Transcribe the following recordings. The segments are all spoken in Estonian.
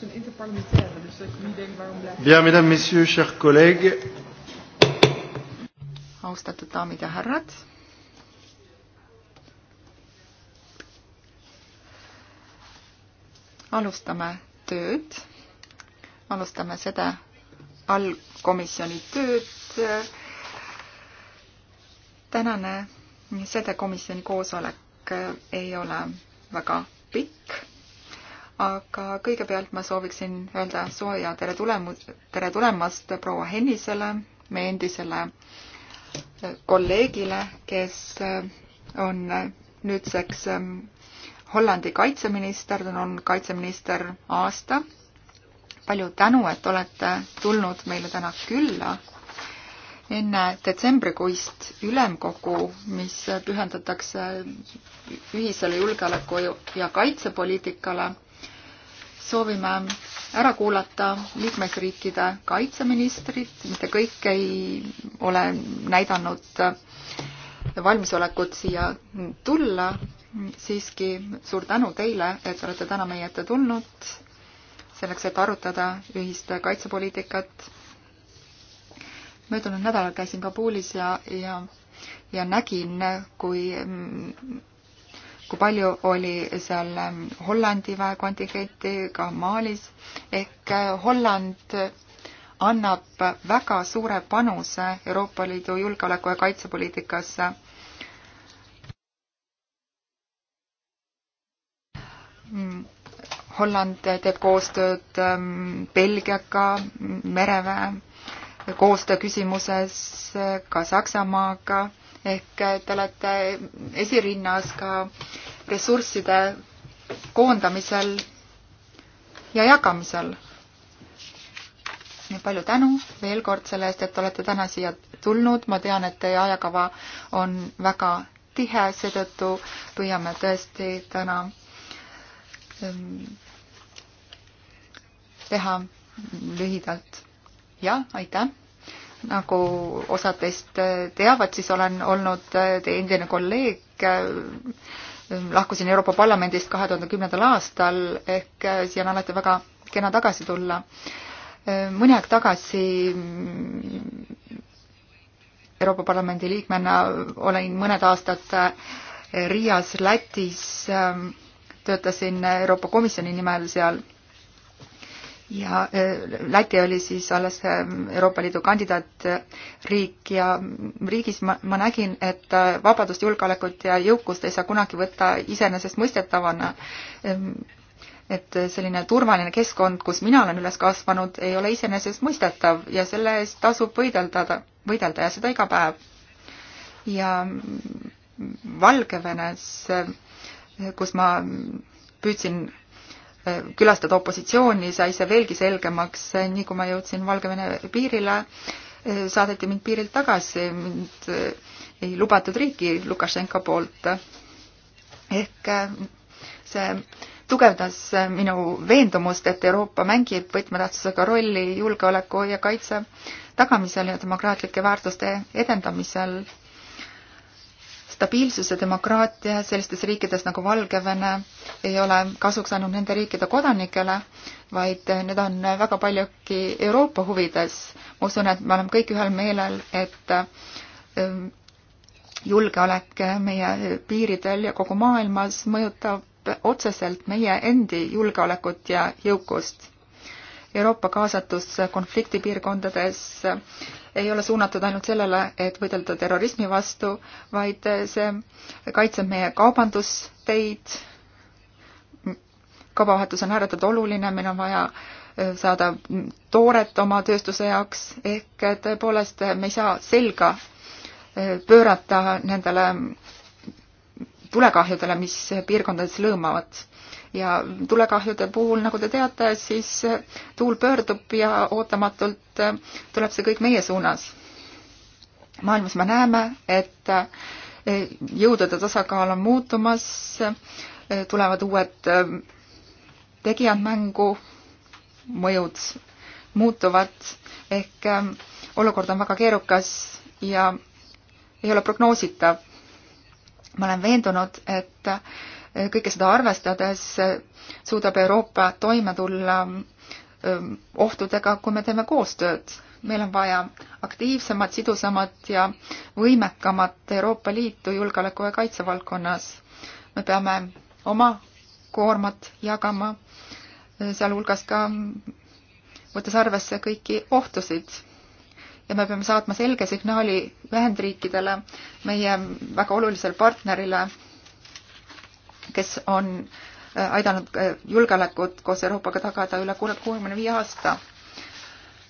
Het is een interparlementaire, dus dat je niet denkt waarom blijft. Bien, mesdames, messieurs, chers collègues. Austatud daamid ja härrad. alustame tööd, alustame seda allkomisjoni tööd. tänane sedekomisjoni koosolek ei ole väga pikk aga kõigepealt ma sooviksin öelda sooja tere tulemus, tere tulemast proua Hennisele, meie endisele äh, kolleegile, kes äh, on äh, nüüdseks ähm, Hollandi kaitseminister, ta on kaitseminister aasta. palju tänu, et olete tulnud meile täna külla. enne detsembrikuist ülemkogu, mis pühendatakse ühisele julgeoleku ja kaitsepoliitikale soovime ära kuulata liikmesriikide kaitseministrid, mitte kõik ei ole näidanud valmisolekut siia tulla. siiski suur tänu teile, et olete täna meie ette tulnud selleks, et arutada ühist kaitsepoliitikat. möödunud nädalal käisin Kabulis ja, ja, ja nägin, kui kui palju oli seal ähm, Hollandi väekontingenti ka Malis, ehk äh, Holland annab väga suure panuse Euroopa Liidu julgeoleku- ja kaitsepoliitikasse. Mm, Holland teeb koostööd ähm, Belgiaga, mereväe koostöö küsimuses äh, ka Saksamaaga ehk äh, te olete esirinnas ka ressursside koondamisel ja jagamisel. nii palju tänu veel kord selle eest, et olete täna siia tulnud, ma tean, et teie ajakava on väga tihe, seetõttu püüame tõesti täna ähm, teha lühidalt. jah, aitäh! nagu osad teist äh, teavad, siis olen olnud äh, teie endine kolleeg, äh, lahkusin Euroopa Parlamendist kahe tuhande kümnendal aastal, ehk siia on alati väga kena tagasi tulla. mõni aeg tagasi mm, Euroopa Parlamendi liikmena olin mõned aastad Riias, Lätis, ähm, töötasin Euroopa Komisjoni nimel seal ja äh, Läti oli siis alles ähm, Euroopa Liidu kandidaatriik ja riigis ma, ma nägin, et äh, vabadust, julgeolekut ja jõukust ei saa kunagi võtta iseenesestmõistetavana. Ähm, et selline turvaline keskkond, kus mina olen üles kasvanud, ei ole iseenesestmõistetav ja selle eest tasub võidelda, võidelda ja seda iga päev. ja Valgevenes, äh, kus ma püüdsin külastada opositsiooni, sai see veelgi selgemaks, nii kui ma jõudsin Valgevene piirile, saadeti mind piirilt tagasi, mind ei lubatud riiki Lukašenka poolt. ehk see tugevdas minu veendumust, et Euroopa mängib võtmetähtsusega rolli julgeoleku ja kaitse tagamisel ja demokraatlike väärtuste edendamisel stabiilsus ja demokraatia sellistes riikides nagu Valgevene ei ole kasuks ainult nende riikide kodanikele, vaid need on väga paljugi Euroopa huvides. ma usun, et me oleme kõik ühel meelel, et ähm, julgeolek meie piiridel ja kogu maailmas mõjutab otseselt meie endi julgeolekut ja jõukust Euroopa kaasatus konfliktipiirkondades ei ole suunatud ainult sellele, et võidelda terrorismi vastu, vaid see kaitseb meie kaubandusteid. kaubavahetus on ääretult oluline, meil on vaja äh, saada tooret oma tööstuse jaoks, ehk äh, tõepoolest äh, me ei saa selga pöörata nendele mm, tulekahjudele, mis piirkondades lõõmavad ja tulekahjude puhul, nagu te teate, siis tuul pöördub ja ootamatult tuleb see kõik meie suunas. maailmas me näeme, et jõudude tasakaal on muutumas, tulevad uued tegijad mängu, mõjud muutuvad, ehk olukord on väga keerukas ja ei ole prognoositav. ma olen veendunud, et kõike seda arvestades suudab Euroopa toime tulla ähm, ohtudega, kui me teeme koostööd. meil on vaja aktiivsemat, sidusamat ja võimekamat Euroopa Liitu julgeoleku ja kaitse valdkonnas. me peame oma koormat jagama, äh, sealhulgas ka võttes arvesse kõiki ohtusid. ja me peame saatma selge signaali Ühendriikidele, meie väga olulisele partnerile kes on äh, aidanud äh, julgeolekut koos Euroopaga tagada üle kuuekümne viie aasta.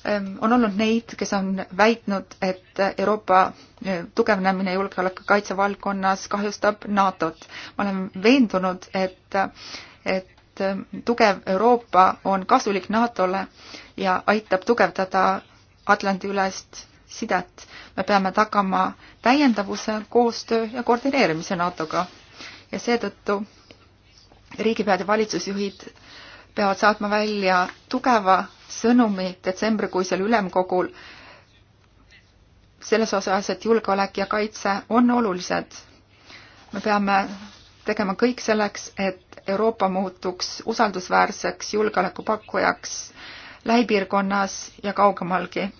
Ähm, on olnud neid, kes on väitnud, et Euroopa äh, tugevnemine julgeoleku kaitse valdkonnas kahjustab NATO-t. ma olen veendunud, et, et tugev Euroopa on kasulik NATO-le ja aitab tugevdada Atlandi-ülest sidet. me peame tagama täiendavuse, koostöö ja koordineerimise NATO-ga ja seetõttu riigipead ja valitsusjuhid peavad saatma välja tugeva sõnumi detsembrikuisel ülemkogul selles osas, et julgeolek ja kaitse on olulised. me peame tegema kõik selleks, et Euroopa muutuks usaldusväärseks julgeolekupakkujaks lähipiirkonnas ja kaugemalgi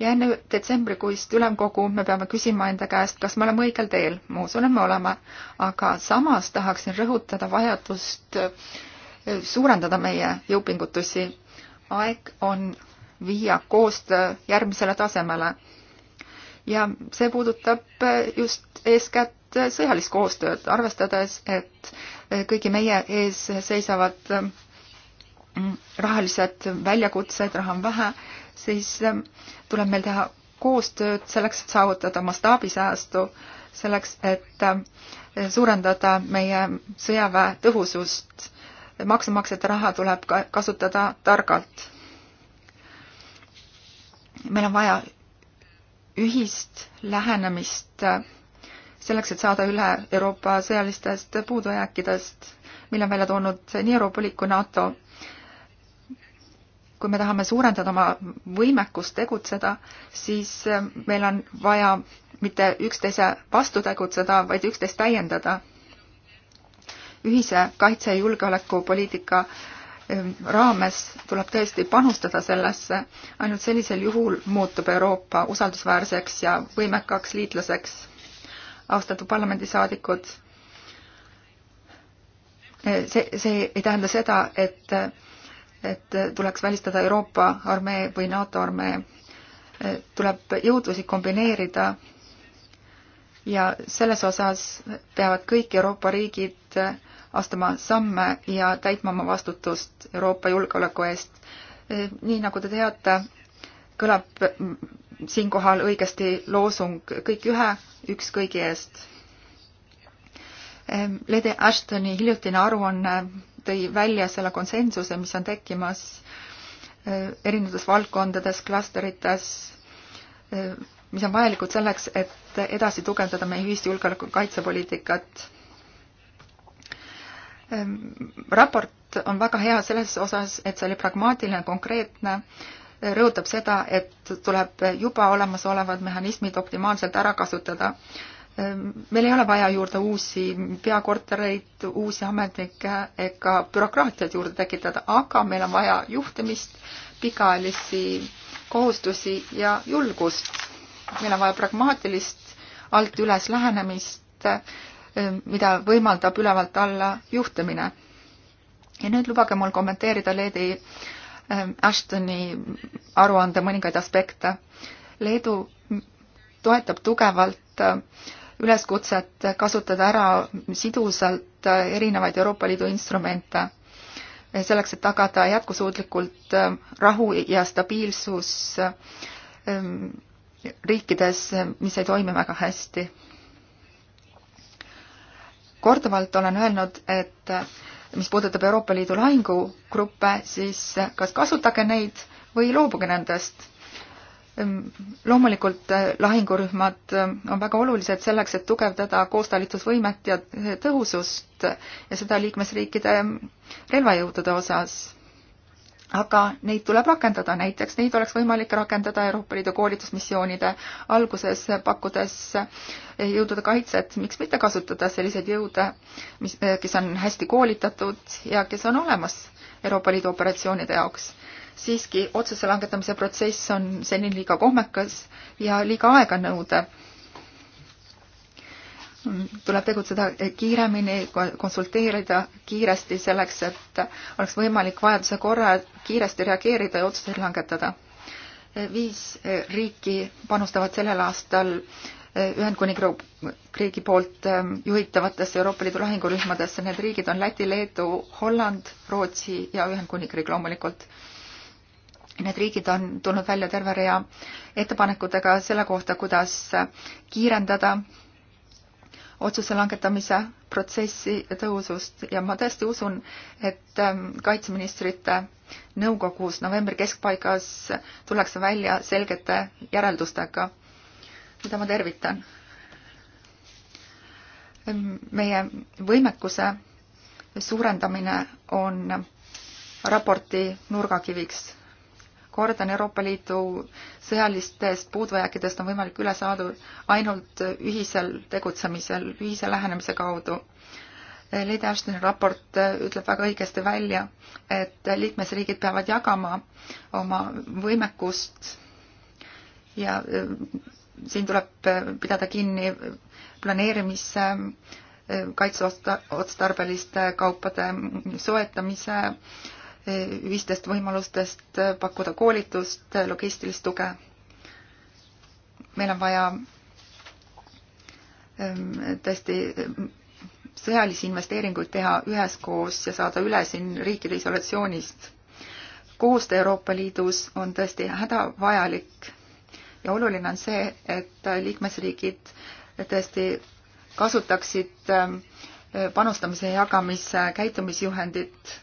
ja enne detsembrikuist ülemkogu me peame küsima enda käest, kas me oleme õigel teel. ma usun, et me oleme, aga samas tahaksin rõhutada vajadust eh, suurendada meie jõupingutusi. aeg on viia koostöö järgmisele tasemele. ja see puudutab eh, just eeskätt sõjalist koostööd, arvestades, et eh, kõigi meie ees seisavad mm, rahalised väljakutsed, raha on vähe siis ähm, tuleb meil teha koostööd selleks, et saavutada mastaabisäästu, selleks, et ähm, suurendada meie sõjaväe tõhusust. maksumaksjate raha tuleb ka kasutada targalt. meil on vaja ühist lähenemist äh, selleks, et saada üle Euroopa sõjalistest puudujääkidest, mille on välja toonud nii Euroopa Liit kui NATO kui me tahame suurendada oma võimekust tegutseda, siis äh, meil on vaja mitte üksteise vastu tegutseda, vaid üksteist täiendada. ühise kaitse- ja julgeolekupoliitika äh, raames tuleb tõesti panustada sellesse, ainult sellisel juhul muutub Euroopa usaldusväärseks ja võimekaks liitlaseks. austatud parlamendisaadikud, äh, see, see ei tähenda seda, et et tuleks välistada Euroopa armee või NATO armee, tuleb jõudlusi kombineerida ja selles osas peavad kõik Euroopa riigid astuma samme ja täitma oma vastutust Euroopa julgeoleku eest. nii nagu te teate, kõlab siinkohal õigesti loosung kõik ühe, üks kõigi eest. Lede Ashtoni hiljutine aruanne tõi välja selle konsensuse, mis on tekkimas äh, erinevates valdkondades, klasterites, äh, mis on vajalikud selleks, et edasi tugevdada meie ühist julgeoleku- ja kaitsepoliitikat. Ähm, raport on väga hea selles osas, et see oli pragmaatiline, konkreetne, äh, rõhutab seda, et tuleb juba olemasolevad mehhanismid optimaalselt ära kasutada Ehm, meil ei ole vaja juurde uusi peakortereid, uusi ametnikke ega bürokraatiat juurde tekitada, aga meil on vaja juhtimist, pikaajalisi kohustusi ja julgust. meil on vaja pragmaatilist alt üles lähenemist, ehm, mida võimaldab ülevalt alla juhtimine. ja nüüd lubage mul kommenteerida Leedi ehm, Ashtoni aruande mõningaid aspekte. Leedu toetab tugevalt äh, üleskutset kasutada ära sidusalt erinevaid Euroopa Liidu instrumente selleks, et tagada jätkusuutlikult ähm, rahu ja stabiilsus ähm, riikides, mis ei toimi väga hästi. korduvalt olen öelnud, et äh, mis puudutab Euroopa Liidu lahingugruppe, siis kas kasutage neid või loobuge nendest loomulikult äh, lahingurühmad äh, on väga olulised selleks, et tugevdada koostalitusvõimet ja äh, tõhusust ja seda liikmesriikide ähm, relvajõudude osas. aga neid tuleb rakendada, näiteks neid oleks võimalik rakendada Euroopa Liidu koolitusmissioonide alguses, pakkudes jõudude kaitset, miks mitte kasutada selliseid jõude, mis, kes on hästi koolitatud ja kes on olemas Euroopa Liidu operatsioonide jaoks siiski otsuse langetamise protsess on seni liiga kohmekas ja liiga aeganõudev. tuleb tegutseda kiiremini, konsulteerida kiiresti selleks, et oleks võimalik vajaduse korral kiiresti reageerida ja otsuseid langetada. viis riiki panustavad sellel aastal Ühendkuningriigi poolt ähm, juhitavatesse Euroopa Liidu lahingurühmadesse, need riigid on Läti, Leedu, Holland, Rootsi ja Ühendkuningriik loomulikult Need riigid on tulnud välja terve rea ettepanekutega selle kohta, kuidas kiirendada otsuse langetamise protsessi tõusust ja ma tõesti usun, et ähm, kaitseministrite nõukogus novembri keskpaigas tullakse välja selgete järeldustega, mida ma tervitan. Ähm, meie võimekuse suurendamine on raporti nurgakiviks kordan, Euroopa Liidu sõjalistest puudujääkidest on võimalik üle saada ainult ühisel tegutsemisel, ühise lähenemise kaudu. Lady Ashtoni raport ütleb väga õigesti välja, et liikmesriigid peavad jagama oma võimekust ja äh, siin tuleb äh, pidada kinni planeerimise äh, kaitseotstarbeliste kaupade soetamise äh, ühistest võimalustest pakkuda koolitust, logistilist tuge. meil on vaja ähm, tõesti ähm, sõjalisi investeeringuid teha üheskoos ja saada üle siin riikide isolatsioonist. koostöö Euroopa Liidus on tõesti hädavajalik ja oluline on see, et liikmesriigid tõesti kasutaksid ähm, panustamise ja jagamise käitumisjuhendit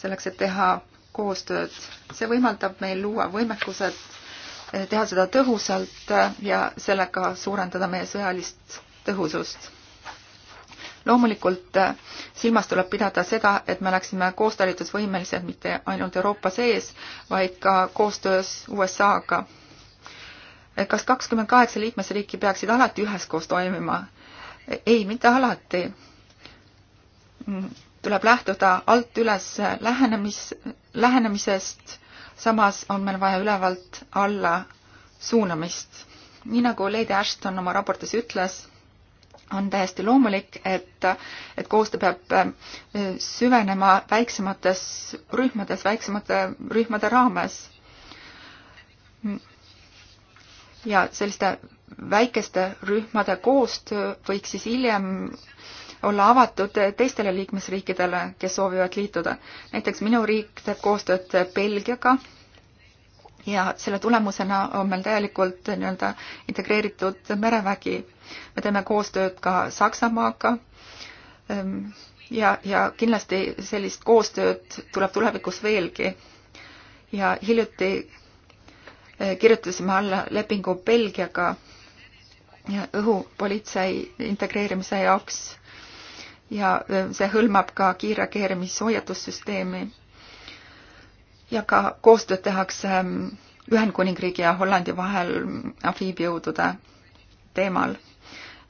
selleks, et teha koostööd. see võimaldab meil luua võimekused, eh, teha seda tõhusalt eh, ja sellega suurendada meie sõjalist tõhusust. loomulikult eh, silmas tuleb pidada seda, et me oleksime koostalitusvõimelised mitte ainult Euroopa sees, vaid ka koostöös USA-ga. kas kakskümmend kaheksa liikmesriiki peaksid alati üheskoos toimima? ei, mitte alati mm, tuleb lähtuda alt üles lähenemis, lähenemisest, samas on meil vaja ülevalt alla suunamist. nii nagu Lady Ashton oma raportis ütles, on täiesti loomulik, et, et koostöö peab äh, süvenema väiksemates rühmades, väiksemate rühmade raames. ja selliste väikeste rühmade koostöö võiks siis hiljem olla avatud teistele liikmesriikidele, kes soovivad liituda. näiteks minu riik teeb koostööd Belgiaga ja selle tulemusena on meil täielikult nii-öelda integreeritud merevägi. me teeme koostööd ka Saksamaaga ehm, ja, ja kindlasti sellist koostööd tuleb tulevikus veelgi. ja hiljuti eh, kirjutasime alla lepingu Belgiaga õhupolitsei integreerimise jaoks ja äh, see hõlmab ka kiirreageerimishoiatussüsteemi. ja ka koostööd tehakse ähm, Ühendkuningriigi ja Hollandi vahel ähm, afiibjõudude teemal.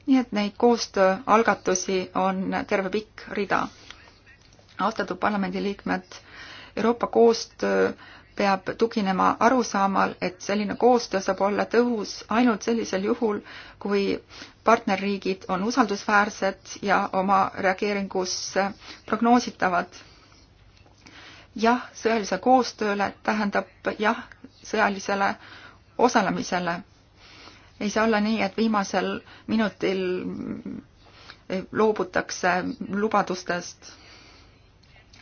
nii et neid koostööalgatusi on terve pikk rida. austatud parlamendiliikmed, Euroopa koostöö peab tuginema arusaamal, et selline koostöö saab olla tõhus ainult sellisel juhul, kui partnerriigid on usaldusväärsed ja oma reageeringus prognoositavad. jah sõjalise koostööle tähendab jah sõjalisele osalemisele. ei saa olla nii, et viimasel minutil loobutakse lubadustest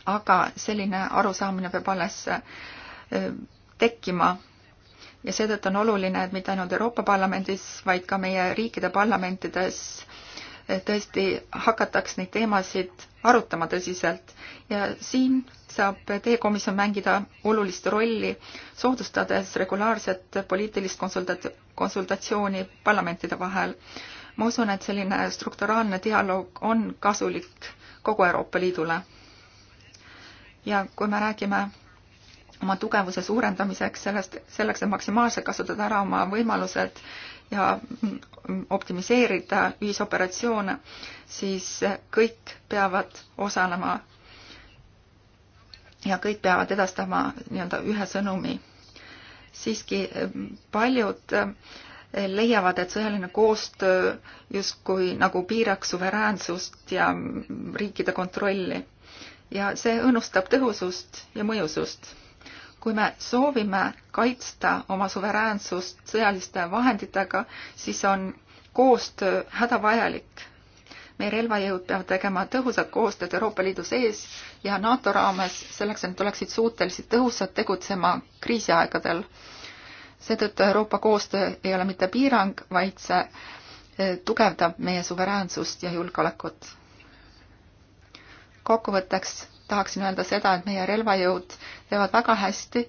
aga selline arusaamine peab alles tekkima ja seetõttu on oluline, et mitte ainult Euroopa Parlamendis, vaid ka meie riikide parlamentides tõesti hakataks neid teemasid arutama tõsiselt ja siin saab teie komisjon mängida olulist rolli, soodustades regulaarset poliitilist konsultat-, konsultatsiooni parlamentide vahel. ma usun, et selline strukturaalne dialoog on kasulik kogu Euroopa Liidule. ja kui me räägime oma tugevuse suurendamiseks, sellest, selleks, et maksimaalselt kasutada ära oma võimalused ja optimiseerida ühisoperatsioone, siis kõik peavad osalema ja kõik peavad edastama nii-öelda ühe sõnumi. siiski eh, paljud eh, leiavad, et sõjaline koostöö justkui nagu piiraks suveräänsust ja riikide kontrolli ja see õõnustab tõhusust ja mõjusust kui me soovime kaitsta oma suveräänsust sõjaliste vahenditega, siis on koostöö hädavajalik. meie relvajõud peavad tegema tõhusat koostööd Euroopa Liidu sees ja NATO raames selleks, et nad oleksid suutelised tõhusalt tegutsema kriisiaegadel. seetõttu Euroopa koostöö ei ole mitte piirang, vaid see e, tugevdab meie suveräänsust ja julgeolekut. kokkuvõtteks tahaksin öelda seda, et meie relvajõud teevad väga hästi,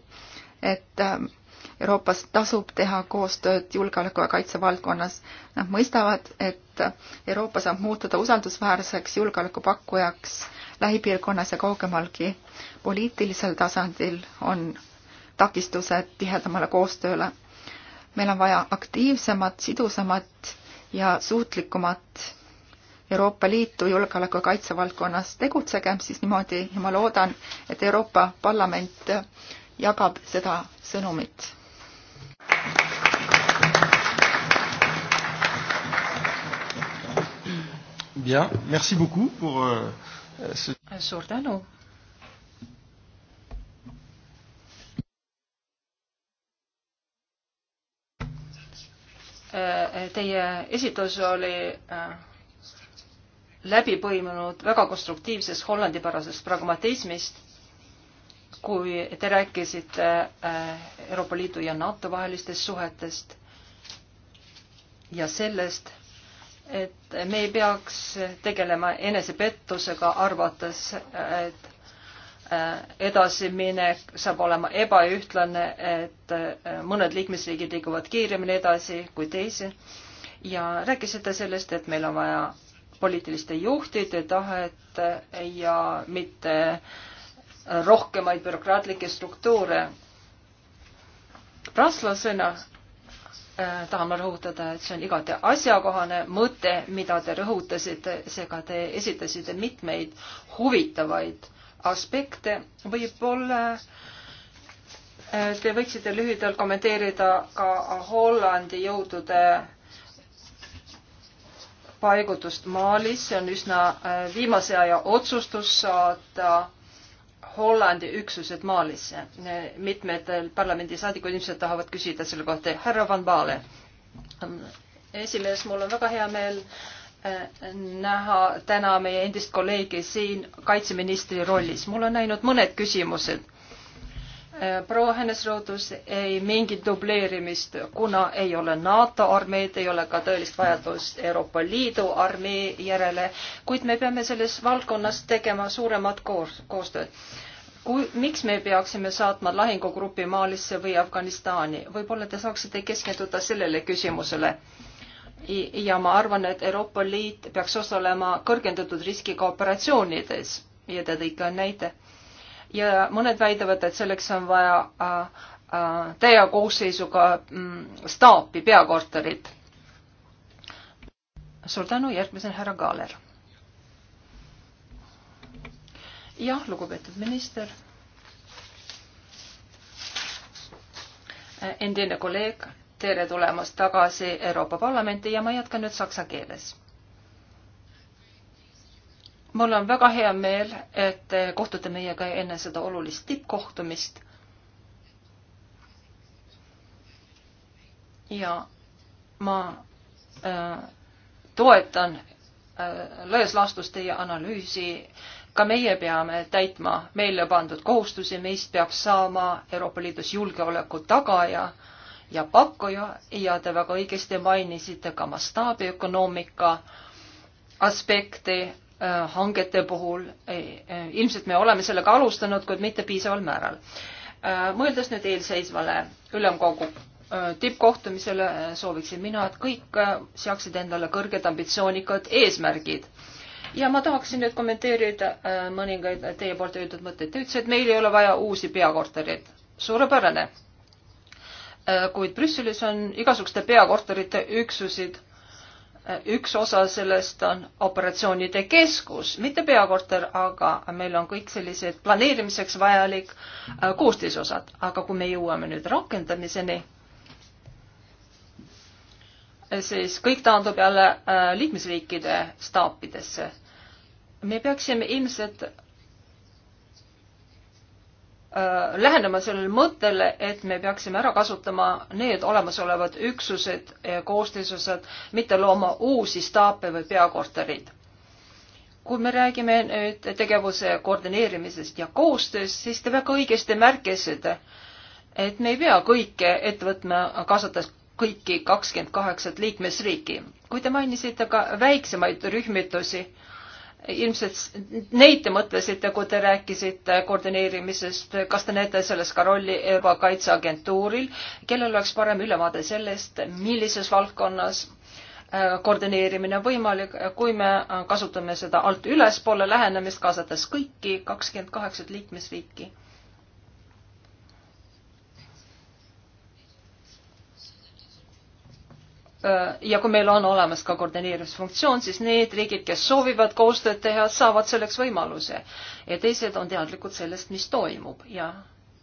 et ähm, Euroopas tasub teha koostööd julgeoleku ja kaitse valdkonnas. Nad mõistavad, et Euroopa saab muutuda usaldusväärseks julgeolekupakkujaks lähipiirkonnas ja kaugemalgi. poliitilisel tasandil on takistused tihedamale koostööle. meil on vaja aktiivsemat, sidusamat ja suutlikumat Euroopa Liitu julgeoleku ja kaitse valdkonnas tegutsegem siis niimoodi ja ma loodan, et Euroopa Parlament jagab seda sõnumit. Bien, merci beaucoup pour euh, ce... Suur tänu äh, teie esitlus oli äh, läbi põimunud väga konstruktiivsest hollandipärasest pragmatismist, kui te rääkisite äh, Euroopa Liidu ja NATO vahelistest suhetest ja sellest, et me ei peaks tegelema enesepettusega, arvates, et äh, edasiminek saab olema ebaühtlane, et äh, mõned liikmesriigid liiguvad kiiremini edasi kui teised ja rääkisite sellest, et meil on vaja poliitiliste juhtide tahet ja mitte rohkemaid bürokraatlikke struktuure. prantslasena äh, tahan ma rõhutada, et see on igati asjakohane mõte, mida te rõhutasite, seega te esitasite mitmeid huvitavaid aspekte. võib-olla äh, te võiksite lühidalt kommenteerida ka Hollandi jõudude paigutust Malis, see on üsna äh, viimase aja otsustus saada Hollandi üksused Maalisse. mitmed parlamendisaadikud ilmselt tahavad küsida selle kohta. härra Van Baale. esimees, mul on väga hea meel äh, näha täna meie endist kolleegi siin kaitseministri rollis. mul on ainult mõned küsimused Eh, proua Hennes rõhutas, ei mingit dubleerimist, kuna ei ole NATO armeed, ei ole ka tõelist vajadust Euroopa Liidu armee järele, kuid me peame selles valdkonnas tegema suuremat koos, koostööd. kui, miks me peaksime saatma lahingugrupi Malisse või Afganistani? võib-olla te saaksite keskenduda sellele küsimusele ja ma arvan, et Euroopa Liit peaks osalema kõrgendatud riskiga operatsioonides ja te tõite ka näite ja mõned väidavad, et selleks on vaja äh, äh, täie koosseisuga mm, staapi, peakorterit. suur tänu, järgmisena härra Kaaler. jah, lugupeetud minister. Äh, endine kolleeg, tere tulemast tagasi Euroopa Parlamenti ja ma jätkan nüüd saksa keeles mul on väga hea meel, et te kohtute meiega enne seda olulist tippkohtumist. ja ma äh, toetan äh, laias laastus teie analüüsi. ka meie peame täitma meile pandud kohustusi, meist peab saama Euroopa Liidus julgeoleku tagaja ja pakkuja ja te väga õigesti mainisite ka mastaabiökonoomika aspekti Äh, hangete puhul. Äh, ilmselt me oleme sellega alustanud, kuid mitte piisaval määral. Äh, mõeldes nüüd eelseisvale ülemkogu tippkohtumisele sooviksin mina, et kõik seaksid endale kõrged ambitsioonikad eesmärgid. ja ma tahaksin nüüd kommenteerida mõningaid teie poolt öeldud mõtteid. Te ütlesite, et meil ei ole vaja uusi peakortereid. suurepärane. kuid Brüsselis on igasuguste peakorterite üksusid üks osa sellest on operatsioonide keskus, mitte peakorter, aga meil on kõik sellised planeerimiseks vajalik äh, koostisosad, aga kui me jõuame nüüd rakendamiseni, siis kõik taandub jälle äh, liikmesriikide staapidesse. me peaksime ilmselt Äh, lähenema sellele mõttele, et me peaksime ära kasutama need olemasolevad üksused, koostisosad, mitte looma uusi staape või peakorterid. kui me räägime nüüd tegevuse koordineerimisest ja koostööst, siis te väga õigesti märkisite, et me ei pea kõike ette võtma, kaasates kõiki kakskümmend kaheksat liikmesriiki. kui te mainisite ka väiksemaid rühmitusi, ilmselt neid te mõtlesite, kui te rääkisite koordineerimisest, kas te näete selles ka rolli EBA kaitseagentuuril, kellel oleks parem ülevaade sellest, millises valdkonnas äh, koordineerimine on võimalik, kui me äh, kasutame seda alt ülespoole lähenemist, kaasates kõiki kakskümmend kaheksat liikmesriiki Äh, ja kui meil on olemas ka koordineerimisfunktsioon, siis need riigid, kes soovivad koostööd teha, saavad selleks võimaluse ja teised on teadlikud sellest, mis toimub ja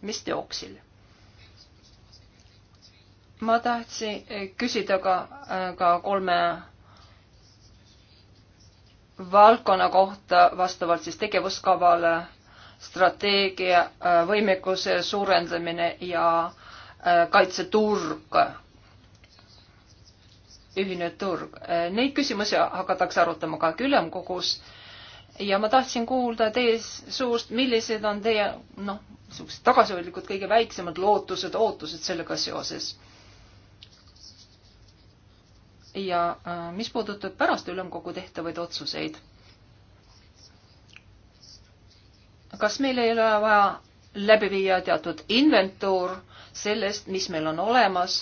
mis teoksil. ma tahtsin äh, küsida ka, äh, ka kolme valdkonna kohta vastavalt siis tegevuskavale strateegia võimekuse suurendamine ja kaitseturg ühine turg. Neid küsimusi hakatakse arutama ka ülemkogus ja ma tahtsin kuulda teie suust, millised on teie noh, niisugused tagasihoidlikud kõige väiksemad lootused, ootused sellega seoses. ja äh, mis puudutab pärast ülemkogu tehtavaid otsuseid, kas meil ei ole vaja läbi viia teatud inventuur sellest, mis meil on olemas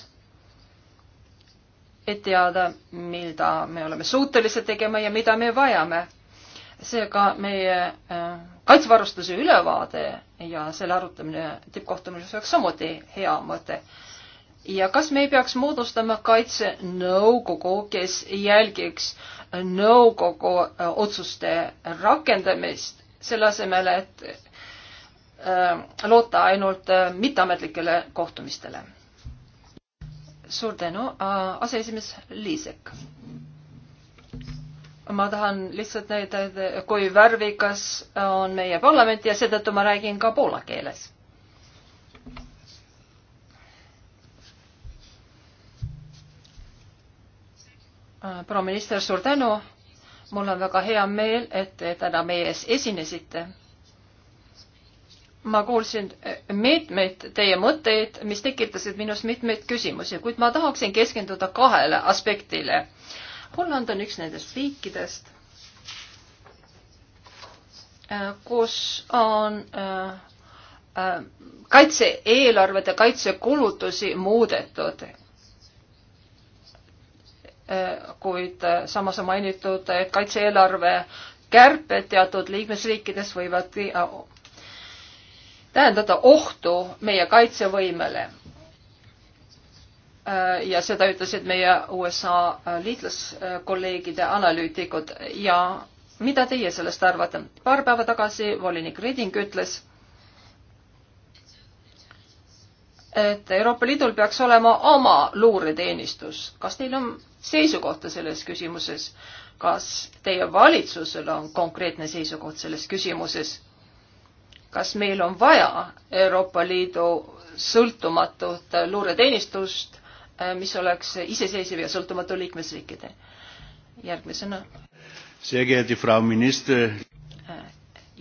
et teada, mida me oleme suutelised tegema ja mida me vajame. seega meie äh, kaitsevarustuse ülevaade ja selle arutamine tippkohtumisel oleks samuti hea mõte. ja kas me ei peaks moodustama kaitsenõukogu, kes jälgiks nõukogu äh, otsuste rakendamist, selle asemel, et äh, loota ainult mitteametlikele kohtumistele suur tänu, aseesimees Liisek. ma tahan lihtsalt näidata, kui värvikas on meie parlament ja seetõttu ma räägin ka poola keeles proua minister, suur tänu. mul on väga hea meel, et te täna meie ees esinesite ma kuulsin eh, mitmeid teie mõtteid, mis tekitasid minus mitmeid küsimusi, kuid ma tahaksin keskenduda kahele aspektile. Holland on üks nendest riikidest, eh, kus on eh, kaitse-eelarved ja kaitsekulutusi muudetud. kuid samas on mainitud, et kaitse-eelarve kärped teatud liikmesriikides võivad tähendada ohtu meie kaitsevõimele. Äh, ja seda ütlesid meie USA äh, liitlaskolleegide analüütikud ja mida teie sellest arvate? paar päeva tagasi volinik Reding ütles, et Euroopa Liidul peaks olema oma luureteenistus. kas teil on seisukohta selles küsimuses? kas teie valitsusel on konkreetne seisukoht selles küsimuses? kas meil on vaja Euroopa Liidu sõltumatut luureteenistust, äh, mis oleks iseseisev ja sõltumatu liikmesriikide. järgmisena. Äh,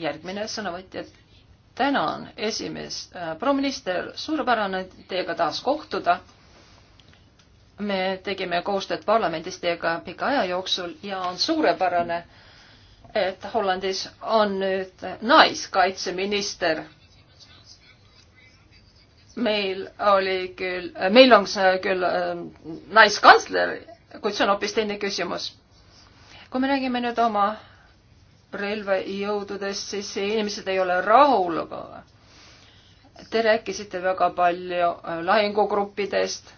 järgmine sõnavõtja. tänan, esimees, äh, proua minister, suurepärane teiega taas kohtuda me tegime koostööd parlamendis teiega pika aja jooksul ja on suurepärane, et Hollandis on nüüd naiskaitseminister. meil oli küll, meil on küll ähm, naiskantsler, kuid see on hoopis teine küsimus. kui me räägime nüüd oma relvajõududest, siis inimesed ei ole rahul. Te rääkisite väga palju äh, lahingugruppidest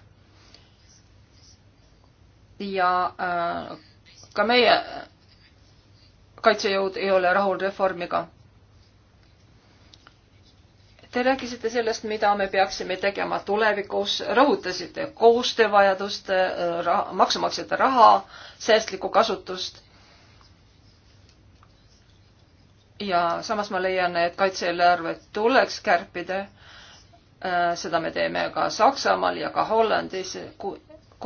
ja äh, ka meie kaitsejõud ei ole rahul reformiga. Te rääkisite sellest, mida me peaksime tegema tulevikus, rõhutasite koostöövajadust, raha, maksumaksjate raha säästlikku kasutust. ja samas ma leian, et kaitse-eelarvet tuleks kärpida äh, seda me teeme ka Saksamaal ja ka Hollandis,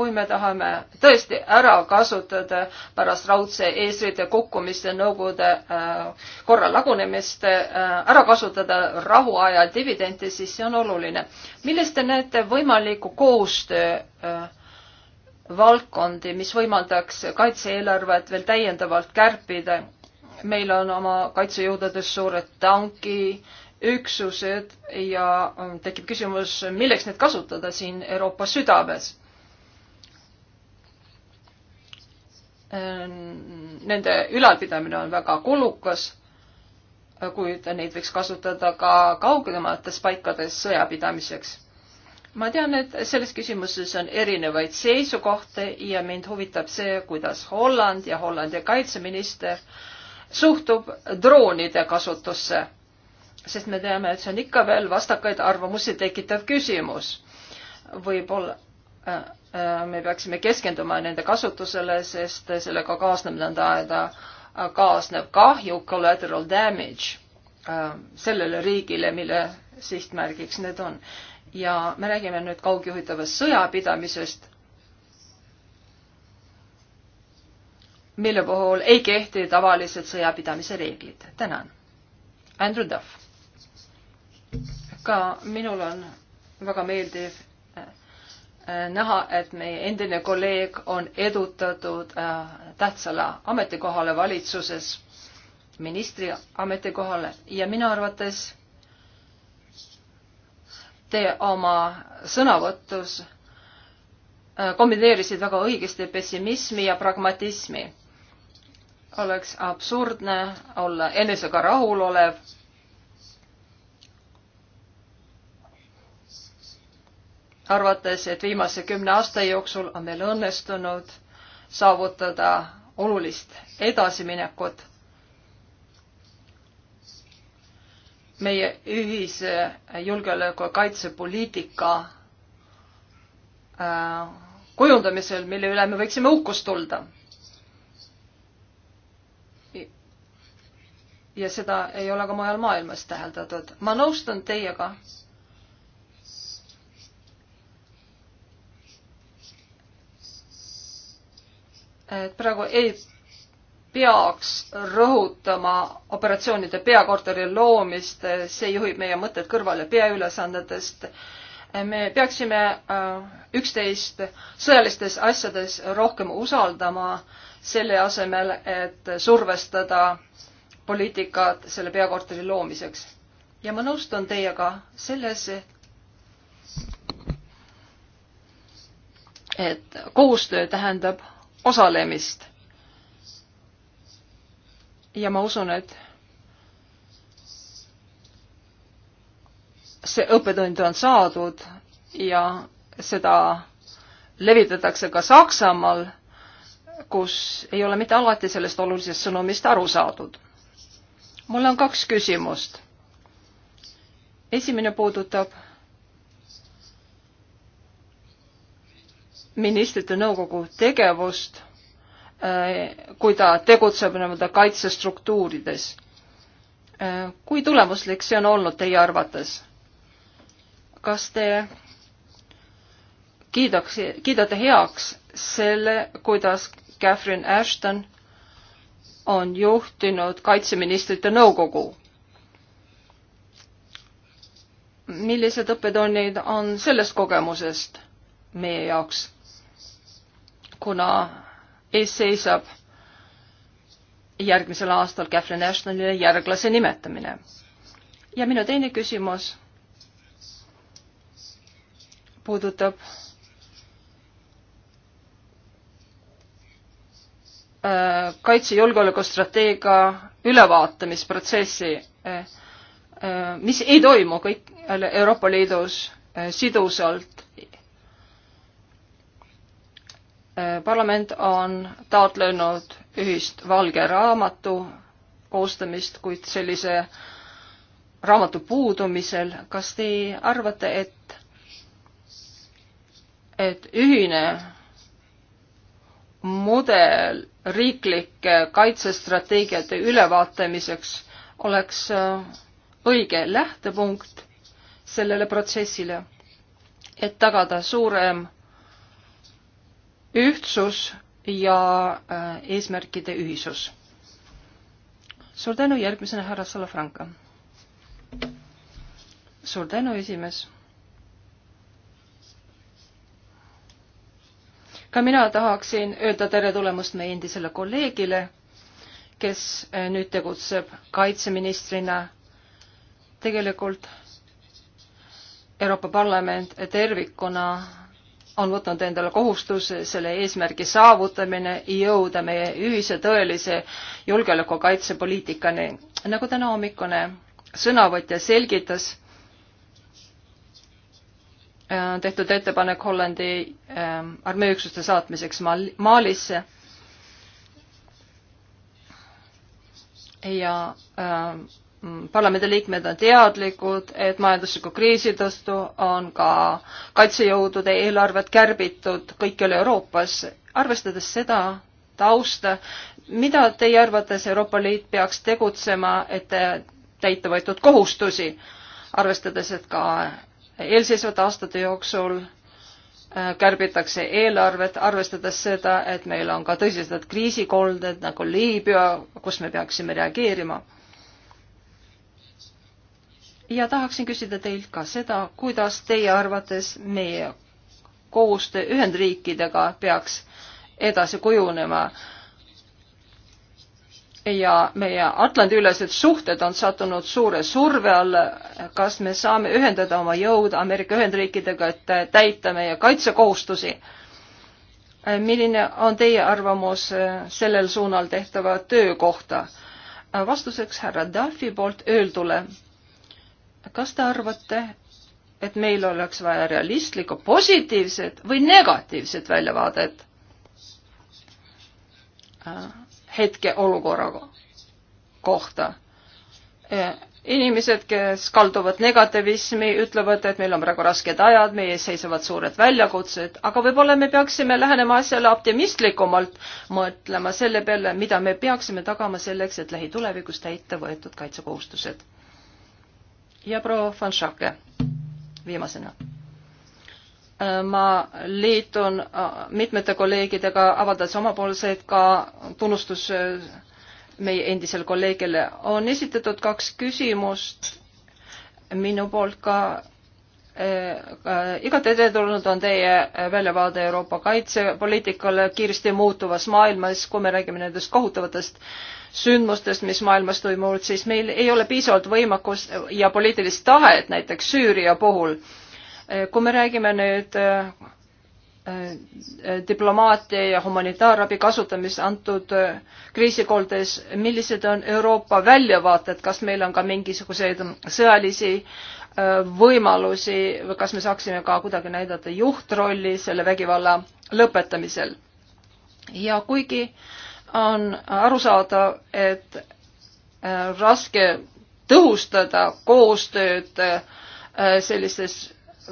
kui me tahame tõesti ära kasutada pärast raudse eesride kukkumist ja Nõukogude äh, korra lagunemist, äh, ära kasutada rahuaja dividende, siis see on oluline. millest te näete võimalikku koostöö äh, valdkondi, mis võimaldaks kaitse-eelarvet veel täiendavalt kärpida? meil on oma kaitsejõududes suured tanki, üksused ja tekib küsimus, milleks need kasutada siin Euroopa südames. Ehm, nende ülalpidamine on väga kulukas, kuid neid võiks kasutada ka kaugemates paikades sõjapidamiseks. ma tean, et selles küsimuses on erinevaid seisukohti ja mind huvitab see, kuidas Holland ja Hollandi kaitseminister suhtub droonide kasutusse, sest me teame, et see on ikka veel vastakaid arvamusi tekitav küsimus. võib-olla Äh, me peaksime keskenduma nende kasutusele, sest sellega kaasneb nõnda aega, äh, kaasneb kahju, collateral damage äh, sellele riigile, mille sihtmärgiks need on. ja me räägime nüüd kaugjuhitavast sõjapidamisest, mille puhul ei kehti tavalised sõjapidamise reeglid. tänan. Andrew Duff. ka minul on väga meeldiv Äh, näha, et meie endine kolleeg on edutatud äh, tähtsale ametikohale valitsuses, ministri ametikohale ja minu arvates te oma sõnavõtus äh, kombineerisid väga õigesti pessimismi ja pragmatismi. oleks absurdne olla enesega rahulolev arvates, et viimase kümne aasta jooksul on meil õnnestunud saavutada olulist edasiminekut meie ühise julgeoleku ja kaitsepoliitika äh, kujundamisel, mille üle me võiksime uhkust tulda. ja seda ei ole ka mujal maailmas täheldatud. ma nõustun teiega et praegu ei peaks rõhutama operatsioonide peakorteri loomist, see juhib meie mõtted kõrvale peaülesandetest. me peaksime äh, üksteist sõjalistes asjades rohkem usaldama, selle asemel, et survestada poliitikat selle peakorteri loomiseks. ja ma nõustun teiega selles, et koostöö tähendab osalemist. ja ma usun, et see õppetund on saadud ja seda levitatakse ka Saksamaal, kus ei ole mitte alati sellest olulisest sõnumist aru saadud. mul on kaks küsimust. esimene puudutab ministrite nõukogu tegevust, äh, kui ta tegutseb nii-öelda kaitsestruktuurides. Äh, kui tulemuslik see on olnud teie arvates? kas te kiidaks, kiidate heaks selle, kuidas Catherine Ashton on juhtinud kaitseministrite nõukogu? millised õppetunnid on sellest kogemusest meie jaoks? kuna ees seisab järgmisel aastal Catherine Ashtonile järglase nimetamine. ja minu teine küsimus puudutab äh, kaitsejulgeolekustrateegia ülevaatamisprotsessi, äh, äh, mis ei toimu kõik Euroopa Liidus sidusalt Äh, parlament on taotlenud ühist valge raamatu koostamist, kuid sellise raamatu puudumisel, kas te arvate, et, et ühine mudel riiklike kaitsestrateegiate ülevaatamiseks oleks äh, õige lähtepunkt sellele protsessile, et tagada suurem ühtsus ja äh, eesmärkide ühisus. suur tänu, järgmisena härra Salafranca. suur tänu, esimees. ka mina tahaksin öelda tere tulemust meie endisele kolleegile, kes äh, nüüd tegutseb kaitseministrina. tegelikult Euroopa Parlament tervikuna on võtnud endale kohustuse selle eesmärgi saavutamine jõuda meie ühise tõelise julgeoleku kaitsepoliitikani. nagu täna hommikune sõnavõtja selgitas, äh, tehtud ettepanek Hollandi äh, armeeüksuste saatmiseks Malisse ja äh, Mm, parlamendiliikmed on teadlikud, et majandusliku kriisi tõttu on ka kaitsejõudude eelarved kärbitud kõikjal Euroopas. arvestades seda tausta, mida teie arvates Euroopa Liit peaks tegutsema, et täita võetud kohustusi, arvestades, et ka eelseisvate aastate jooksul äh, kärbitakse eelarvet, arvestades seda, et meil on ka tõsised kriisikolded nagu Liibüa, kus me peaksime reageerima ja tahaksin küsida teilt ka seda, kuidas teie arvates meie koostöö Ühendriikidega peaks edasi kujunema. ja meie Atlandi-ülesed suhted on sattunud suure surve alla. kas me saame ühendada oma jõud Ameerika Ühendriikidega, et täita meie kaitsekohustusi? milline on teie arvamus sellel suunal tehtava töö kohta? vastuseks härra Duffy poolt öeldule kas te arvate, et meil oleks vaja realistlikku positiivset või negatiivset väljavaadet äh, hetkeolukorra kohta? Äh, inimesed, kes kalduvad negativismi, ütlevad, et meil on praegu rasked ajad, meie ees seisavad suured väljakutsed, aga võib-olla me peaksime lähenema asjale optimistlikumalt, mõtlema selle peale, mida me peaksime tagama selleks, et lähitulevikus täita võetud kaitsekohustused ja proua von Schake viimasena. Äh, ma liitun äh, mitmete kolleegidega, avaldas omapoolseid ka tunnustus äh, meie endisele kolleegile. on esitatud kaks küsimust minu poolt ka Äh, äh, igati teretulnud on teie äh, väljavaade Euroopa kaitsepoliitikale kiiresti muutuvas maailmas, kui me räägime nendest kohutavatest sündmustest, mis maailmas toimuvad, siis meil ei ole piisavalt võimekust ja poliitilist tahet näiteks Süüria puhul. kui me räägime nüüd diplomaatia ja humanitaarabi kasutamist antud kriisikoldes, millised on Euroopa väljavaated, kas meil on ka mingisuguseid sõjalisi äh, Äh, võimalusi või kas me saaksime ka kuidagi näidata juhtrolli selle vägivalla lõpetamisel. ja kuigi on arusaadav, et äh, raske tõhustada koostööd äh, sellistes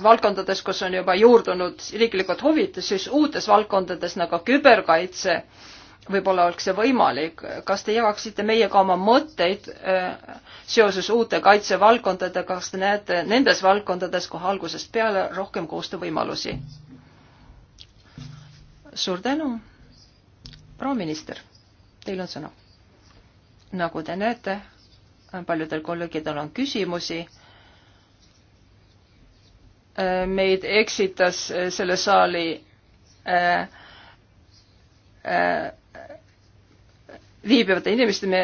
valdkondades, kus on juba juurdunud riiklikud huvid, siis uutes valdkondades nagu küberkaitse äh, võib-olla oleks see võimalik, kas te jagaksite meiega oma mõtteid äh, seoses uute kaitsevaldkondadega, kas te näete nendes valdkondades kohe algusest peale rohkem koostöövõimalusi? suur tänu, proua minister, teil on sõna. nagu te näete, paljudel kolleegidel on küsimusi äh, meid eksitas äh, selle saali äh, äh, viibivate inimeste, me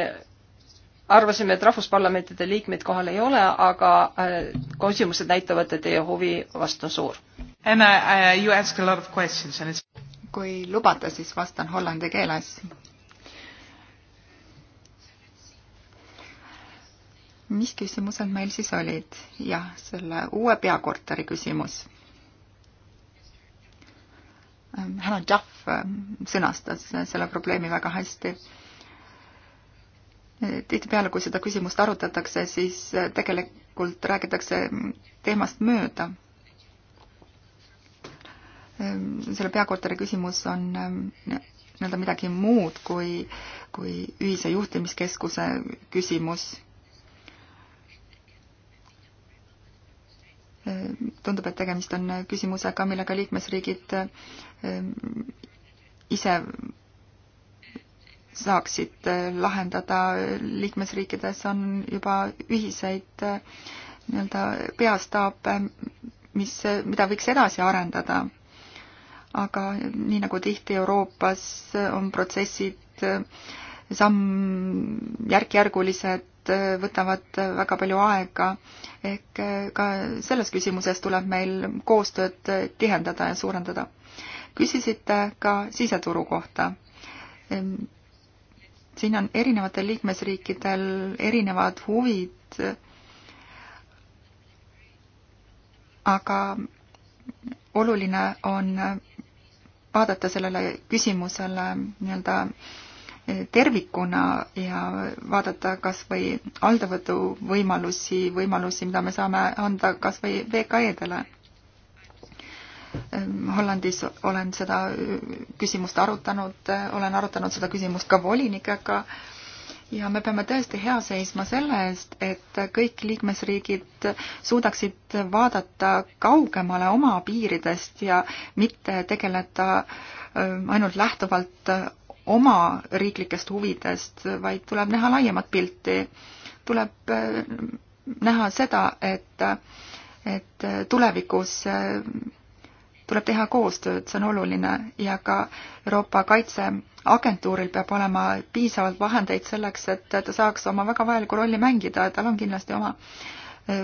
arvasime, et rahvusparlamentide liikmeid kohal ei ole, aga äh, küsimused näitavad, et teie huvi vastu on suur. kui lubate, siis vastan hollandi keeles. mis küsimused meil siis olid? jah, selle uue peakorteri küsimus. Ähm, härra Jaff ähm, sõnastas selle probleemi väga hästi tihtipeale, kui seda küsimust arutatakse, siis äh, tegelikult räägitakse mm, teemast mööda. Ähm, selle peakorteri küsimus on ähm, nii-öelda midagi muud kui, kui ühise juhtimiskeskuse küsimus. Ähm, tundub, et tegemist on äh, küsimusega, millega liikmesriigid ise saaksid äh, lahendada liikmesriikides, on juba ühiseid äh, nii-öelda peastaape, mis, mida võiks edasi arendada. aga nii nagu tihti Euroopas äh, on protsessid samm järk-järgulised, võtavad väga palju aega. ehk ka selles küsimuses tuleb meil koostööd tihendada ja suurendada. küsisite ka siseturu kohta siin on erinevatel liikmesriikidel erinevad huvid, aga oluline on vaadata sellele küsimusele nii-öelda tervikuna ja vaadata kas või aldavõtu võimalusi, võimalusi, mida me saame anda kas või VKE-dele. Hollandis olen seda küsimust arutanud, olen arutanud seda küsimust ka volinikega ja me peame tõesti hea seisma selle eest, et kõik liikmesriigid suudaksid vaadata kaugemale oma piiridest ja mitte tegeleda ähm, ainult lähtuvalt oma riiklikest huvidest, vaid tuleb näha laiemat pilti. tuleb äh, näha seda, et, et tulevikus äh, tuleb teha koostööd, see on oluline ja ka Euroopa Kaitseagentuuril peab olema piisavalt vahendeid selleks, et ta saaks oma väga vajalikku rolli mängida, tal on kindlasti oma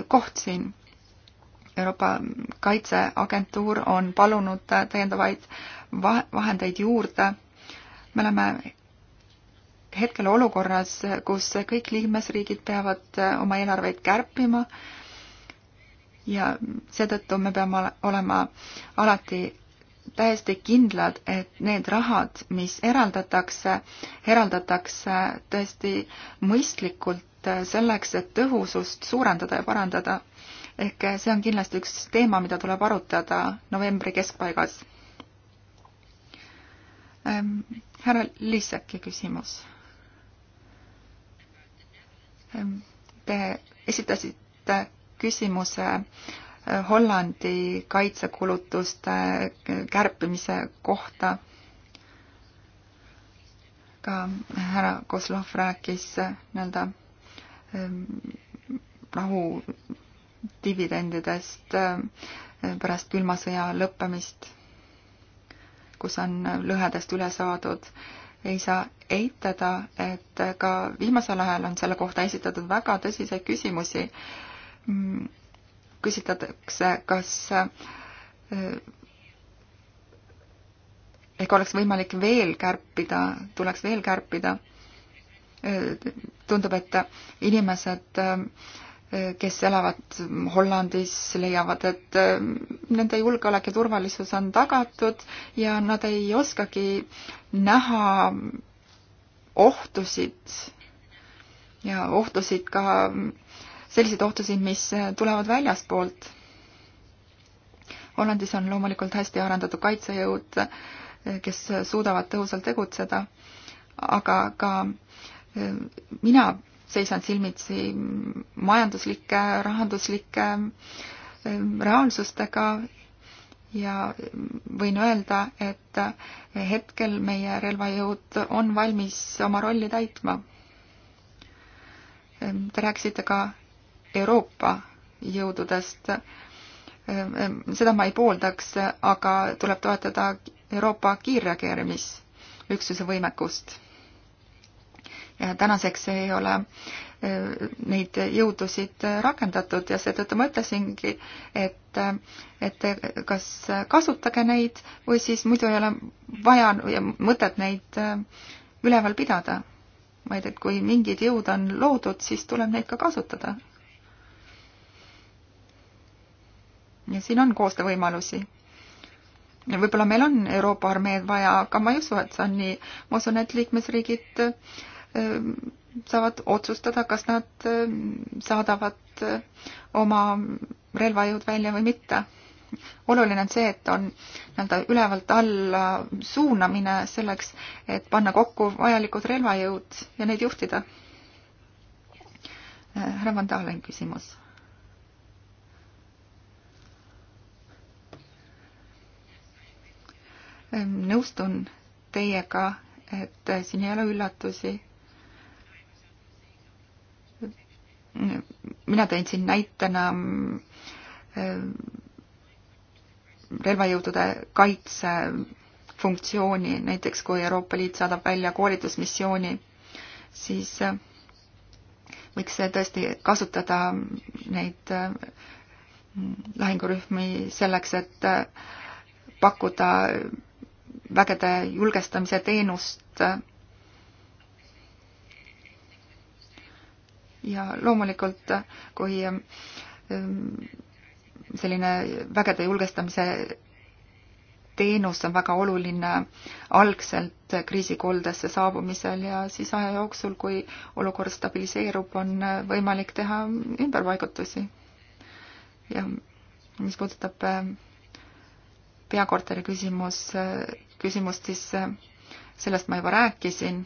koht siin. Euroopa Kaitseagentuur on palunud täiendavaid vahendeid juurde. me oleme hetkel olukorras, kus kõik liikmesriigid peavad oma eelarveid kärpima ja seetõttu me peame olema alati täiesti kindlad, et need rahad, mis eraldatakse, eraldatakse tõesti mõistlikult selleks, et tõhusust suurendada ja parandada. ehk see on kindlasti üks teema, mida tuleb arutada novembri keskpaigas. Ehm, härra Liiseki küsimus. Ehm, te esitasite küsimuse äh, Hollandi kaitsekulutuste äh, kärpimise kohta. ka härra Kozlov rääkis äh, nii-öelda ähm, rahu dividendidest pärast külma sõja lõppemist, kus on lõhedest üle saadud ei saa eitada, et ka viimasel ajal on selle kohta esitatud väga tõsiseid küsimusi küsitletakse, kas eh, ehk oleks võimalik veel kärpida, tuleks veel kärpida. Eh, tundub, et inimesed, eh, kes elavad Hollandis, leiavad, et nende julgeolek ja turvalisus on tagatud ja nad ei oskagi näha ohtusid ja ohtusid ka äh, selliseid ohtusid, mis äh, tulevad väljaspoolt. Hollandis on loomulikult hästi arendatud kaitsejõud, äh, kes suudavad tõhusalt tegutseda, aga ka äh, mina seisan silmitsi majanduslike, rahanduslike reaalsustega ja võin öelda, et hetkel meie relvajõud on valmis oma rolli täitma. Te rääkisite ka Euroopa jõududest. seda ma ei pooldaks, aga tuleb toetada Euroopa kiirreageerimisüksuse võimekust. ja tänaseks ei ole e, neid jõudusid rakendatud ja seetõttu ma ütlesingi, et, et kas kasutage neid või siis muidu ei ole vaja ja mõtet neid e, üleval pidada vaid et kui mingid jõud on loodud, siis tuleb neid ka kasutada. siin on koostöövõimalusi. võib-olla meil on Euroopa armeed vaja, aga ma ei usu, et see on nii. ma usun, et liikmesriigid ähm, saavad otsustada, kas nad ähm, saadavad äh, oma relvajõud välja või mitte. oluline on see, et on nii-öelda ülevalt alla suunamine selleks, et panna kokku vajalikud relvajõud ja neid juhtida. Äh, härra Van Dalen küsimus Ehm, nõustun teiega, et eh, siin ei ole üllatusi. mina tõin siin näitena ehm, relvajõudude kaitse funktsiooni, näiteks kui Euroopa Liit saadab välja koolitusmissiooni, siis eh, võiks tõesti kasutada neid eh, lahingurühmi selleks, et pakkuda vägede julgestamise teenust. ja loomulikult, kui ähm, selline vägede julgestamise teenus on väga oluline algselt kriisikoldesse saabumisel ja siis aja jooksul, kui olukord stabiliseerub, on võimalik teha ümberpaigutusi. ja mis puudutab ähm, peakorteri küsimus, küsimust, siis äh, sellest ma juba rääkisin.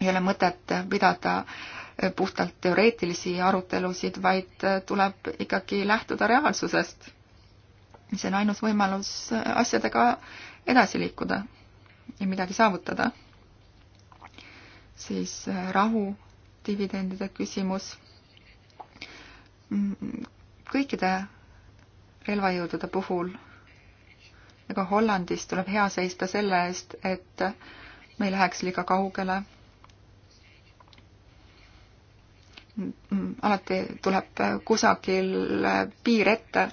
ei ole mõtet pidada äh, puhtalt teoreetilisi arutelusid, vaid äh, tuleb ikkagi lähtuda reaalsusest. see on ainus võimalus asjadega edasi liikuda ja midagi saavutada. siis rahu, dividendide küsimus. Mm, kõikide relvajõudude puhul ega Hollandis tuleb hea seista selle eest, et me ei läheks liiga kaugele. alati tuleb kusagil piir ette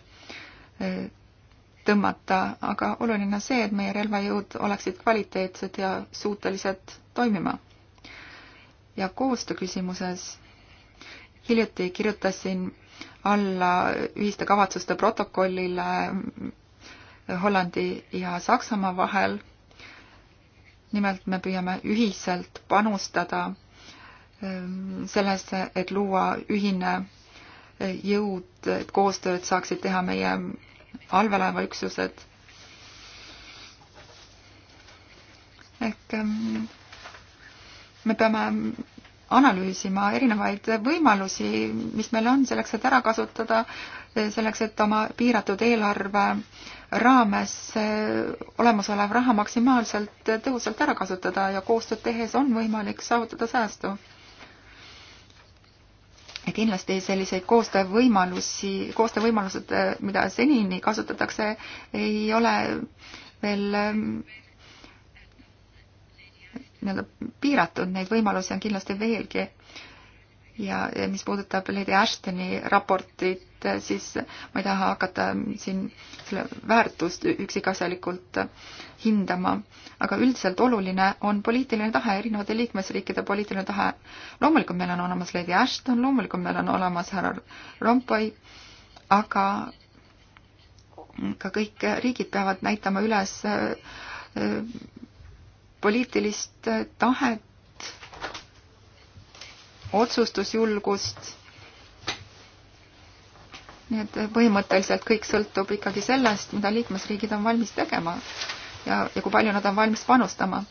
tõmmata, aga oluline on see, et meie relvajõud oleksid kvaliteetsed ja suutelised toimima. ja koostöö küsimuses hiljuti kirjutasin alla ühiste kavatsuste protokollile Hollandi ja Saksamaa vahel. nimelt me püüame ühiselt panustada ähm, sellesse, et luua ühine äh, jõud, et koostööd saaksid teha meie allveelaevaüksused. ehk ähm, me peame analüüsima erinevaid võimalusi, mis meil on selleks, et ära kasutada, selleks, et oma piiratud eelarve raames eh, olemasolev raha maksimaalselt tõhusalt ära kasutada ja koostööd tehes on võimalik saavutada säästu. ja kindlasti selliseid koostöövõimalusi, koostöövõimalused, eh, mida senini kasutatakse, ei ole veel eh, nii-öelda piiratud, neid võimalusi on kindlasti veelgi. ja mis puudutab Lady Ashtoni raportit, siis ma ei taha hakata siin selle väärtust üksikasjalikult hindama, aga üldiselt oluline on poliitiline tahe, erinevate liikmesriikide poliitiline tahe. loomulikult meil on olemas Lady Ashton, loomulikult meil on olemas härra Rompuy, aga ka kõik riigid peavad näitama üles äh, poliitilist tahet, otsustusjulgust. nii et põhimõtteliselt kõik sõltub ikkagi sellest, mida liikmesriigid on valmis tegema ja, ja kui palju nad on valmis panustama.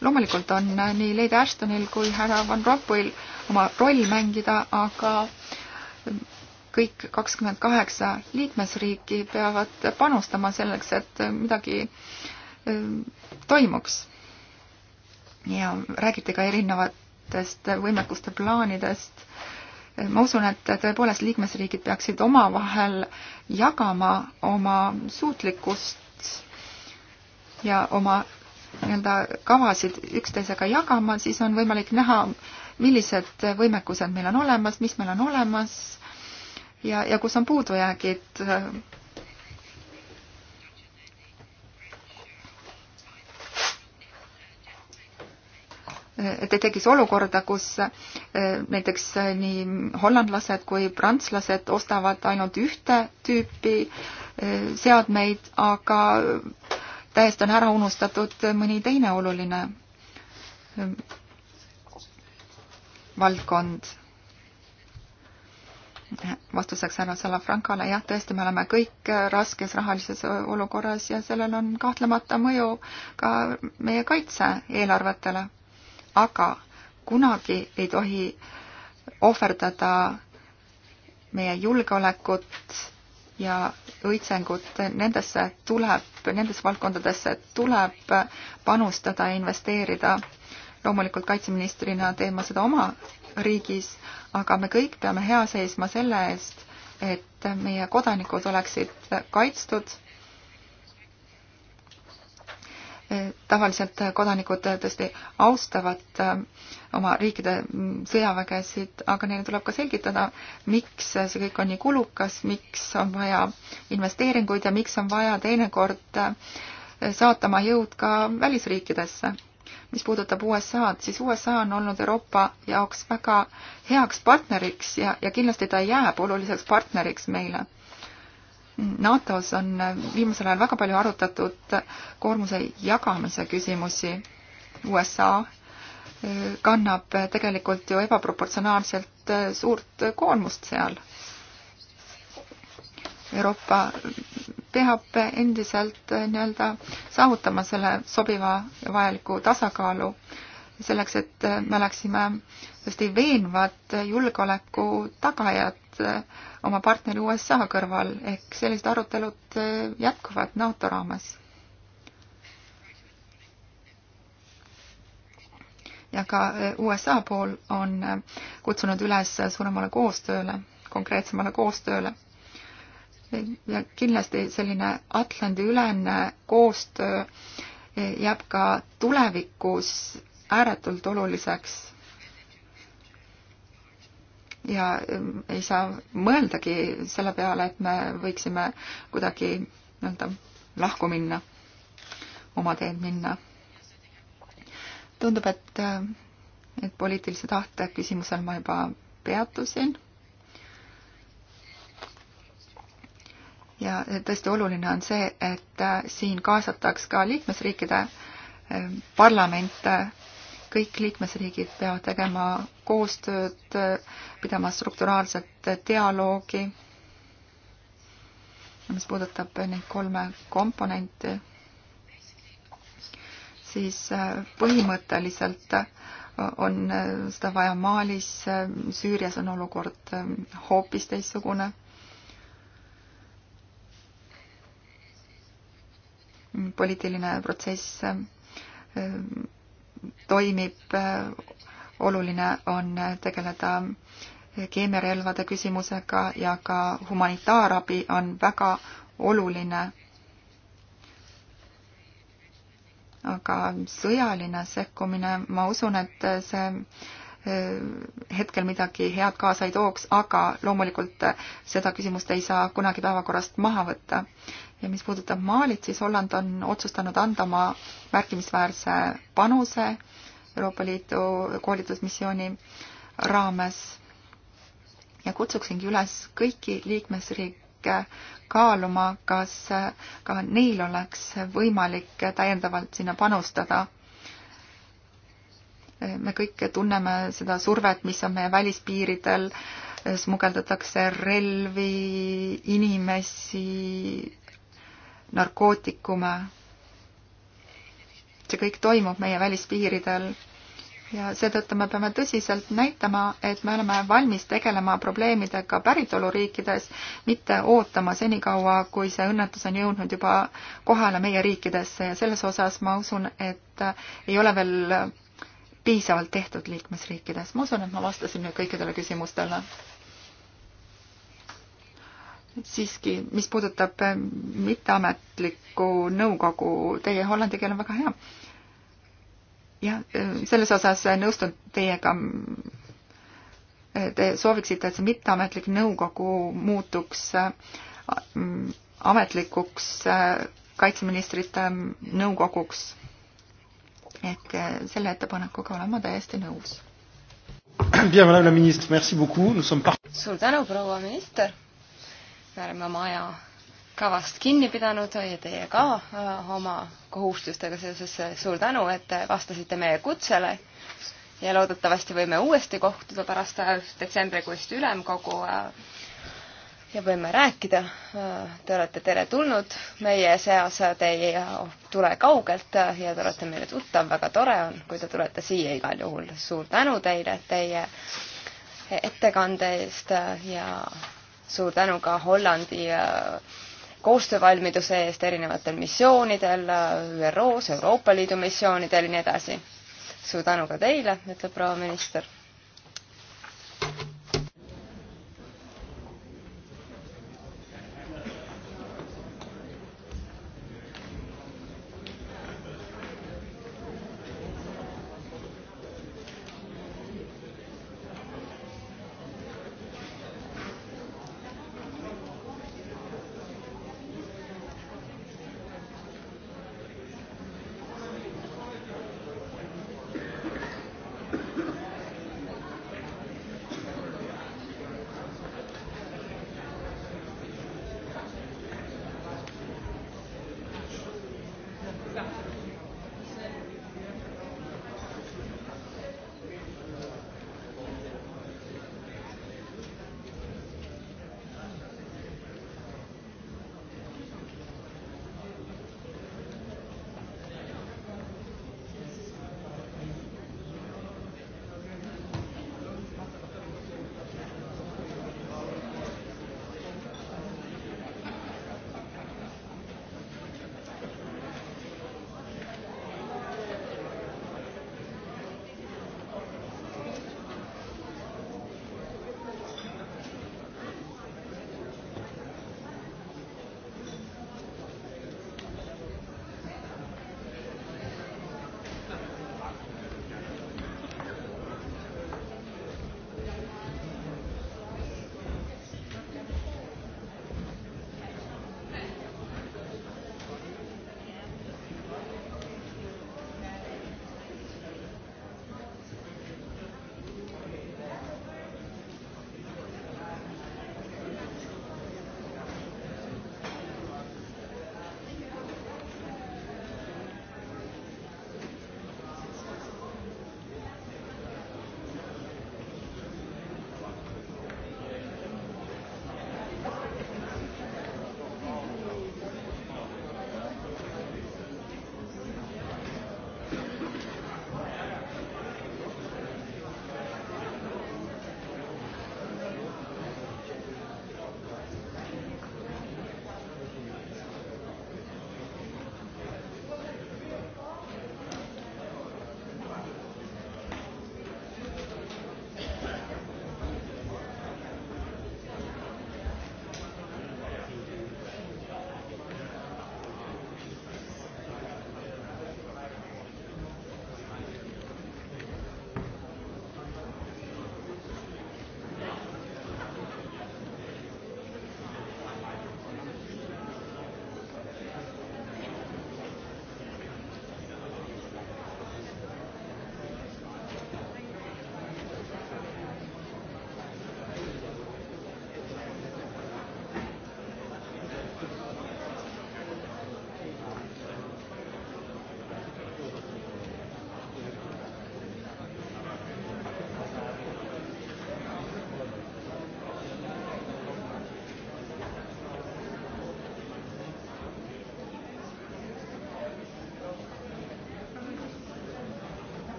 loomulikult on nii Lady Ashtonil kui härra Van Rompuil oma roll mängida, aga kõik kakskümmend kaheksa liikmesriiki peavad panustama selleks, et midagi eh, toimuks ja räägiti ka erinevatest võimekuste plaanidest. ma usun, et tõepoolest liikmesriigid peaksid omavahel jagama oma suutlikkust ja oma nii-öelda kavasid üksteisega jagama, siis on võimalik näha, millised võimekused meil on olemas, mis meil on olemas ja, ja kus on puudujäägid et ei tekkis olukorda, kus äh, näiteks äh, nii hollandlased kui prantslased ostavad ainult ühte tüüpi äh, seadmeid, aga täiesti on ära unustatud mõni teine oluline valdkond. vastuseks härra Salafrankale, jah, tõesti, me oleme kõik raskes rahalises olukorras ja sellel on kahtlemata mõju ka meie kaitse-eelarvetele aga kunagi ei tohi ohverdada meie julgeolekut ja õitsengut, nendesse tuleb, nendesse valdkondadesse tuleb panustada ja investeerida. loomulikult kaitseministrina teen ma seda oma riigis, aga me kõik peame hea seisma selle eest, et meie kodanikud oleksid kaitstud tavaliselt kodanikud tõesti austavad äh, oma riikide mm, sõjavägesid, aga neile tuleb ka selgitada, miks see kõik on nii kulukas, miks on vaja investeeringuid ja miks on vaja teinekord äh, saata oma jõud ka välisriikidesse. mis puudutab USA-d, siis USA on olnud Euroopa jaoks väga heaks partneriks ja, ja kindlasti ta jääb oluliseks partneriks meile NATO-s on viimasel ajal väga palju arutatud koormuse jagamise küsimusi. USA eh, kannab tegelikult ju ebaproportsionaalselt eh, suurt koormust seal. Euroopa peab endiselt eh, nii-öelda saavutama selle sobiva ja vajaliku tasakaalu selleks, et me oleksime tõesti veenvad julgeoleku tagajad oma partneri USA kõrval, ehk sellised arutelud eh, jätkuvad NATO raames. ja ka eh, USA pool on eh, kutsunud üles suuremale koostööle, konkreetsemale koostööle. ja kindlasti selline Atlandi-ülene koostöö jääb ka tulevikus ääretult oluliseks ja ähm, ei saa mõeldagi selle peale, et me võiksime kuidagi nii-öelda lahku minna, oma teed minna. tundub, et, äh, et poliitilise tahte küsimusel ma juba peatusin. ja tõesti oluline on see, et äh, siin kaasataks ka liikmesriikide äh, parlamente kõik liikmesriigid peavad tegema koostööd, pidama strukturaalset dialoogi, mis puudutab neid kolme komponenti, siis äh, põhimõtteliselt äh, on äh, seda vaja Malis, Süürias on olukord hoopis teistsugune. poliitiline protsess toimib, oluline on tegeleda keemiarelvade küsimusega ja ka humanitaarabi on väga oluline. aga sõjaline sekkumine, ma usun, et see hetkel midagi head kaasa ei tooks, aga loomulikult äh, seda küsimust ei saa kunagi päevakorrast maha võtta. ja mis puudutab Malit, siis Holland on otsustanud anda oma märkimisväärse panuse Euroopa Liidu koolitusmissiooni raames ja kutsuksingi üles kõiki liikmesriike kaaluma, kas ka neil oleks võimalik täiendavalt sinna panustada me kõik tunneme seda survet, mis on meie välispiiridel, smugeldatakse relvi, inimesi, narkootikume. see kõik toimub meie välispiiridel ja seetõttu me peame tõsiselt näitama, et me oleme valmis tegelema probleemidega päritoluriikides, mitte ootama senikaua, kui see õnnetus on jõudnud juba kohale meie riikidesse ja selles osas ma usun, et ei ole veel piisavalt tehtud liikmesriikides. ma usun, et ma vastasin nüüd kõikidele küsimustele. siiski, mis puudutab eh, mitteametlikku nõukogu, teie hollandi keel on väga hea. jah, eh, selles osas eh, nõustun teiega. Te sooviksite, et see mitteametlik nõukogu muutuks ametlikuks kaitseministrite nõukoguks ehk äh, selle ettepanekuga olen ma täiesti nõus. Bien, madame la ministre, merci beaucoup, nous sommes par-. suur tänu, proua minister. me oleme oma aja kavast kinni pidanud ja teie ka äh, oma kohustustega seoses suur tänu, et vastasite meie kutsele ja loodetavasti võime uuesti kohtuda pärast äh, detsembrikuist ülemkogu ja võime rääkida. Äh, te olete teretulnud meie seas, te ei tule kaugelt ja te olete meile tuttav, väga tore on, kui te tulete siia igal juhul. suur tänu teile teie ettekande eest ja suur tänu ka Hollandi äh, koostöövalmiduse eest erinevatel missioonidel, äh, ÜRO-s, Euroopa Liidu missioonidel ja nii edasi. suur tänu ka teile, ütleb proua minister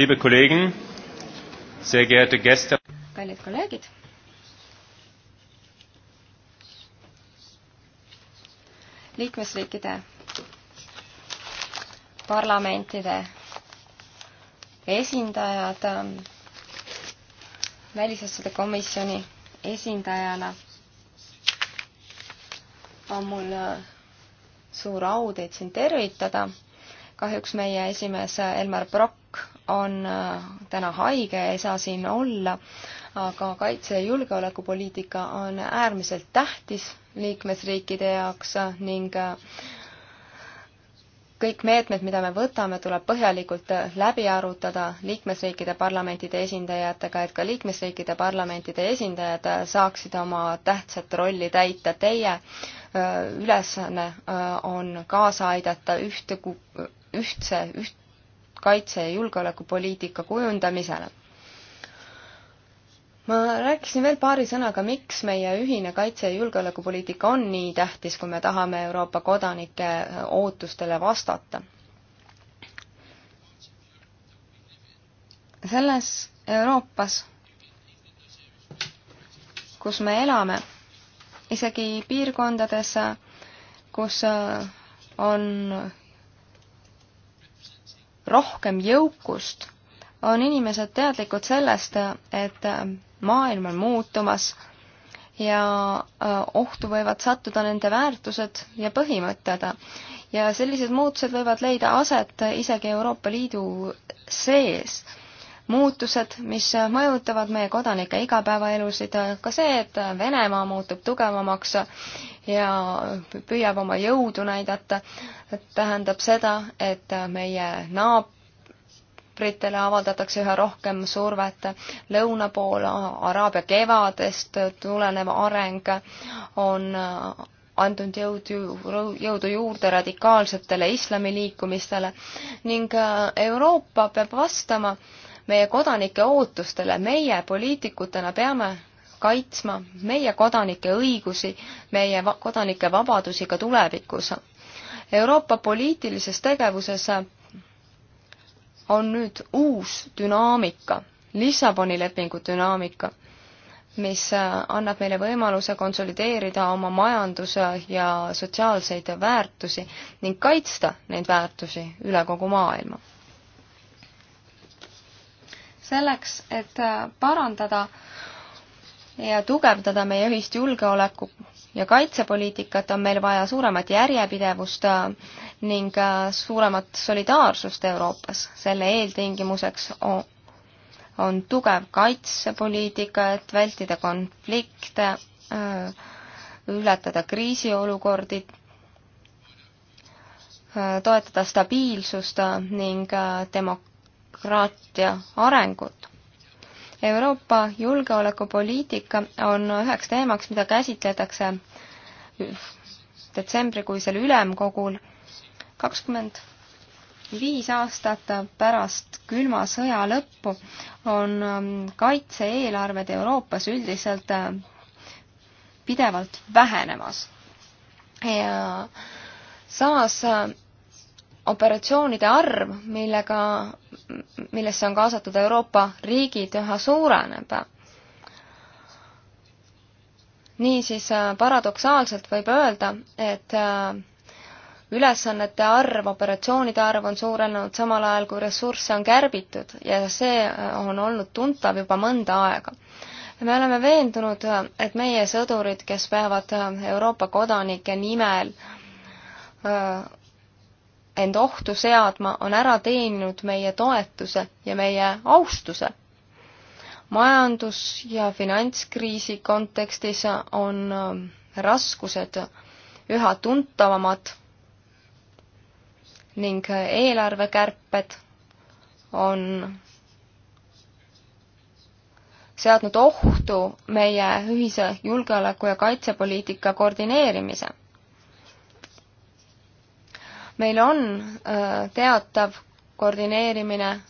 liebe Kollegen, sehr geehrte Gäste. Kallid kolleegid. liikmesriikide parlamentide esindajad välisasjade komisjoni esindajana on mul äh, suur au teid siin tervitada. kahjuks meie esimees Elmar Brokk on äh, täna haige, ei saa siin olla, aga kaitse- ja julgeolekupoliitika on äärmiselt tähtis liikmesriikide jaoks ning äh, kõik meetmed, mida me võtame, tuleb põhjalikult äh, läbi arutada liikmesriikide parlamentide esindajatega, et ka liikmesriikide parlamentide esindajad saaksid oma tähtsat rolli täita. Teie ülesanne on kaasa aidata ühte, ühtse, üht, kaitse- ja julgeolekupoliitika kujundamisele. ma rääkisin veel paari sõnaga, miks meie ühine kaitse- ja julgeolekupoliitika on nii tähtis, kui me tahame Euroopa kodanike äh, ootustele vastata. selles Euroopas, kus me elame, isegi piirkondades, kus äh, on rohkem jõukust, on inimesed teadlikud sellest, et maailm on muutumas ja äh, ohtu võivad sattuda nende väärtused ja põhimõtted. ja sellised muutused võivad leida aset isegi Euroopa Liidu sees muutused, mis mõjutavad meie kodanike igapäevaelusid, ka see, et Venemaa muutub tugevamaks ja püüab oma jõudu näidata, tähendab seda, et meie naab-, naabritele avaldatakse üha rohkem survet. lõuna pool Araabia kevadest tulenev areng on andnud jõudu, jõudu juurde radikaalsetele islamiliikumistele ning Euroopa peab vastama äh, meie kodanike ootustele, meie poliitikutena peame kaitsma meie kodanike õigusi, meie va kodanike vabadusi ka tulevikus. Euroopa poliitilises tegevuses on nüüd uus dünaamika, Lissaboni lepingu dünaamika, mis annab meile võimaluse konsolideerida oma majanduse ja sotsiaalseid väärtusi ning kaitsta neid väärtusi üle kogu maailma selleks, et äh, parandada ja tugevdada meie ühist julgeoleku ja kaitsepoliitikat, on meil vaja suuremat järjepidevust äh, ning äh, suuremat solidaarsust Euroopas. selle eeltingimuseks on, on tugev kaitsepoliitika, et vältida konflikte, ületada kriisiolukordi, toetada stabiilsust ning demo-, demokraatia arengut. Euroopa julgeolekupoliitika on üheks teemaks, mida käsitletakse detsembrikuisel ülemkogul kakskümmend viis aastat pärast külma sõja lõppu on kaitse-eelarved Euroopas üldiselt pidevalt vähenemas. ja samas operatsioonide arv, millega, millesse on kaasatud Euroopa riigid, üha suureneb. niisiis paradoksaalselt võib öelda, et äh, ülesannete arv, operatsioonide arv on suurenenud samal ajal, kui ressursse on kärbitud ja see äh, on olnud tuntav juba mõnda aega. me oleme veendunud, et meie sõdurid, kes peavad äh, Euroopa kodanike nimel end ohtu seadma, on ära teeninud meie toetuse ja meie austuse. majandus- ja finantskriisi kontekstis on ähm, raskused üha tuntavamad ning eelarvekärped on seadnud ohtu meie ühise julgeoleku- ja kaitsepoliitika koordineerimise meil on äh, teatav koordineerimine äh,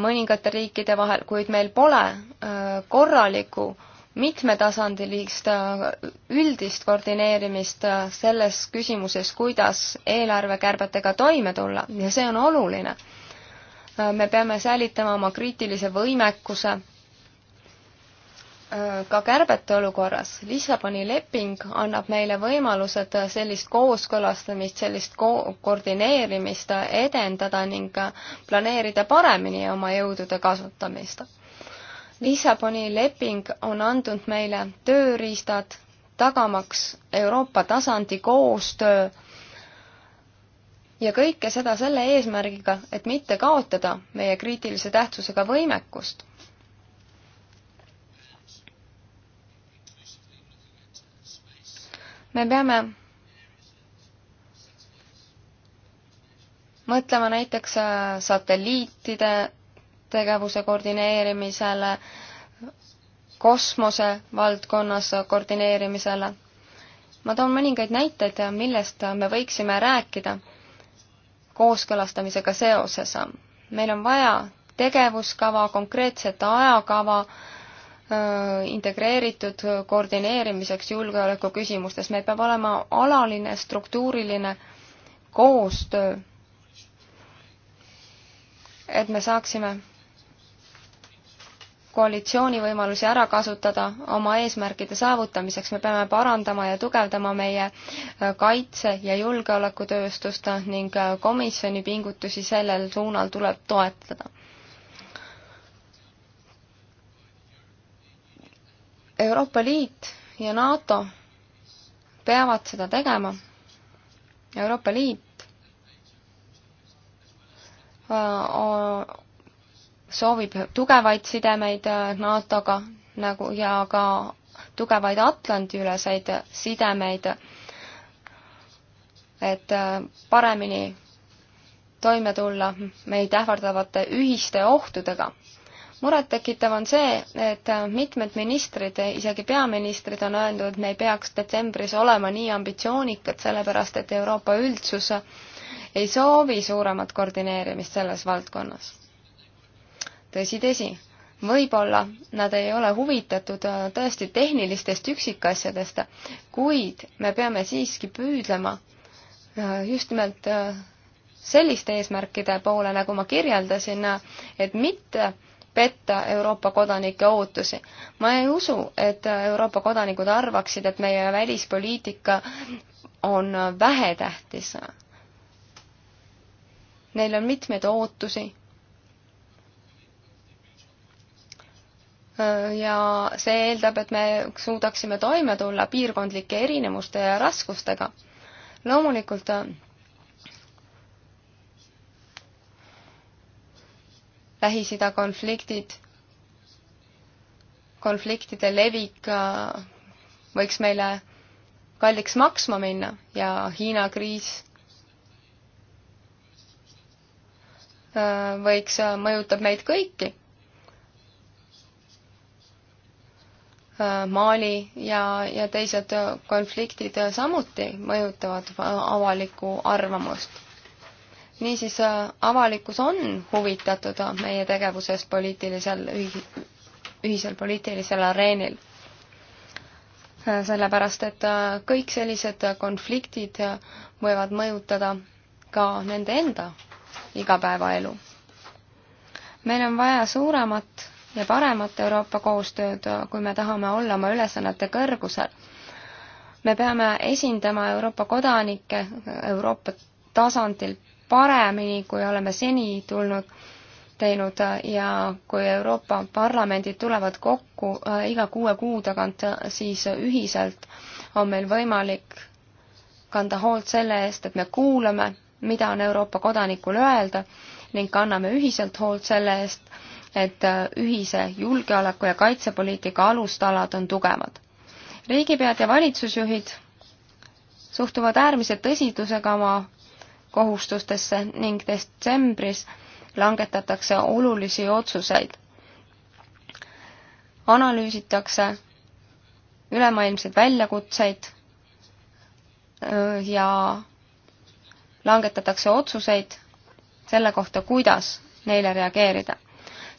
mõningate riikide vahel, kuid meil pole äh, korralikku mitmetasandilist üldist koordineerimist selles küsimuses, kuidas eelarvekärbetega toime tulla ja see on oluline. me peame säilitama oma kriitilise võimekuse ka kärbete olukorras. Lissaboni leping annab meile võimalused sellist kooskõlastamist, sellist ko-, koordineerimist edendada ning planeerida paremini oma jõudude kasutamist. Lissaboni leping on andnud meile tööriistad, tagamaks Euroopa tasandi koostöö ja kõike seda selle eesmärgiga, et mitte kaotada meie kriitilise tähtsusega võimekust me peame mõtlema näiteks äh, satelliitide tegevuse koordineerimisele, kosmose valdkonnas koordineerimisele. ma toon mõningaid näiteid, millest me võiksime rääkida kooskõlastamisega seoses. meil on vaja tegevuskava, konkreetset ajakava, Äh, integreeritud koordineerimiseks julgeoleku küsimustes, meil peab olema alaline struktuuriline koostöö, et me saaksime koalitsiooni võimalusi ära kasutada oma eesmärkide saavutamiseks, me peame parandama ja tugevdama meie äh, kaitse- ja julgeolekutööstust ning äh, komisjoni pingutusi sellel suunal tuleb toetada Euroopa Liit ja NATO peavad seda tegema. Euroopa Liit äh, soovib tugevaid sidemeid äh, NATO-ga nagu ja ka tugevaid Atlandi-üleseid sidemeid, et äh, paremini toime tulla meid ähvardavate ühiste ohtudega murettekitav on see, et mitmed ministrid, isegi peaministrid on öelnud, et me ei peaks detsembris olema nii ambitsioonikad, sellepärast et Euroopa üldsus ei soovi suuremat koordineerimist selles valdkonnas. tõsi, tõsi, võib-olla nad ei ole huvitatud äh, tõesti tehnilistest üksikasjadest, kuid me peame siiski püüdlema äh, just nimelt äh, selliste eesmärkide poole, nagu ma kirjeldasin, et mitte petta Euroopa kodanike ootusi. ma ei usu, et Euroopa kodanikud arvaksid, et meie välispoliitika on vähetähtis. Neil on mitmeid ootusi. ja see eeldab, et me suudaksime toime tulla piirkondlike erinevuste ja raskustega. loomulikult Lähis-Ida konfliktid, konfliktide levik äh, võiks meile kalliks maksma minna ja Hiina kriis äh, võiks, äh, mõjutab meid kõiki. Mali ja, ja teised konfliktid samuti mõjutavad avalikku arvamust niisiis äh, avalikkus on huvitatud äh, meie tegevusest poliitilisel, ühisel poliitilisel areenil. Äh, sellepärast, et kõik sellised konfliktid võivad mõjutada ka nende enda igapäevaelu. meil on vaja suuremat ja paremat Euroopa koostööd, kui me tahame olla oma ülesannete kõrgusel. me peame esindama Euroopa kodanikke Euroopa tasandil paremini, kui oleme seni tulnud, teinud äh, ja kui Euroopa Parlamendid tulevad kokku äh, iga kuue kuu tagant, äh, siis ühiselt on meil võimalik kanda hoolt selle eest, et me kuulame, mida on Euroopa kodanikul öelda ning kanname ühiselt hoolt selle eest, et ühise julgeoleku- ja kaitsepoliitika alustalad on tugevad. riigipead ja valitsusjuhid suhtuvad äärmise tõsidusega oma kohustustesse ning detsembris langetatakse olulisi otsuseid. analüüsitakse ülemaailmseid väljakutseid äh, ja langetatakse otsuseid selle kohta, kuidas neile reageerida.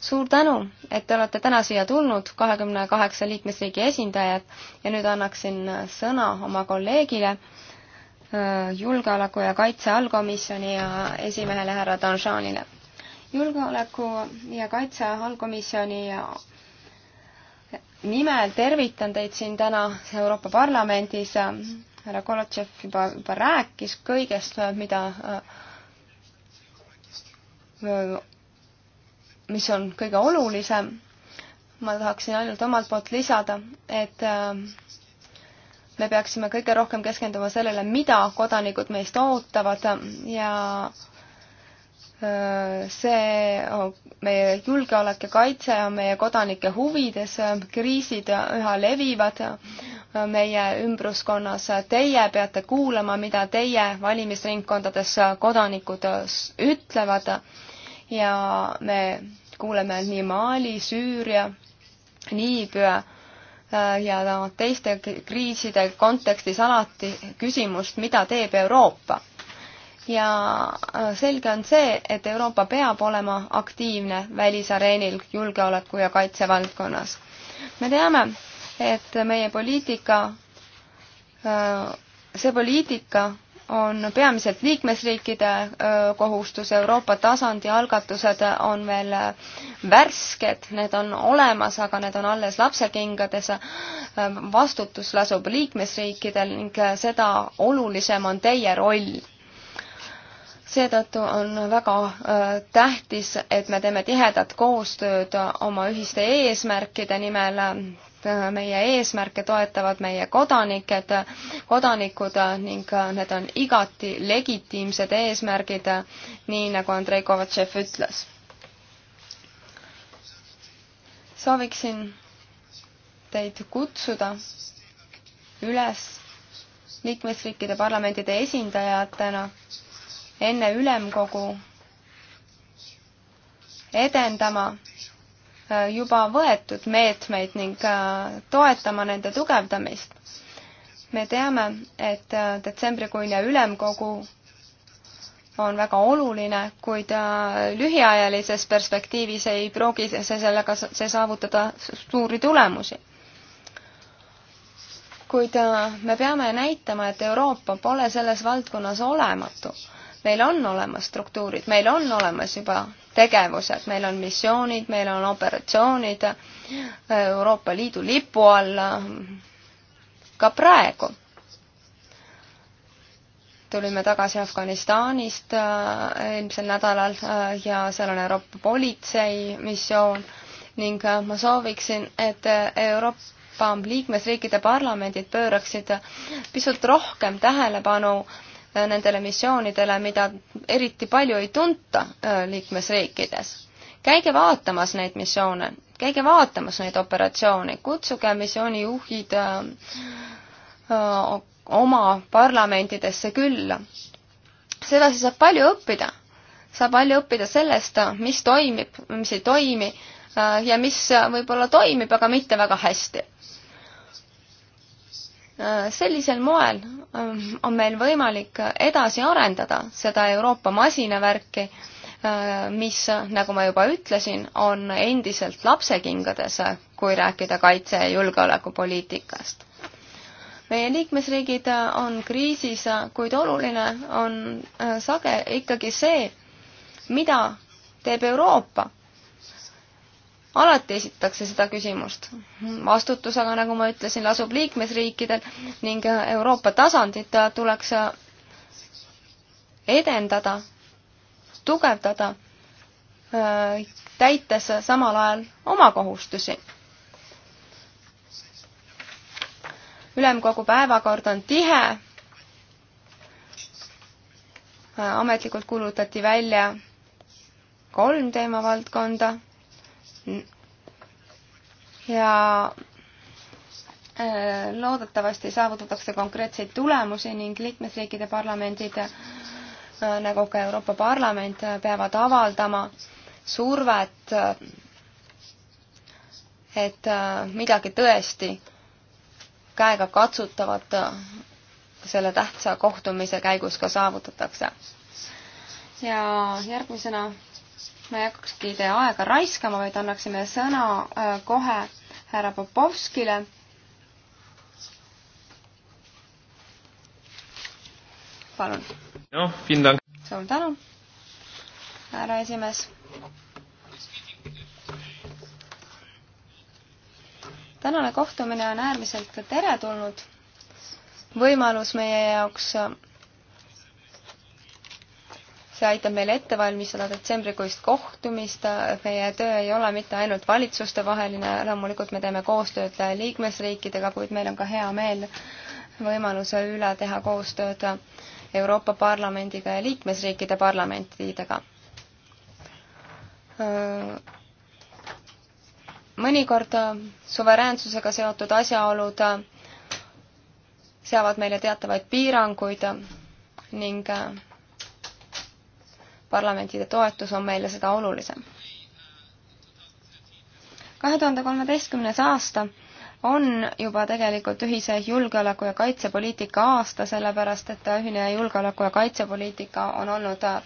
suur tänu, et te olete täna siia tulnud, kahekümne kaheksa liikmesriigi esindajad, ja nüüd annaksin sõna oma kolleegile, Äh, julgeoleku ja kaitse allkomisjoni ja esimehele härra Danjanile. julgeoleku ja kaitse allkomisjoni ja nimel tervitan teid siin täna Euroopa Parlamendis. härra Kolotšev juba, juba rääkis kõigest, mida, mis on kõige olulisem. ma tahaksin ainult omalt poolt lisada, et äh, me peaksime kõige rohkem keskenduma sellele, mida kodanikud meist ootavad ja see, meie julgeolek ja kaitse on meie kodanike huvides, kriisid üha levivad meie ümbruskonnas, teie peate kuulama, mida teie valimisringkondades kodanikud ütlevad ja me kuuleme nii Mali, Süüria, Liibüa Äh, ja no, teiste kriiside kontekstis alati küsimust, mida teeb Euroopa. ja äh, selge on see, et Euroopa peab olema aktiivne välisareenil julgeoleku ja kaitse valdkonnas. me teame, et meie poliitika, äh, see poliitika, on peamiselt liikmesriikide kohustus, Euroopa tasandi algatused on veel värsked, need on olemas, aga need on alles lapsekingades. vastutus lasub liikmesriikidel ning seda olulisem on teie roll. seetõttu on väga tähtis, et me teeme tihedat koostööd oma ühiste eesmärkide nimel Äh, meie eesmärke toetavad meie kodanikud, kodanikud äh, ning äh, need on igati legitiimsed eesmärgid, nii nagu Andrei Kovatšev ütles. sooviksin teid kutsuda üles liikmesriikide parlamendide esindajatena enne ülemkogu edendama Äh, juba võetud meetmeid ning äh, toetama nende tugevdamist. me teame, et äh, detsembrikuine ülemkogu on väga oluline, kuid lühiajalises perspektiivis ei pruugi see sellega, see saavutada suuri tulemusi. kuid me peame näitama, et Euroopa pole selles valdkonnas olematu meil on olemas struktuurid, meil on olemas juba tegevused, meil on missioonid, meil on operatsioonid äh, Euroopa Liidu lipu all ka praegu. tulime tagasi Afganistanist äh, eelmisel nädalal äh, ja seal on Euroopa politseimissioon ning ma sooviksin, et Euroopa liikmesriikide parlamendid pööraksid pisut rohkem tähelepanu äh, Äh, nendele missioonidele, mida eriti palju ei tunta äh, liikmesriikides. käige vaatamas neid missioone, käige vaatamas neid operatsioone, kutsuge missioonijuhid äh, oma parlamentidesse külla. sedasi saab palju õppida, saab palju õppida sellest, mis toimib, mis ei toimi ja mis võib-olla toimib, aga mitte väga hästi Äh, sellisel moel ähm, on meil võimalik edasi arendada seda Euroopa masinavärki, äh, mis, nagu ma juba ütlesin, on endiselt lapsekingades, kui rääkida kaitse- ja julgeolekupoliitikast. meie liikmesriigid äh, on kriisis, kuid oluline on sage ikkagi see, mida teeb Euroopa alati esitatakse seda küsimust. vastutus aga, nagu ma ütlesin, lasub liikmesriikidel ning Euroopa tasandit tuleks edendada, tugevdada, täites samal ajal oma kohustusi. ülemkogu päevakord on tihe, ametlikult kuulutati välja kolm teemavaldkonda ja äh, loodetavasti saavutatakse konkreetseid tulemusi ning liikmesriikide parlamendid äh, nagu ka Euroopa Parlament äh, peavad avaldama survet, et midagi tõesti käegakatsutavat selle tähtsa kohtumise käigus ka saavutatakse. ja järgmisena ma ei hakkakski teie aega raiskama, vaid annaksime sõna äh, kohe härra Popovskile. palun. noh, hindan. suur tänu, härra esimees. tänane kohtumine on äärmiselt teretulnud võimalus meie jaoks see aitab meil ette valmistada detsembrikuist kohtumist, meie töö ei ole mitte ainult valitsustevaheline, loomulikult me teeme koostööd liikmesriikidega, kuid meil on ka hea meel võimaluse üle teha koostööd Euroopa Parlamendiga ja liikmesriikide parlamentidega. mõnikord suveräänsusega seotud asjaolud seavad meile teatavaid piiranguid ning parlamentide toetus on meile seda olulisem. kahe tuhande kolmeteistkümnes aasta on juba tegelikult ühise julgeoleku- ja kaitsepoliitika aasta, sellepärast et ühine julgeoleku- ja kaitsepoliitika on olnud äh,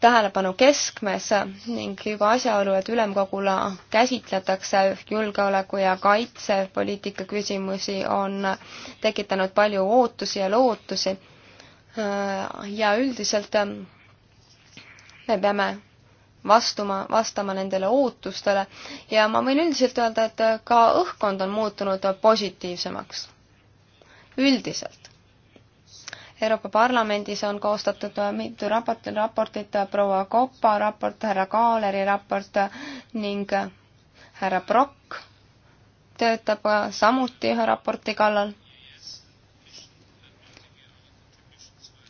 tähelepanu keskmes ning juba asjaolu, et ülemkogul käsitletakse julgeoleku- ja kaitsepoliitika küsimusi, on tekitanud palju ootusi ja lootusi. Äh, ja üldiselt äh, me peame vastuma, vastama nendele ootustele ja ma võin üldiselt öelda, et ka õhkkond on muutunud positiivsemaks. üldiselt. Euroopa Parlamendis on koostatud mitu raport, raportit, proua Koppa raport, härra Kaaleri raport ning härra Brock töötab samuti ühe raporti kallal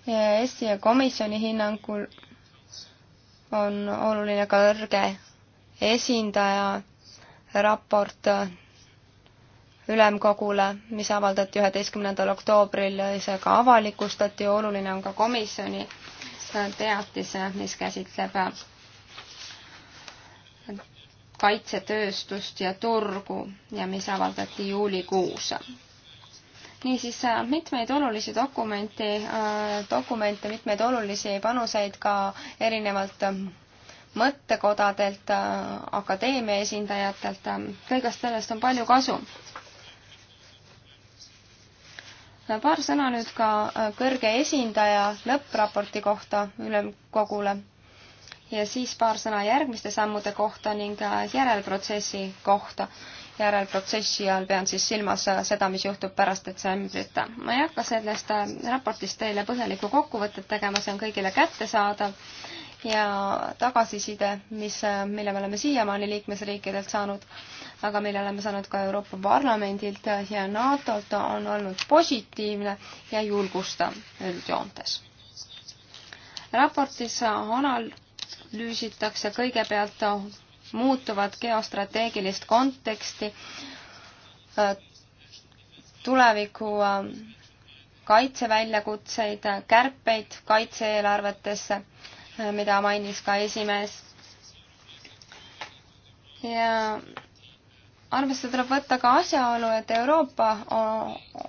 EAS-i ja komisjoni hinnangul on oluline ka kõrge esindaja raport ülemkogule, mis avaldati üheteistkümnendal oktoobril, see ka avalikustati, oluline on ka komisjoni teatis, mis käsitleb kaitsetööstust ja turgu ja mis avaldati juulikuus niisiis äh, mitmeid olulisi dokumenti, äh, dokumente, mitmeid olulisi panuseid ka erinevalt äh, mõttekodadelt, akadeemia esindajatelt, kõigest sellest on palju kasu. paar sõna nüüd ka kõrge esindaja lõppraporti kohta ülemkogule ja siis paar sõna järgmiste sammude kohta ning järelprotsessi kohta järelprotsessi all pean siis silmas äh, seda, mis juhtub pärast detsembrit. ma ei hakka sellest äh, raportist teile põhjalikku kokkuvõtet tegema, see on kõigile kättesaadav ja tagasiside, mis, äh, mille me oleme siiamaani liikmesriikidelt saanud, aga mille oleme saanud ka Euroopa Parlamendilt ja NATO-lt, on olnud positiivne ja julgustav üldjoontes. raportis analüüsitakse kõigepealt muutuvat geostrateegilist konteksti, tuleviku äh, kaitseväljakutseid, kärpeid kaitse-eelarvetesse, äh, mida mainis ka esimees. ja arvesse tuleb võtta ka asjaolu, et Euroopa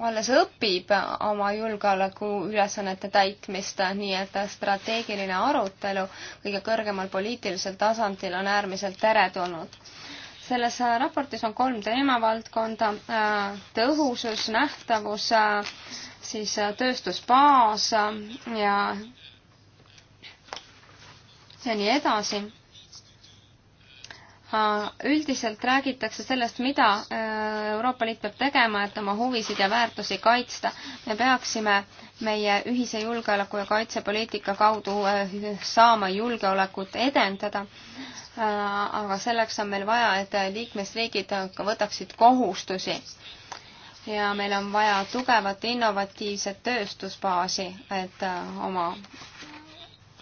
alles õpib oma julgeolekuülesannete täitmist, nii et strateegiline arutelu kõige kõrgemal poliitilisel tasandil on äärmiselt teretulnud. selles raportis on kolm teemavaldkonda, tõhusus, nähtavus, siis tööstusbaas ja ja nii edasi üldiselt räägitakse sellest, mida äh, Euroopa Liit peab tegema, et oma huvisid ja väärtusi kaitsta. me peaksime meie ühise julgeoleku ja kaitsepoliitika kaudu äh, saama julgeolekut edendada. Äh, aga selleks on meil vaja, et liikmesriigid võtaksid kohustusi ja meil on vaja tugevat innovatiivset tööstusbaasi, et oma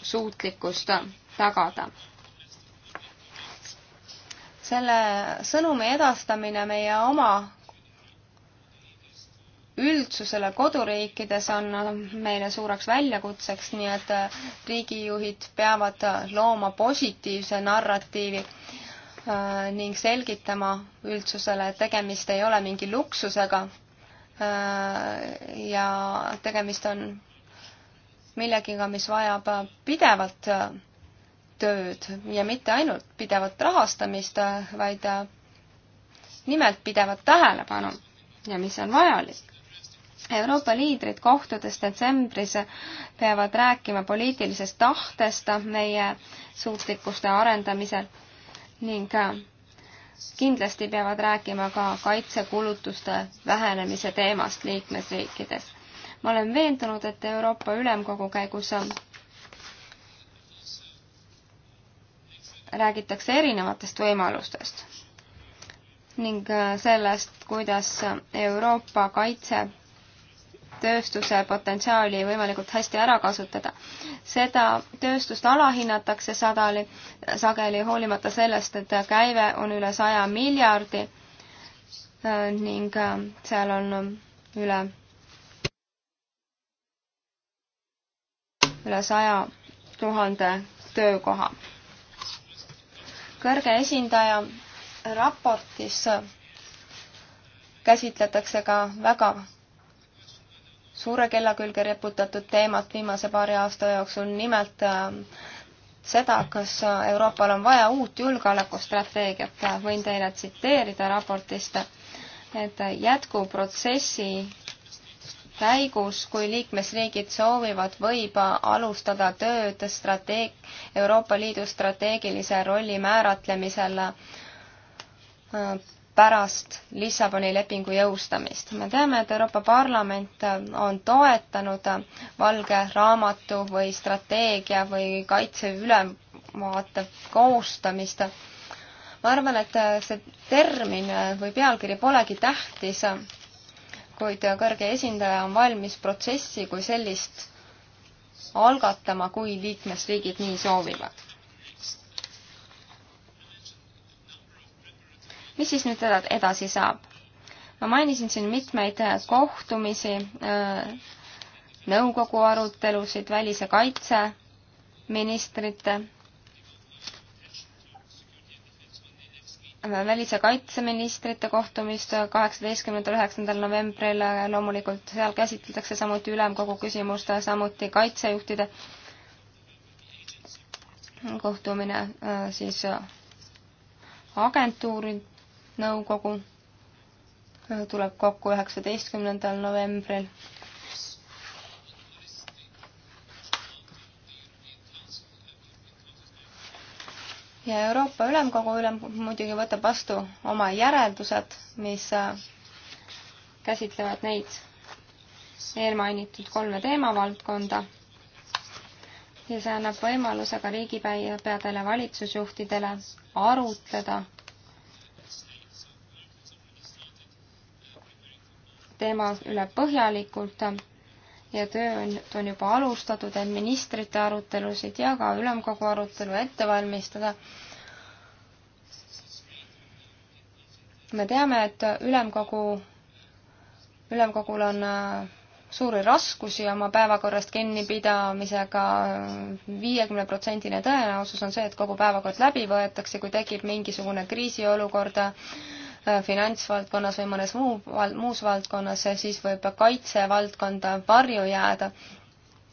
suutlikkust tagada selle sõnumi edastamine meie oma üldsusele koduriikides on meile suureks väljakutseks, nii et äh, riigijuhid peavad äh, looma positiivse narratiivi äh, ning selgitama üldsusele, et tegemist ei ole mingi luksusega ja tegemist on millegiga, mis vajab pidevalt tööd ja mitte ainult pidevat rahastamist, vaid nimelt pidevat tähelepanu ja mis on vajalik. Euroopa liidrid kohtudes detsembris peavad rääkima poliitilisest tahtest meie suutlikkuste arendamisel ning kindlasti peavad rääkima ka kaitsekulutuste vähenemise teemast liikmesriikides. ma olen veendunud, et Euroopa Ülemkogu käigus räägitakse erinevatest võimalustest ning äh, sellest, kuidas Euroopa kaitsetööstuse potentsiaali võimalikult hästi ära kasutada. seda tööstust alahinnatakse sadali, sageli hoolimata sellest, et käive on üle saja miljardi äh, ning äh, seal on üle, üle saja tuhande töökoha kõrge esindaja raportis käsitletakse ka väga suure kella külge reputatud teemat viimase paari aasta jooksul, nimelt äh, seda, kas Euroopal on vaja uut julgeolekustrateegiat, võin teile tsiteerida raportist, et jätkuprotsessi käigus, kui liikmesriigid soovivad, võib alustada tööd strateeg-, Euroopa Liidu strateegilise rolli määratlemisel äh, pärast Lissaboni lepingu jõustamist. me teame, et Euroopa Parlament on toetanud valge raamatu või strateegia või kaitseülevaate koostamist. ma arvan, et see termin või pealkiri polegi tähtis kuid kõrge esindaja on valmis protsessi kui sellist algatama, kui liikmesriigid nii soovivad. mis siis nüüd edasi saab? ma mainisin siin mitmeid äh, kohtumisi, äh, nõukogu arutelusid, välis- ja kaitseministrite välis- ja kaitseministrite kohtumist kaheksateistkümnendal, üheksandal novembril, loomulikult seal käsitletakse samuti ülemkogu küsimust, samuti kaitsejuhtide kohtumine siis äh, agentuuri nõukogu äh, tuleb kokku üheksateistkümnendal novembril ja Euroopa Ülemkogu ülem muidugi võtab vastu oma järeldused, mis äh, käsitlevad neid eelmainitud kolme teemavaldkonda ja see annab võimaluse ka riigipeadele valitsusjuhtidele arutleda teema üle põhjalikult ja töö on, on juba alustatud, et ministrite arutelusid ja ka ülemkogu arutelu ette valmistada. me teame, et ülemkogu, ülemkogul on äh, suuri raskusi oma päevakorrast kinnipidamisega, viiekümne protsendine tõenäosus on see, et kogu päevakord läbi võetakse, kui tekib mingisugune kriisiolukord Äh, finantsvaldkonnas või mõnes muu, muus valdkonnas, siis võib kaitsevaldkonda varju jääda,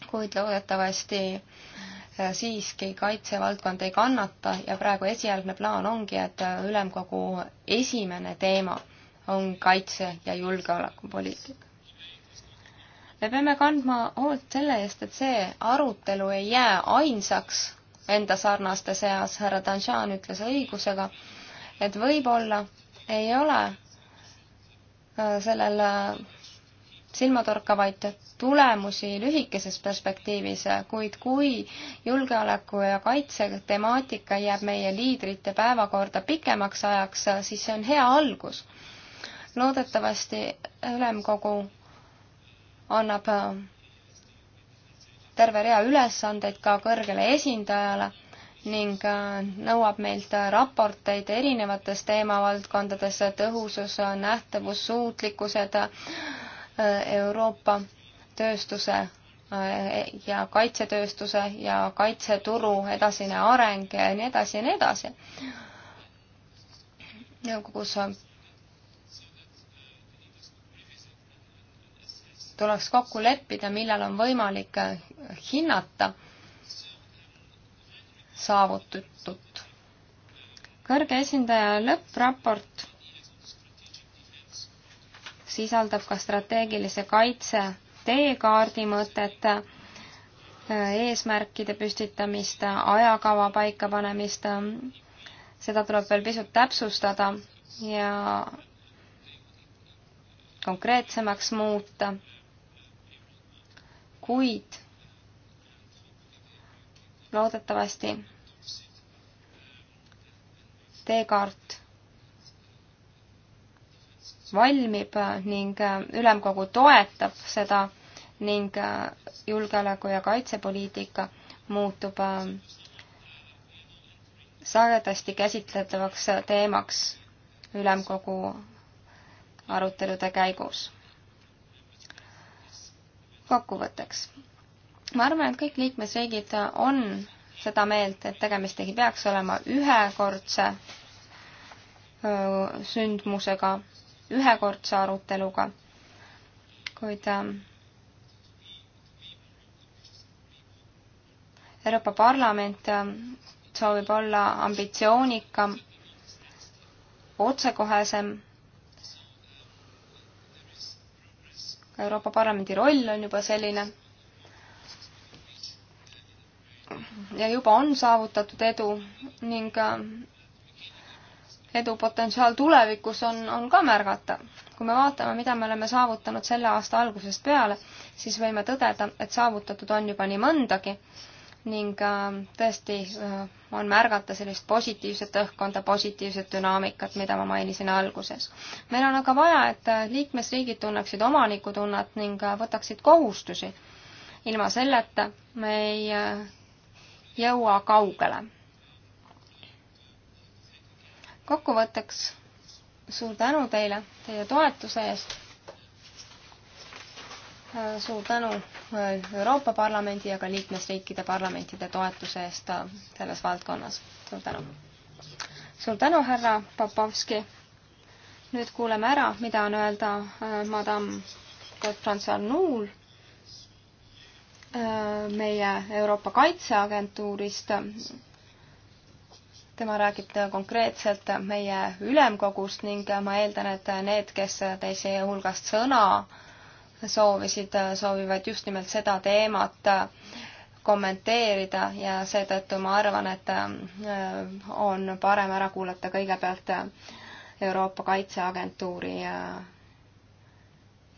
kuid loodetavasti äh, siiski kaitsevaldkond ei kannata ja praegu esialgne plaan ongi, et äh, ülemkogu esimene teema on kaitse- ja julgeolekupoliitika. me peame kandma hoolt selle eest, et see arutelu ei jää ainsaks enda sarnaste seas, härra Danjan ütles õigusega, et võib-olla ei ole äh, sellel äh, silmatorkavaid tulemusi lühikeses perspektiivis, äh, kuid kui julgeoleku ja kaitse temaatika jääb meie liidrite päevakorda pikemaks ajaks, siis see on hea algus. loodetavasti ülemkogu annab terve rea ülesandeid ka kõrgele esindajale ning äh, nõuab meilt äh, raporteid erinevates teemavaldkondades, tõhusus, äh, nähtavus, suutlikkused Euroopa tööstuse ja kaitsetööstuse ja kaitseturu edasine areng ja nii edasi ja nii edasi. nõukogus tuleks kokku leppida, millal on võimalik hinnata saavutatud. kõrge esindaja lõppraport sisaldab ka strateegilise kaitse teekaardi mõtet, eesmärkide püstitamist, ajakava paikapanemist, seda tuleb veel pisut täpsustada ja konkreetsemaks muuta. kuid loodetavasti teekaart valmib ning ülemkogu toetab seda ning julgeoleku- ja kaitsepoliitika muutub äh, sagedasti käsitletavaks teemaks ülemkogu arutelude käigus. kokkuvõtteks ma arvan, et kõik liikmesriigid on seda meelt, et tegemist ei peaks olema ühekordse sündmusega, ühekordse aruteluga, kuid ähm, Euroopa Parlament ähm, soovib olla ambitsioonikam, otsekohesem. Euroopa Parlamendi roll on juba selline ja juba on saavutatud edu ning äh, edu potentsiaal tulevikus on, on ka märgatav. kui me vaatame, mida me oleme saavutanud selle aasta algusest peale, siis võime tõdeda, et saavutatud on juba nii mõndagi ning äh, tõesti äh, on märgata sellist positiivset õhkkonda, positiivset dünaamikat, mida ma mainisin alguses. meil on aga vaja, et liikmesriigid tunneksid omanikutunnet ning võtaksid kohustusi. ilma selleta me ei jõua kaugele. kokkuvõtteks suur tänu teile teie toetuse eest. suur tänu Euroopa Parlamendi ja ka liikmesriikide parlamentide toetuse eest selles valdkonnas. suur tänu. suur tänu, härra Popovski. nüüd kuuleme ära, mida on öelda eh, madam Bertrand Sarnoul Äh, meie Euroopa Kaitseagentuurist. tema räägib konkreetselt meie ülemkogust ning ma eeldan, et need, kes teise hulgast sõna soovisid, soovivad just nimelt seda teemat kommenteerida ja seetõttu ma arvan, et äh, on parem ära kuulata kõigepealt Euroopa Kaitseagentuuri äh,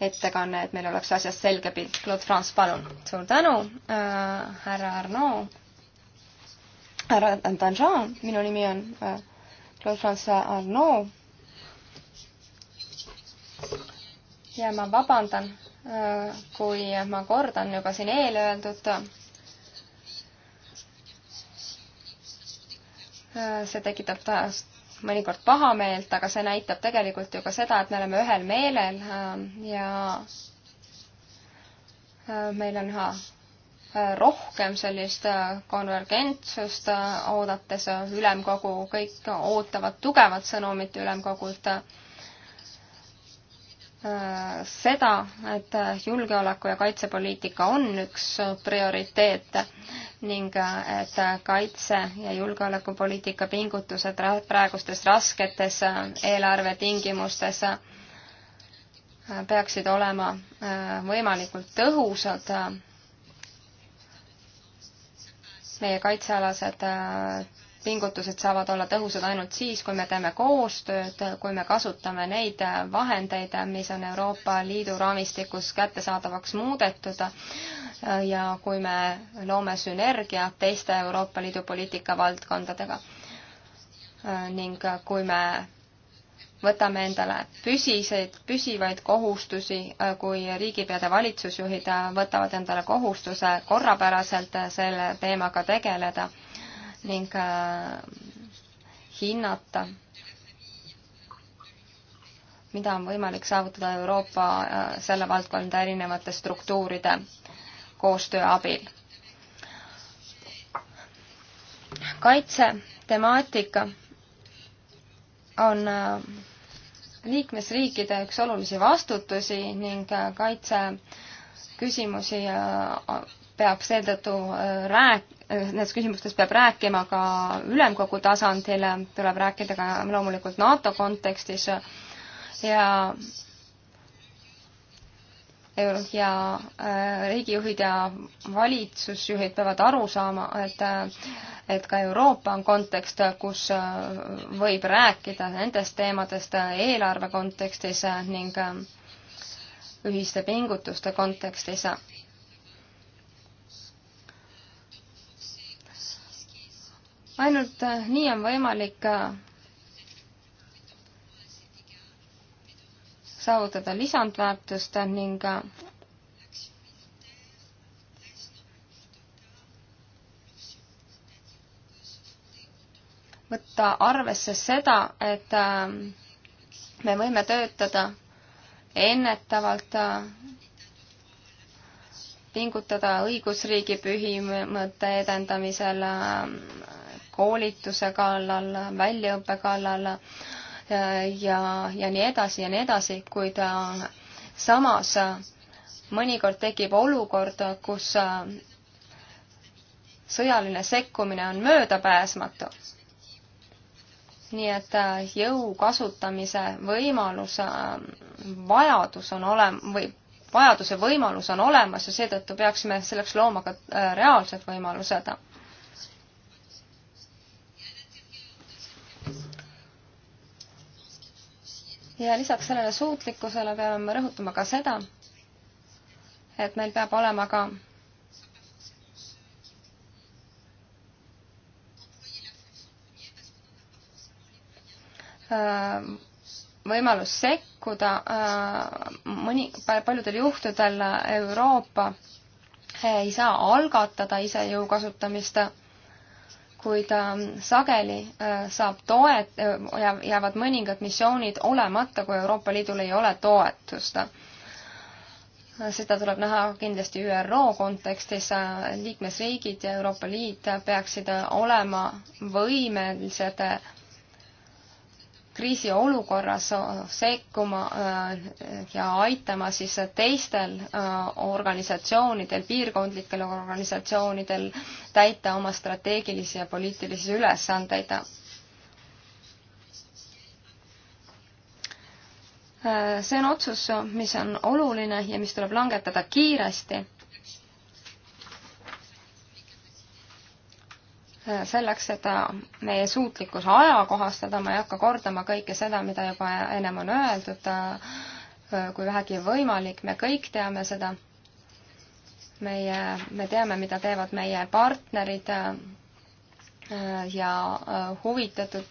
ettekanne, et meil oleks asjast selge pilt. Claude France, palun. suur tänu äh,, härra Arnaud, härra Danjean, minu nimi on äh, Claude France Arnaud. ja ma vabandan äh,, kui ma kordan juba siin eelöeldut äh,. see tekitab taas mõnikord pahameelt, aga see näitab tegelikult ju ka seda, et me oleme ühel meelel äh, ja äh, meil on üha äh, rohkem sellist konvergentsust oodates ülemkogu, kõik ootavad tugevat sõnumit ülemkogult Äh, seda, et julgeoleku- ja kaitsepoliitika on üks prioriteete ning äh, et kaitse- ja julgeolekupoliitika pingutused praegustes rasketes äh, eelarvetingimustes peaksid olema võimalikult tõhusad. meie kaitsealased pingutused saavad olla tõhusad ainult siis, kui me teeme koostööd, kui me kasutame neid vahendeid, mis on Euroopa Liidu raamistikus kättesaadavaks muudetud ja kui me loome sünergia teiste Euroopa Liidu poliitikavaldkondadega. ning kui me võtame endale püsiseid, püsivaid kohustusi, kui riigipead ja valitsusjuhid võtavad endale kohustuse korrapäraselt selle teemaga tegeleda ning äh, hinnata, mida on võimalik saavutada Euroopa äh, selle valdkonda erinevate struktuuride koostöö abil. kaitsetemaatika on äh, liikmesriikide üks olulisi vastutusi ning kaitse küsimusi peab seetõttu rääk-, Äh, nendes küsimustes peab rääkima ka ülemkogu tasandil, tuleb rääkida ka loomulikult NATO kontekstis ja ja äh, riigijuhid ja valitsusjuhid peavad aru saama, et et ka Euroopa on kontekst, kus äh, võib rääkida nendest teemadest eelarve kontekstis ning ühiste pingutuste kontekstis ainult äh, nii on võimalik äh, saavutada lisandväärtust ning äh, võtta arvesse seda, et me võime töötada ennetavalt, pingutada õigusriigi põhimõtte edendamisel, koolituse kallal, väljaõppe kallal ja, ja nii edasi ja nii edasi, kuid äh, samas äh, mõnikord tekib olukord, kus äh, sõjaline sekkumine on möödapääsmatu. nii et jõu kasutamise võimalus, vajadus on olem-, või vajaduse võimalus on olemas ja seetõttu peaksime selleks looma ka reaalsed võimalused ja lisaks sellele suutlikkusele peame me rõhutama ka seda, et meil peab olema ka äh, võimalus sekkuda äh, mõni, paljudel juhtudel Euroopa ei saa algatada ise jõu kasutamist kuid sageli äh, saab toet, äh, jäävad mõningad missioonid olemata, kui Euroopa Liidul ei ole toetust. seda tuleb näha kindlasti ÜRO kontekstis, äh, liikmesriigid ja Euroopa Liit peaksid olema võimelised kriisiolukorras sekkuma äh, ja aitama siis teistel äh, organisatsioonidel, piirkondlikel organisatsioonidel täita oma strateegilisi ja poliitilisi ülesandeid. Äh, see on otsus, mis on oluline ja mis tuleb langetada kiiresti selleks, et meie suutlikkus ajakohastada, ma ei hakka kordama kõike seda, mida juba ennem on öeldud, kui vähegi võimalik, me kõik teame seda. meie, me teame, mida teevad meie partnerid ja huvitatud.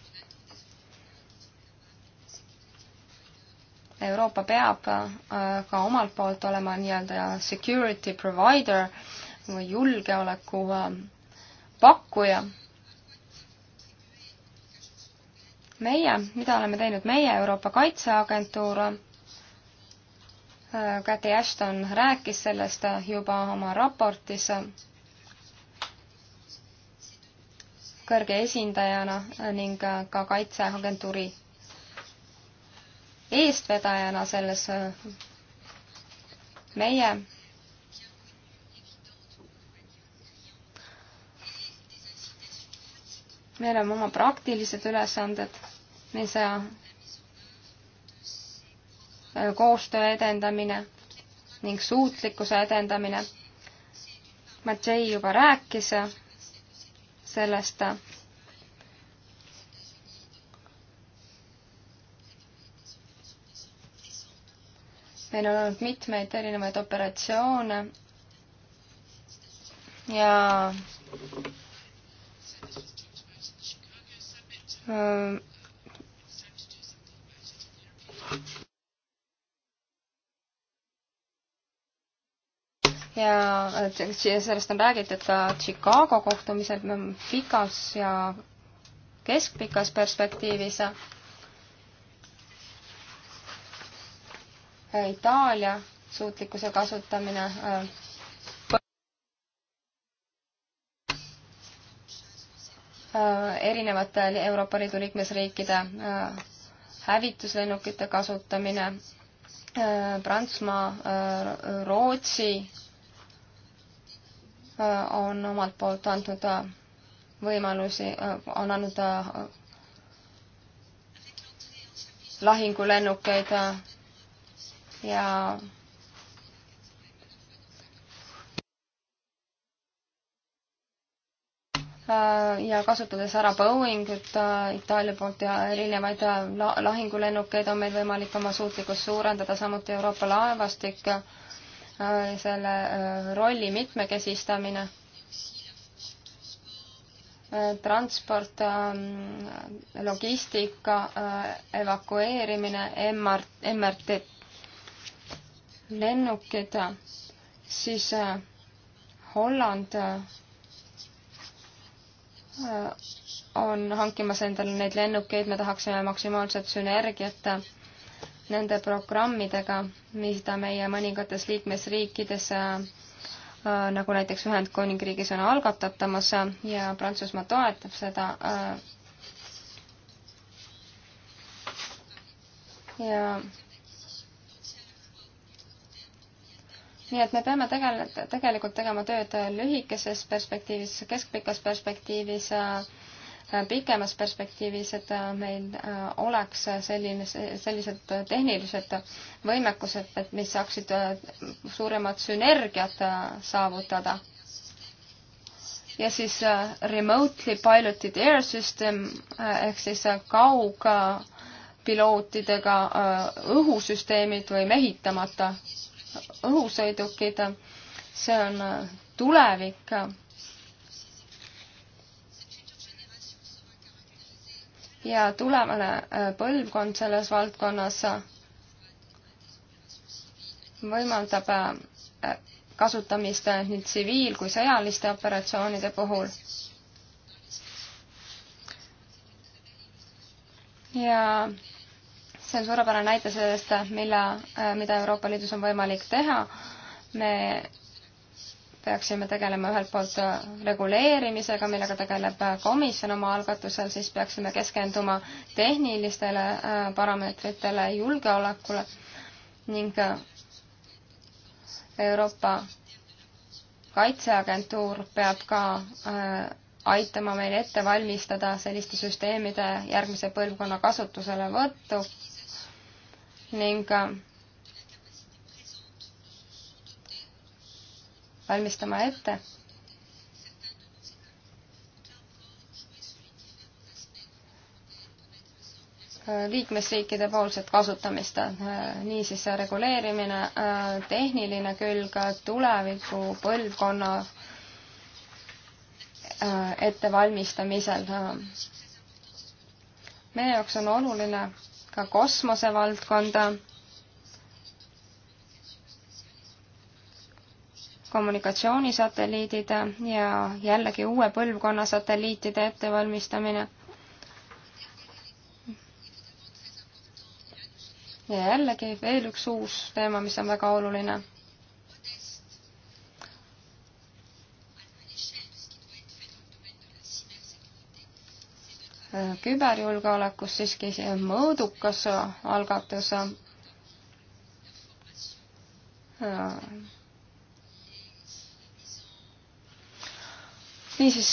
Euroopa peab ka omalt poolt olema nii-öelda security provider või julgeoleku pakkuja. meie, mida oleme teinud meie, Euroopa Kaitseagentuur, Käti äh, Ashton rääkis sellest juba oma raportis kõrge esindajana ning ka Kaitseagentuuri eestvedajana selles äh, meie meil on oma praktilised ülesanded, mis äh, koostöö edendamine ning suutlikkuse edendamine. Matei juba rääkis sellest. meil on olnud mitmeid erinevaid operatsioone ja ja sellest on räägitud ka Chicago kohtumisel pikas ja keskpikas perspektiivis. Itaalia suutlikkuse kasutamine Äh, erinevate Euroopa Liidu liikmesriikide äh, hävituslennukite kasutamine, äh, Prantsusmaa, Rootsi on omalt poolt andnud võimalusi, on andnud lahingulennukeid ja Äh, ja kasutades ära Boeingut äh, Itaalia poolt ja erinevaid äh, lahingulennukeid on meil võimalik oma suutlikkust suurendada, samuti Euroopa laevastik, selle rolli mitmekesistamine, transport, ähm, logistika, evakueerimine, MR-, MRT, lennukid, siis Holland Äh, on hankimas endale neid lennukeid, me tahaksime maksimaalset sünergiat nende programmidega, mida meie mõningates liikmesriikides äh, nagu näiteks Ühendkuningriigis on algatatamas ja Prantsusmaa toetab seda. Äh, ja nii et me peame tegele-, tegelikult tegema tööd lühikeses perspektiivis, keskpikas perspektiivis, äh, pikemas perspektiivis, et äh, meil äh, oleks selline, sellised tehnilised võimekused, et mis saaksid suuremat sünergiat saavutada. ja siis remotely piloted air system ehk siis kaugpilootidega õhusüsteemid või mehitamata õhusõidukid, see on tulevik. ja tulevane äh, põlvkond selles valdkonnas võimaldab äh, kasutamist nii tsiviil- kui sõjaliste operatsioonide puhul. ja see on suurepärane näide sellest, mille, äh, mida Euroopa Liidus on võimalik teha. me peaksime tegelema ühelt poolt äh, reguleerimisega, millega tegeleb äh, komisjon oma algatusel, siis peaksime keskenduma tehnilistele parameetritele, julgeolekule ning Euroopa Kaitseagentuur peab ka aitama meil ette valmistada selliste süsteemide järgmise põlvkonna kasutuselevõttu ning äh, valmistama ette liikmesriikide poolset kasutamist, äh, niisiis reguleerimine, äh, tehniline külg, tuleviku põlvkonna ettevalmistamisel. meie jaoks on oluline ka kosmosevaldkonda, kommunikatsioonisatelliidid ja jällegi uue põlvkonna satelliitide ettevalmistamine. ja jällegi veel üks uus teema, mis on väga oluline küberjulgeolekus siiski mõõdukas algatus. niisiis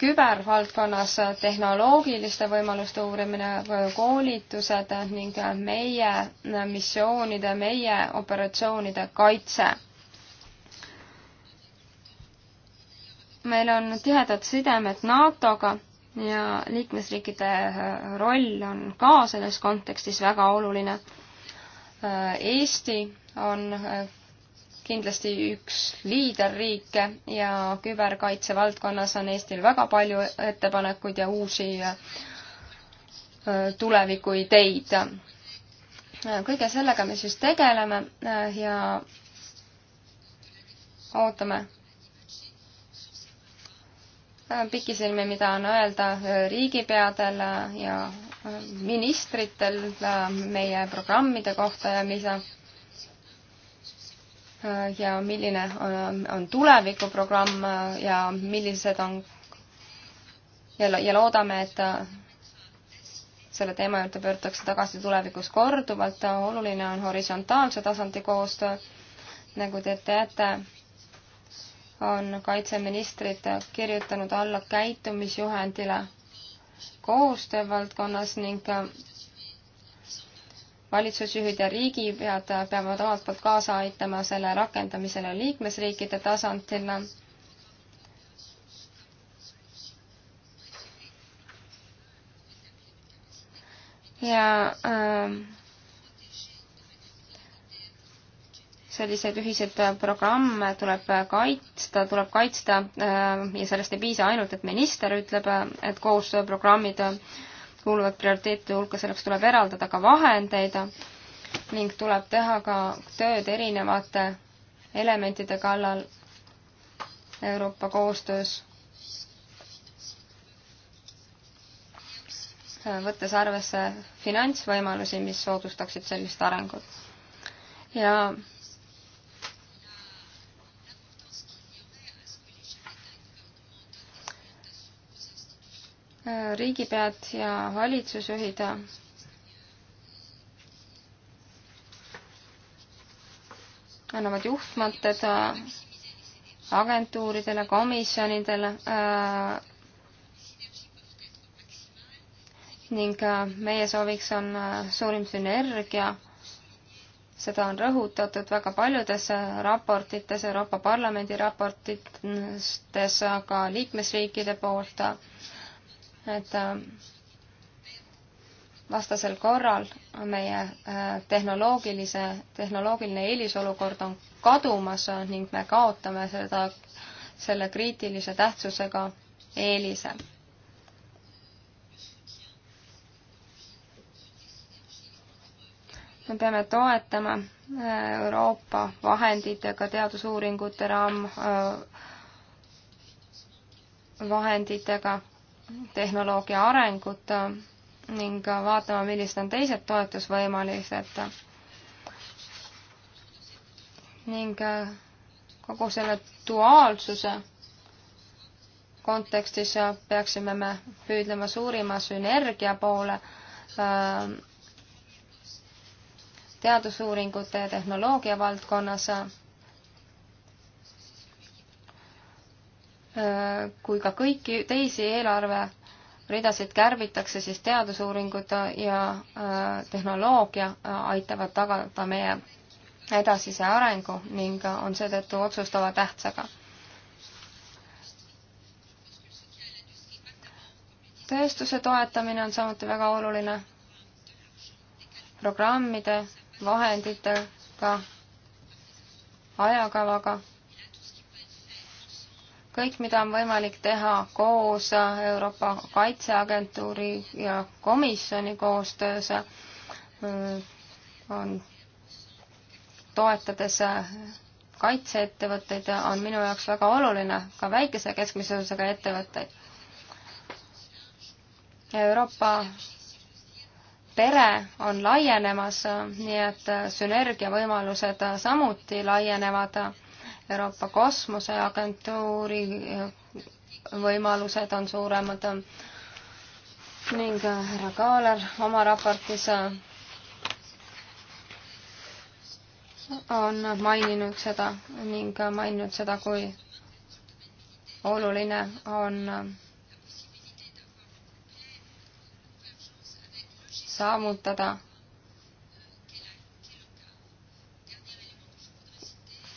kübervaldkonnas tehnoloogiliste võimaluste uurimine, koolitused ning meie missioonide, meie operatsioonide kaitse. meil on tihedad sidemed NATO-ga ja liikmesriikide äh, roll on ka selles kontekstis väga oluline. Äh, Eesti on äh, kindlasti üks liiderriike ja küberkaitse valdkonnas on Eestil väga palju ettepanekuid ja uusi tulevikuideid. kõige sellega me siis tegeleme ja ootame pikisilmi, mida on öelda äh, riigipeadel äh, ja äh, ministritel meie programmide kohta ja mida ja milline on, on tulevikuprogramm ja millised on ja, ja loodame, et selle teema juurde pöördutakse tagasi tulevikus korduvalt. oluline on horisontaalse tasandi koostöö. nagu te teate, on kaitseministrid kirjutanud alla käitumisjuhendile koostöö valdkonnas ning valitsusjuhid ja riigipead peavad omalt poolt kaasa aitama selle rakendamisele liikmesriikide tasandil. ja äh, selliseid ühiseid äh, programme tuleb äh, kaitsta, tuleb kaitsta äh, ja sellest ei piisa ainult, et minister ütleb, et koostööprogrammid kuuluvad prioriteetide hulka, selleks tuleb eraldada ka vahendeid ning tuleb teha ka tööd erinevate elementide kallal Euroopa koostöös. võttes arvesse finantsvõimalusi, mis soodustaksid sellist arengut. ja riigipead ja valitsusjuhid annavad juhtmõtted agentuuridele, komisjonidele äh, ning äh, meie sooviks on äh, suurim sünergia. seda on rõhutatud väga paljudes raportites, Euroopa Parlamendi raportites, aga liikmesriikide poolt et äh, vastasel korral meie äh, tehnoloogilise, tehnoloogiline eelisolukord on kadumas ning me kaotame seda, selle kriitilise tähtsusega eelise. me peame toetama äh, Euroopa vahenditega teadusuuringute raam vahenditega tehnoloogia arengut äh, ning äh, vaatama, millised on teised toetusvõimalised. ning äh, kogu selle duaalsuse kontekstis peaksime me püüdlema suurima sünergia poole teadusuuringute ja tehnoloogia valdkonnas kui ka kõiki teisi eelarve ridasid kärbitakse, siis teadusuuringud ja äh, tehnoloogia äh, aitavad tagada meie edasise arengu ning äh, on seetõttu otsustava tähtsaga. tööstuse toetamine on samuti väga oluline. programmide, vahenditega, ajakavaga kõik, mida on võimalik teha koos Euroopa Kaitseagentuuri ja komisjoni koostöös, on toetades kaitseettevõtteid, on minu jaoks väga oluline, ka väikese ja keskmise suurusega ettevõtteid. Euroopa pere on laienemas, nii et sünergiavõimalused samuti laienevad Euroopa Kosmoseagentuuri võimalused on suuremad ning härra Kaaler oma raportis on maininud seda ning maininud seda, kui oluline on saavutada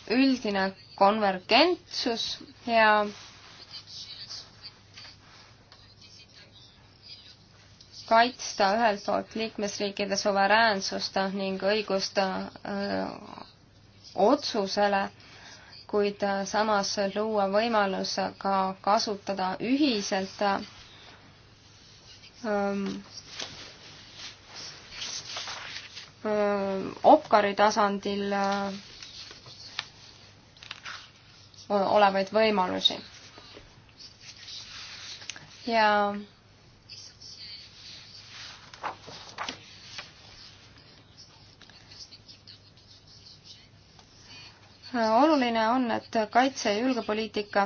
üldine konvergentsus ja kaitsta ühelt poolt liikmesriikide suveräänsust ning õigust äh, otsusele, kuid äh, samas luua võimalus ka kasutada ühiselt öö, öö, OPCAR-i tasandil öö, äh, olevaid võimalusi. ja oluline on, et kaitse- ja julgepoliitika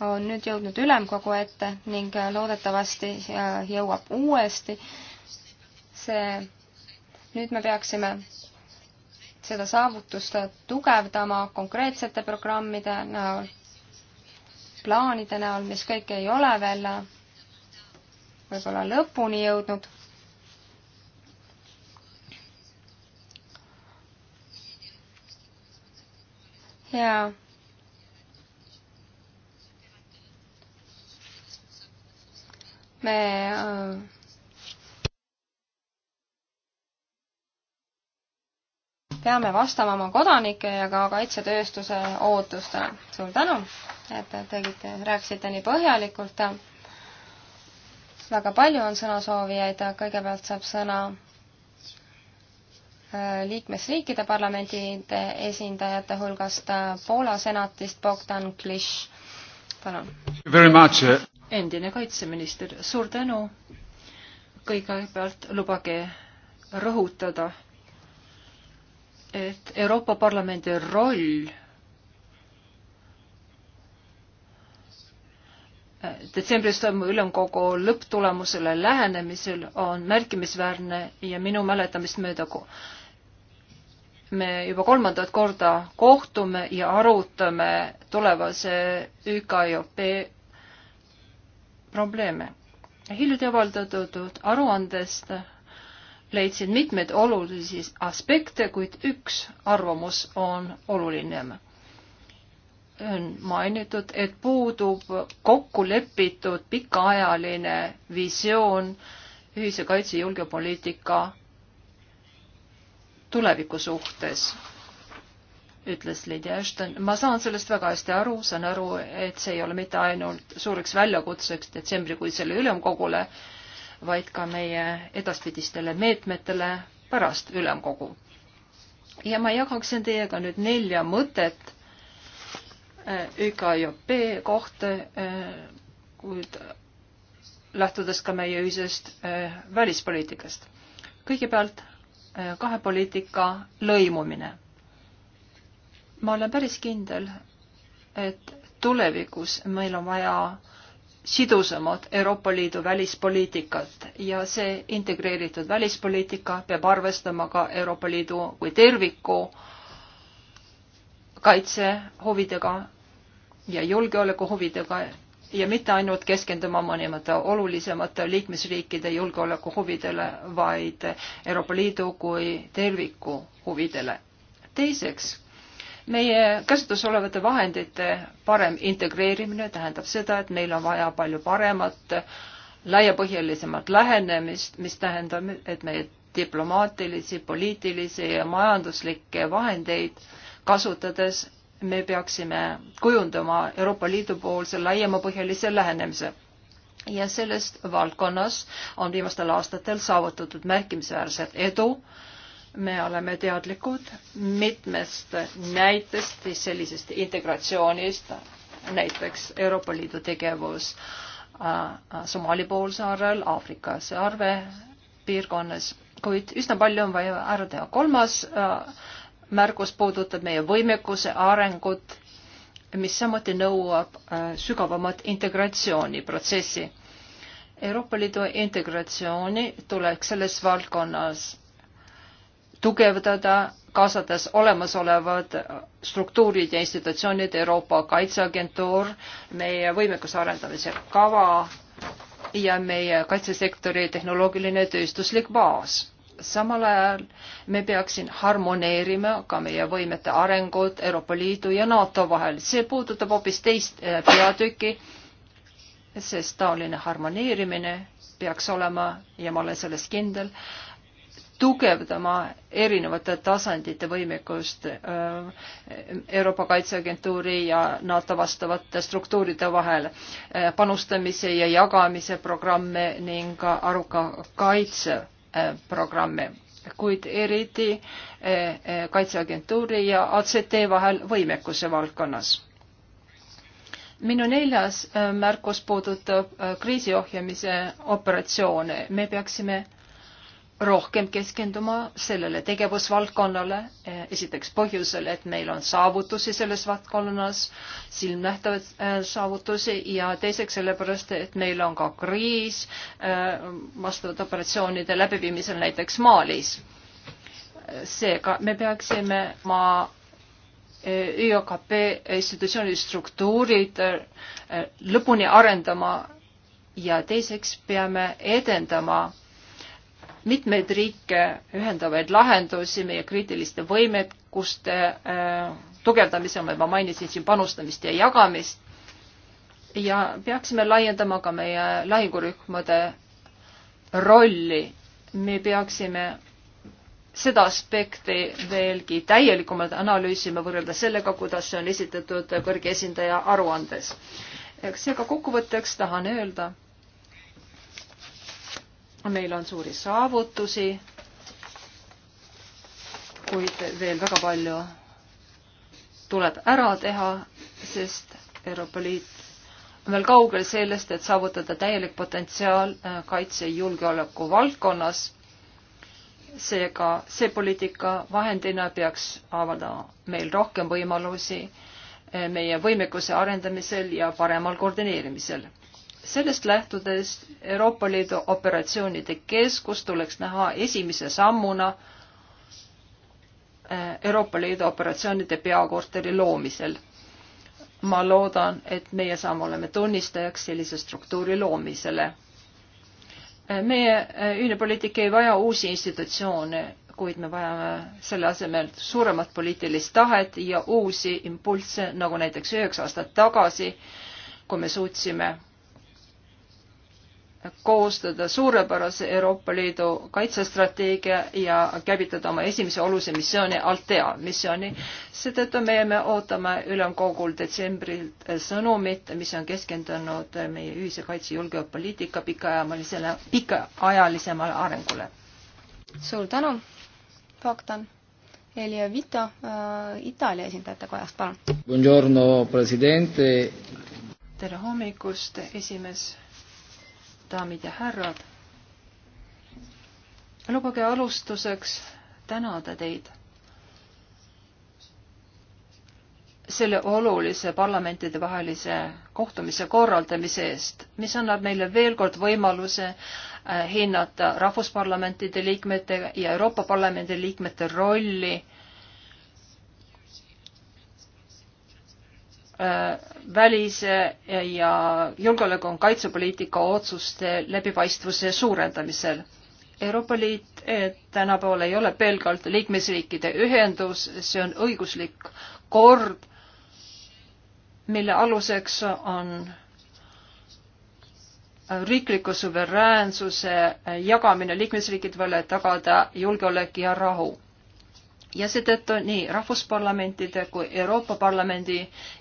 on nüüd jõudnud ülemkogu ette ning loodetavasti äh, jõuab uuesti. see, nüüd me peaksime seda saavutust tugevdama konkreetsete programmide näol, plaanide näol, mis kõik ei ole veel võib-olla lõpuni jõudnud. ja me äh, peame vastama oma kodanike ja ka kaitsetööstuse ootustele. suur tänu, et tegite, rääkisite nii põhjalikult. väga palju on sõnasoovijaid, kõigepealt saab sõna äh, liikmesriikide parlamentide esindajate hulgast äh, Poola senatist Bogdan Kliš. palun. Uh, endine kaitseminister, suur tänu. kõigepealt lubage rõhutada et Euroopa Parlamendi roll äh, detsembris toimuva ülemkogu lõpptulemusele lähenemisel on märkimisväärne ja minu mäletamist mööda me juba kolmandat korda kohtume ja arutame tulevase ÜKJP probleeme. hiljuti avaldatud aruandest leidsin mitmeid olulisi aspekte, kuid üks arvamus on oluline. on mainitud, et puudub kokku lepitud pikaajaline visioon ühise kaitse- ja julgepoliitika tuleviku suhtes ütles Lydia Ashton. ma saan sellest väga hästi aru, saan aru, et see ei ole mitte ainult suureks väljakutseks detsembrikuisele ülemkogule, vaid ka meie edaspidistele meetmetele pärast ülemkogu. ja ma jagaksin teiega nüüd nelja mõtet äh, ÜKJP kohta, äh, kuid lähtudes ka meie ühisest äh, välispoliitikast. kõigepealt kahe poliitika lõimumine. ma olen päris kindel, et tulevikus meil on vaja sidusamat Euroopa Liidu välispoliitikat ja see integreeritud välispoliitika peab arvestama ka Euroopa Liidu kui terviku kaitsehuvidega ja julgeolekuhuvidega ja mitte ainult keskenduma mõnimate olulisemate liikmesriikide julgeolekuhuvidele, vaid Euroopa Liidu kui terviku huvidele. teiseks meie käsutus olevate vahendite parem integreerimine tähendab seda, et meil on vaja palju paremat, laiapõhjalisemat lähenemist, mis tähendab, et meie diplomaatilisi, poliitilisi ja majanduslikke vahendeid kasutades me peaksime kujundama Euroopa Liidu poolse laiemapõhjalise lähenemise. ja selles valdkonnas on viimastel aastatel saavutatud märkimisväärset edu äh, me oleme teadlikud mitmest näitest sellisest integratsioonist, näiteks Euroopa Liidu tegevus äh, äh, Somaali poolsaarel, Aafrika saarve piirkonnas, kuid üsna palju on vaja ära teha. kolmas äh, märgus puudutab meie võimekuse arengut, mis samuti nõuab sügavamat integratsiooniprotsessi. Euroopa Liidu integratsiooni tuleks selles valdkonnas tugevdada, kaasates olemasolevad struktuurid ja institutsioonid, Euroopa Kaitseagentuur, meie võimekuse arendamise kava ja meie kaitsesektori tehnoloogiline tööstuslik baas. samal ajal me peaksin harmoneerima ka meie võimete arengut Euroopa Liidu ja NATO vahel, see puudutab hoopis teist eh, peatüki, sest taoline harmoneerimine peaks olema ja ma olen selles kindel, tugevdama erinevate tasandite võimekust äh, Euroopa Kaitseagentuuri ja NATO vastavate struktuuride vahel, äh, panustamise ja jagamise programme ning aruka kaitseprogramme, äh, kuid eriti Kaitseagentuuri ja ACT vahel võimekuse valdkonnas minu neljas märkus puudutab kriisiohjamise operatsioone. me peaksime rohkem keskenduma sellele tegevusvaldkonnale, eh, esiteks põhjusel, et meil on saavutusi selles valdkonnas, silmnähtavaid eh, saavutusi ja teiseks sellepärast, et meil on ka kriis eh, vastavate operatsioonide läbiviimisel näiteks Malis. seega me peaksime ma ÜKP institutsiooni struktuurid lõpuni arendama ja teiseks peame edendama mitmeid riike ühendavaid lahendusi, meie kriitiliste võimekuste äh, tugevdamise, ma juba mainisin siin panustamist ja jagamist. ja peaksime laiendama ka meie lahingurühmade rolli. me peaksime seda aspekti veelgi täielikumalt analüüsima võrreldes sellega, kuidas see on esitatud kõrge esindaja aruandes. seega kokkuvõtteks tahan öelda meil on suuri saavutusi, kuid veel väga palju tuleb ära teha, sest Euroopa Liit on veel kaugel sellest, et saavutada täielik potentsiaal äh, kaitse- ja julgeoleku valdkonnas. seega see poliitika vahendina peaks avaldama meil rohkem võimalusi äh, meie võimekuse arendamisel ja paremal koordineerimisel sellest lähtudes Euroopa Liidu operatsioonide keskus tuleks näha esimese sammuna eh, Euroopa Liidu operatsioonide peakorteri loomisel. ma loodan, et meie saame olema tunnistajaks sellise struktuuri loomisele. Eh, meie eh, ühine poliitika ei vaja uusi institutsioone, kuid me vajame selle asemel suuremat poliitilist tahet ja uusi impulsse, nagu näiteks üheksa aastat tagasi, kui me suutsime koostada suurepärase Euroopa Liidu kaitsestrateegia ja käivitada oma esimese olulise missiooni Altea missiooni. seetõttu meie me ootame ülemkogul detsembrilt sõnumit, mis on keskendunud meie ühise kaitse- ja julgeolekupoliitika pikaajalisele, pikaajalisemale arengule. suur tänu, Bogdan. Elia Vito äh, Itaalia esindajate kojast, palun. tere hommikust, esimees daamid ja härrad. lubage alustuseks tänada teid selle olulise parlamentidevahelise kohtumise korraldamise eest, mis annab meile veel kord võimaluse äh, hinnata rahvusparlamentide liikmete ja Euroopa Parlamendi liikmete rolli Äh, välis- ja julgeoleku- ja kaitsepoliitika otsuste läbipaistvuse suurendamisel. Euroopa Liit eh, tänapäeval ei ole pelgalt liikmesriikide ühendus, see on õiguslik kord, mille aluseks on riikliku suveräänsuse jagamine liikmesriikide vahel, et tagada julgeolek ja rahu ja seetõttu nii rahvusparlamentide kui Euroopa Parlamendi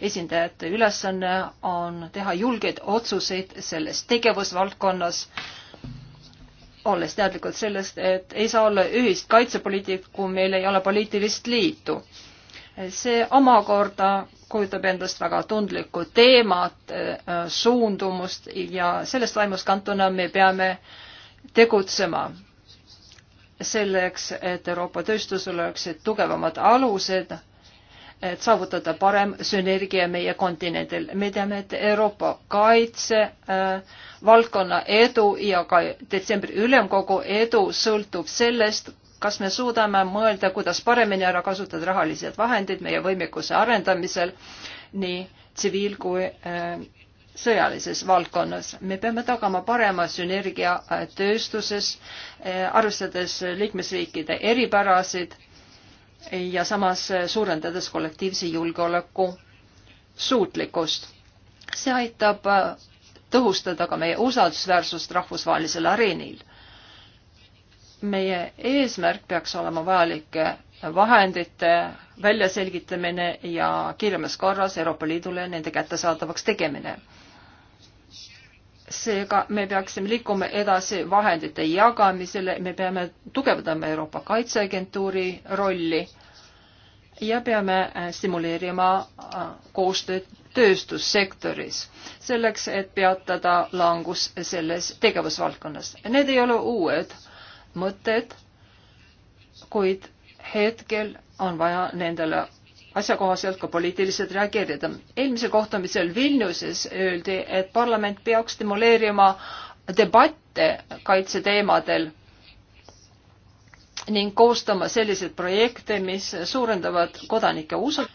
esindajate ülesanne on teha julgeid otsuseid selles tegevusvaldkonnas, olles teadlikud sellest, et ei saa olla ühist kaitsepoliitikat, kui meil ei ole poliitilist liitu. see omakorda kujutab endast väga tundlikku teemat, äh, suundumust ja sellest vaimust kantuna me peame tegutsema selleks, et Euroopa tööstusel oleksid tugevamad alused, et saavutada parem sünergia meie kontinendil. me teame, et Euroopa kaitse äh, valdkonna edu ja ka detsembri ülemkogu edu sõltub sellest, kas me suudame mõelda, kuidas paremini ära kasutada rahalised vahendid meie võimekuse arendamisel nii tsiviil kui äh, sõjalises valdkonnas. me peame tagama parema sünergia äh, tööstuses, äh, arvestades liikmesriikide eripärasid ja samas äh, suurendades kollektiivse julgeoleku suutlikkust. see aitab tõhustada ka meie usaldusväärsust rahvusvahelisel areenil. meie eesmärk peaks olema vajalike vahendite väljaselgitamine ja kiiremas korras Euroopa Liidule nende kättesaadavaks tegemine seega me peaksime liikuma edasi vahendite jagamisele, me peame tugevdama Euroopa Kaitseagentuuri rolli ja peame äh, stimuleerima äh, koostööd tööstussektoris, selleks et peatada langus selles tegevusvaldkonnas. Need ei ole uued mõtted, kuid hetkel on vaja nendele asjakohaselt ka poliitiliselt reageerida. eelmisel kohtumisel Vilniuses öeldi, et parlament peaks stimuleerima debatte kaitseteemadel ning koostama selliseid projekte, mis suurendavad kodanike usu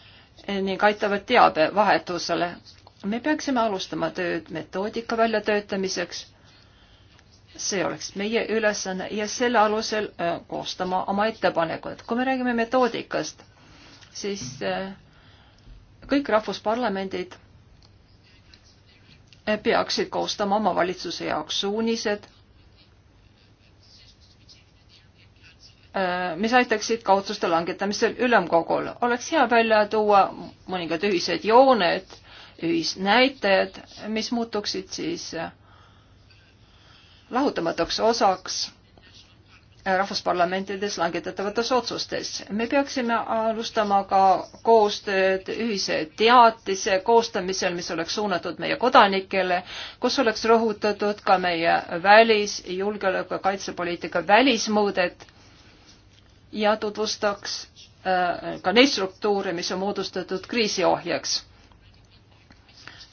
ning aitavad teabevahetusele. me peaksime alustama tööd metoodika väljatöötamiseks. see oleks meie ülesanne ja selle alusel äh, koostama oma ettepanekud. kui me räägime metoodikast siis eh, kõik rahvusparlamendid eh, peaksid koostama omavalitsuse jaoks suunised, eh, mis aitaksid ka otsuste langetamisel ülemkogul. oleks hea välja tuua mõningad ühised jooned, ühisnäitajad, mis muutuksid siis lahutamatuks osaks rahvusparlamentides langetatavates otsustes. me peaksime alustama ka koostööd ühise teatise koostamisel, mis oleks suunatud meie kodanikele, kus oleks rõhutatud ka meie välis, julgeoleku ja kaitsepoliitika välismõõdet ja tutvustaks äh, ka neid struktuure, mis on moodustatud kriisiohjaks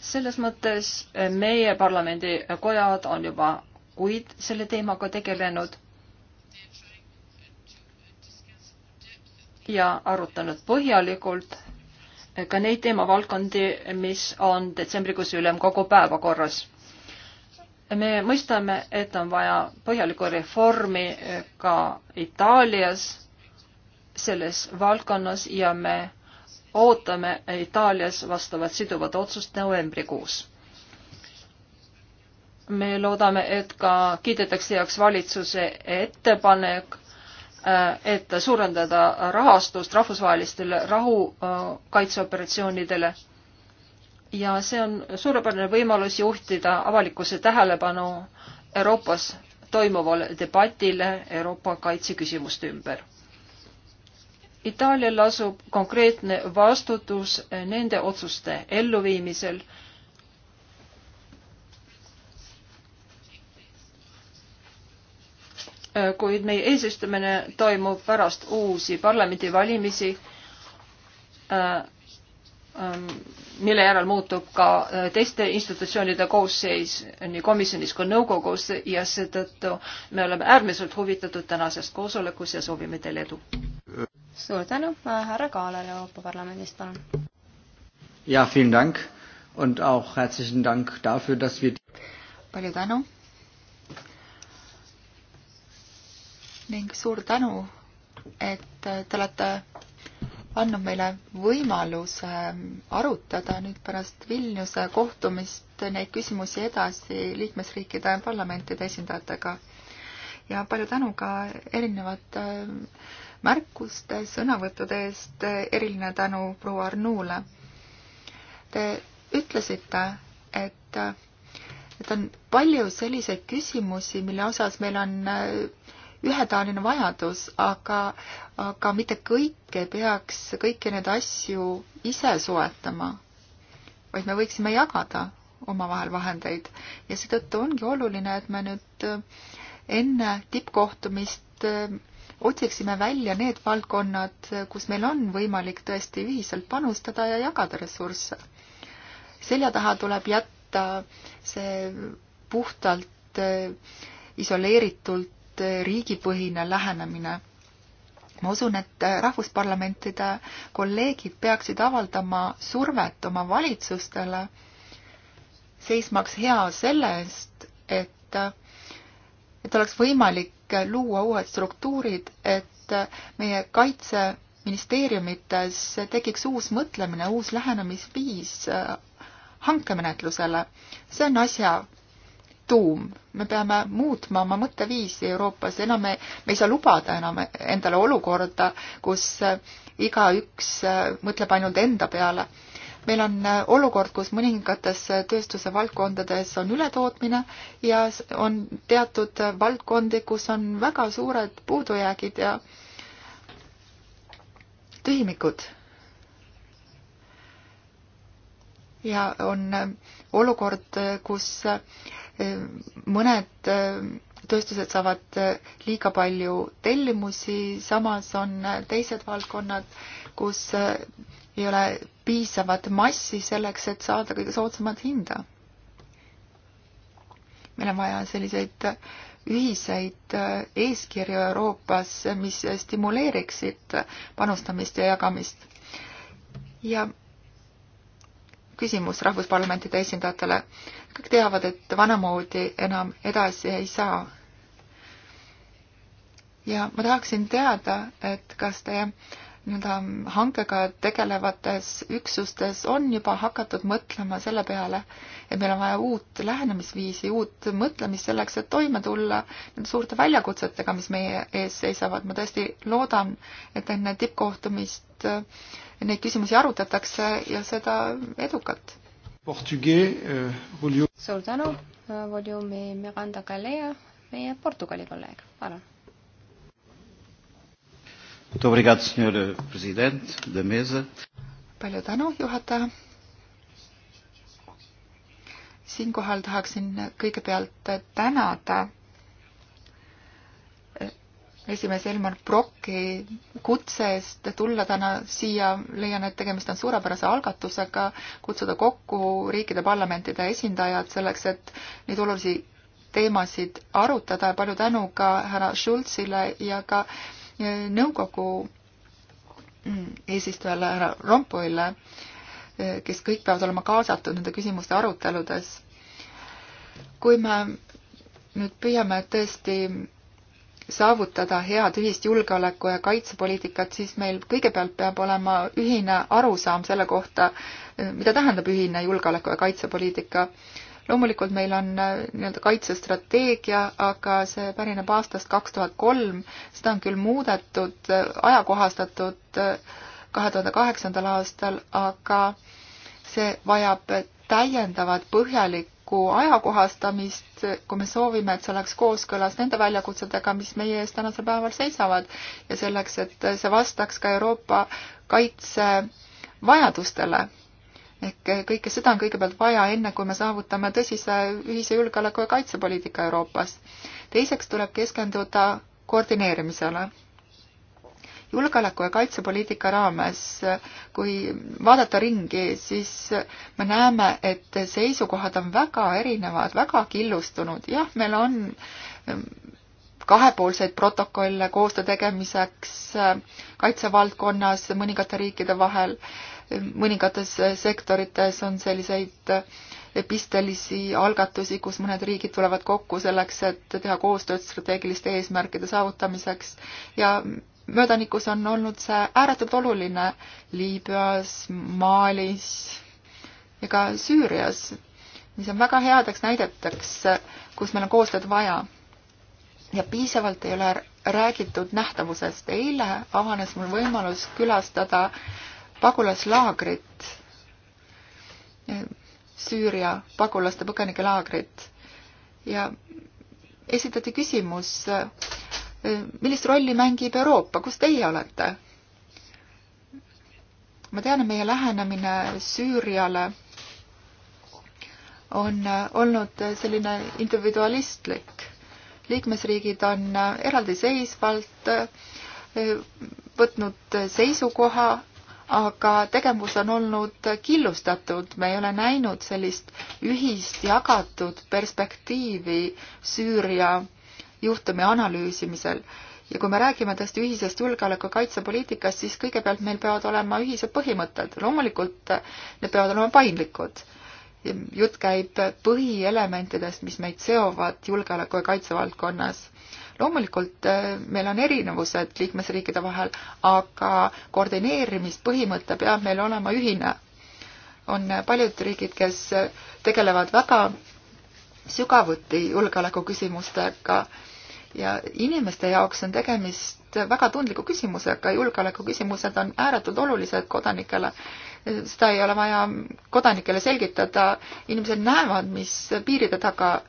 selles mõttes meie parlamendikojad on juba kuid selle teemaga tegelenud ja arutanud põhjalikult ka neid teemavaldkondi, mis on detsembrikuus ülemkogu päevakorras. me mõistame, et on vaja põhjalikku reformi ka Itaalias selles valdkonnas ja me ootame Itaalias vastavat siduvat otsust novembrikuus. me loodame, et ka kiidetakse heaks valitsuse ettepanek Äh, et suurendada rahastust rahvusvahelistele rahukaitseoperatsioonidele. Äh, ja see on suurepärane võimalus juhtida avalikkuse tähelepanu Euroopas toimuvale debatile Euroopa kaitseküsimuste ümber. Itaalial lasub konkreetne vastutus nende otsuste elluviimisel Äh, kuid meie eesistumine toimub pärast uusi parlamendivalimisi, äh, ähm, mille järel muutub ka äh, teiste institutsioonide koosseis nii komisjonis kui nõukogus ja seetõttu me oleme äärmiselt huvitatud tänasest koosolekust ja soovime teile edu. suur tänu, härra Kaaler Euroopa Parlamendist, palun. ja, vielen Dank und auch herzlichen Dank dafür, dass wir palju tänu ning suur tänu, et te olete andnud meile võimaluse ähm, arutada nüüd pärast Vilniuse kohtumist neid küsimusi edasi liikmesriikide parlamentide esindajatega. ja palju tänu ka erinevate ähm, märkuste, sõnavõttude eest, eriline tänu proua Arnuule. Te ütlesite, et äh, et on palju selliseid küsimusi, mille osas meil on äh, ühetaoline vajadus, aga, aga mitte kõik ei peaks kõiki neid asju ise soetama, vaid me võiksime jagada omavahel vahendeid ja seetõttu ongi oluline, et me nüüd äh, enne tippkohtumist äh, otsiksime välja need valdkonnad, kus meil on võimalik tõesti ühiselt panustada ja jagada ressursse. selja taha tuleb jätta see puhtalt äh, isoleeritult et riigipõhine lähenemine. ma usun, et rahvusparlamentide kolleegid peaksid avaldama survet oma valitsustele, seismaks hea selle eest, et, et oleks võimalik luua uued struktuurid, et meie kaitseministeeriumites tekiks uus mõtlemine, uus lähenemisviis hankemenetlusele. see on asja tuum, me peame muutma oma mõtteviisi Euroopas, enam me, me ei saa lubada enam endale olukorda, kus igaüks mõtleb ainult enda peale. meil on olukord, kus mõningates tööstuse valdkondades on ületootmine ja on teatud valdkondi, kus on väga suured puudujäägid ja tühimikud. ja on olukord, kus mõned äh, tööstused saavad äh, liiga palju tellimusi, samas on äh, teised valdkonnad, kus ei ole piisavat massi selleks, et saada kõige soodsamat hinda. meil on vaja selliseid ühiseid eeskirju Euroopas, mis stimuleeriksid panustamist ja jagamist. ja küsimus rahvusparlamentide esindajatele. kõik teavad, et vanamoodi enam edasi ei saa. ja ma tahaksin teada, et kas teie nii-öelda hankega tegelevates üksustes on juba hakatud mõtlema selle peale, et meil on vaja uut lähenemisviisi, uut mõtlemist selleks, et toime tulla nende suurte väljakutsetega, mis meie ees seisavad. ma tõesti loodan, et enne tippkohtumist äh, neid küsimusi arutatakse ja seda edukalt. Euh, suur tänu, Voljumi äh, Miranda Galea, meie Portugali kolleeg, palun Eh, palju tänu, juhataja. siinkohal tahaksin kõigepealt tänada eh, esimees Elmar Brocki kutse eest tulla täna siia, leian, et tegemist on suurepärase algatusega, kutsuda kokku riikide parlamentide esindajad selleks, et neid olulisi teemasid arutada ja palju tänu ka härra Schulzile ja ka äh, nõukogu mm, eesistujale härra Rompuile, kes kõik peavad olema kaasatud nende küsimuste aruteludes. kui me nüüd püüame tõesti saavutada head ühist julgeoleku- ja kaitsepoliitikat, siis meil kõigepealt peab olema ühine arusaam selle kohta, mida tähendab ühine julgeoleku- ja kaitsepoliitika loomulikult meil on äh, nii-öelda kaitsestrateegia, aga see pärineb aastast kaks tuhat kolm, seda on küll muudetud, äh, ajakohastatud äh, kahe tuhande kaheksandal aastal, aga see vajab täiendavat põhjalikku ajakohastamist, kui me soovime, et see oleks kooskõlas nende väljakutsetega, mis meie ees tänasel päeval seisavad ja selleks, et see vastaks ka Euroopa kaitse vajadustele ehk kõike seda on kõigepealt vaja, enne kui me saavutame tõsise ühise julgeoleku ja kaitsepoliitika Euroopas. teiseks tuleb keskenduda koordineerimisele. julgeoleku ja kaitsepoliitika raames, kui vaadata ringi, siis me näeme, et seisukohad on väga erinevad, väga killustunud. jah, meil on ehm, kahepoolseid protokolle koostöö tegemiseks eh, kaitsevaldkonnas mõningate riikide vahel mõningates sektorites on selliseid epistelisi algatusi, kus mõned riigid tulevad kokku selleks, et teha koostööd strateegiliste eesmärkide saavutamiseks ja möödanikus on olnud see ääretult oluline Liibüas, Malis ja ka Süürias, mis on väga headeks näideteks, kus meil on koostööd vaja. ja piisavalt ei ole räägitud nähtavusest. eile avanes mul võimalus külastada äh, pagulaslaagrit, Süüria pagulaste põgenikelaagrit ja esitati küsimus, millist rolli mängib Euroopa, kus teie olete? ma tean, et meie lähenemine Süüriale on olnud selline individualistlik. liikmesriigid on eraldiseisvalt võtnud seisukoha aga tegevus on olnud killustatud, me ei ole näinud sellist ühist jagatud perspektiivi Süüria juhtumi analüüsimisel. ja kui me räägime tõesti ühisest julgeoleku- ja kaitsepoliitikast, siis kõigepealt meil peavad olema ühised põhimõtted, loomulikult äh, need peavad olema paindlikud. jutt käib põhielementidest, mis meid seovad julgeoleku- ja kaitsevaldkonnas loomulikult äh, meil on erinevused liikmesriikide vahel, aga koordineerimispõhimõte peab meil olema ühine. on paljud riigid, kes tegelevad väga sügavuti julgeolekuküsimustega ja inimeste jaoks on tegemist väga tundliku küsimusega, julgeolekuküsimused on ääretult olulised kodanikele. seda ei ole vaja kodanikele selgitada, inimesed näevad, mis piiride taga äh,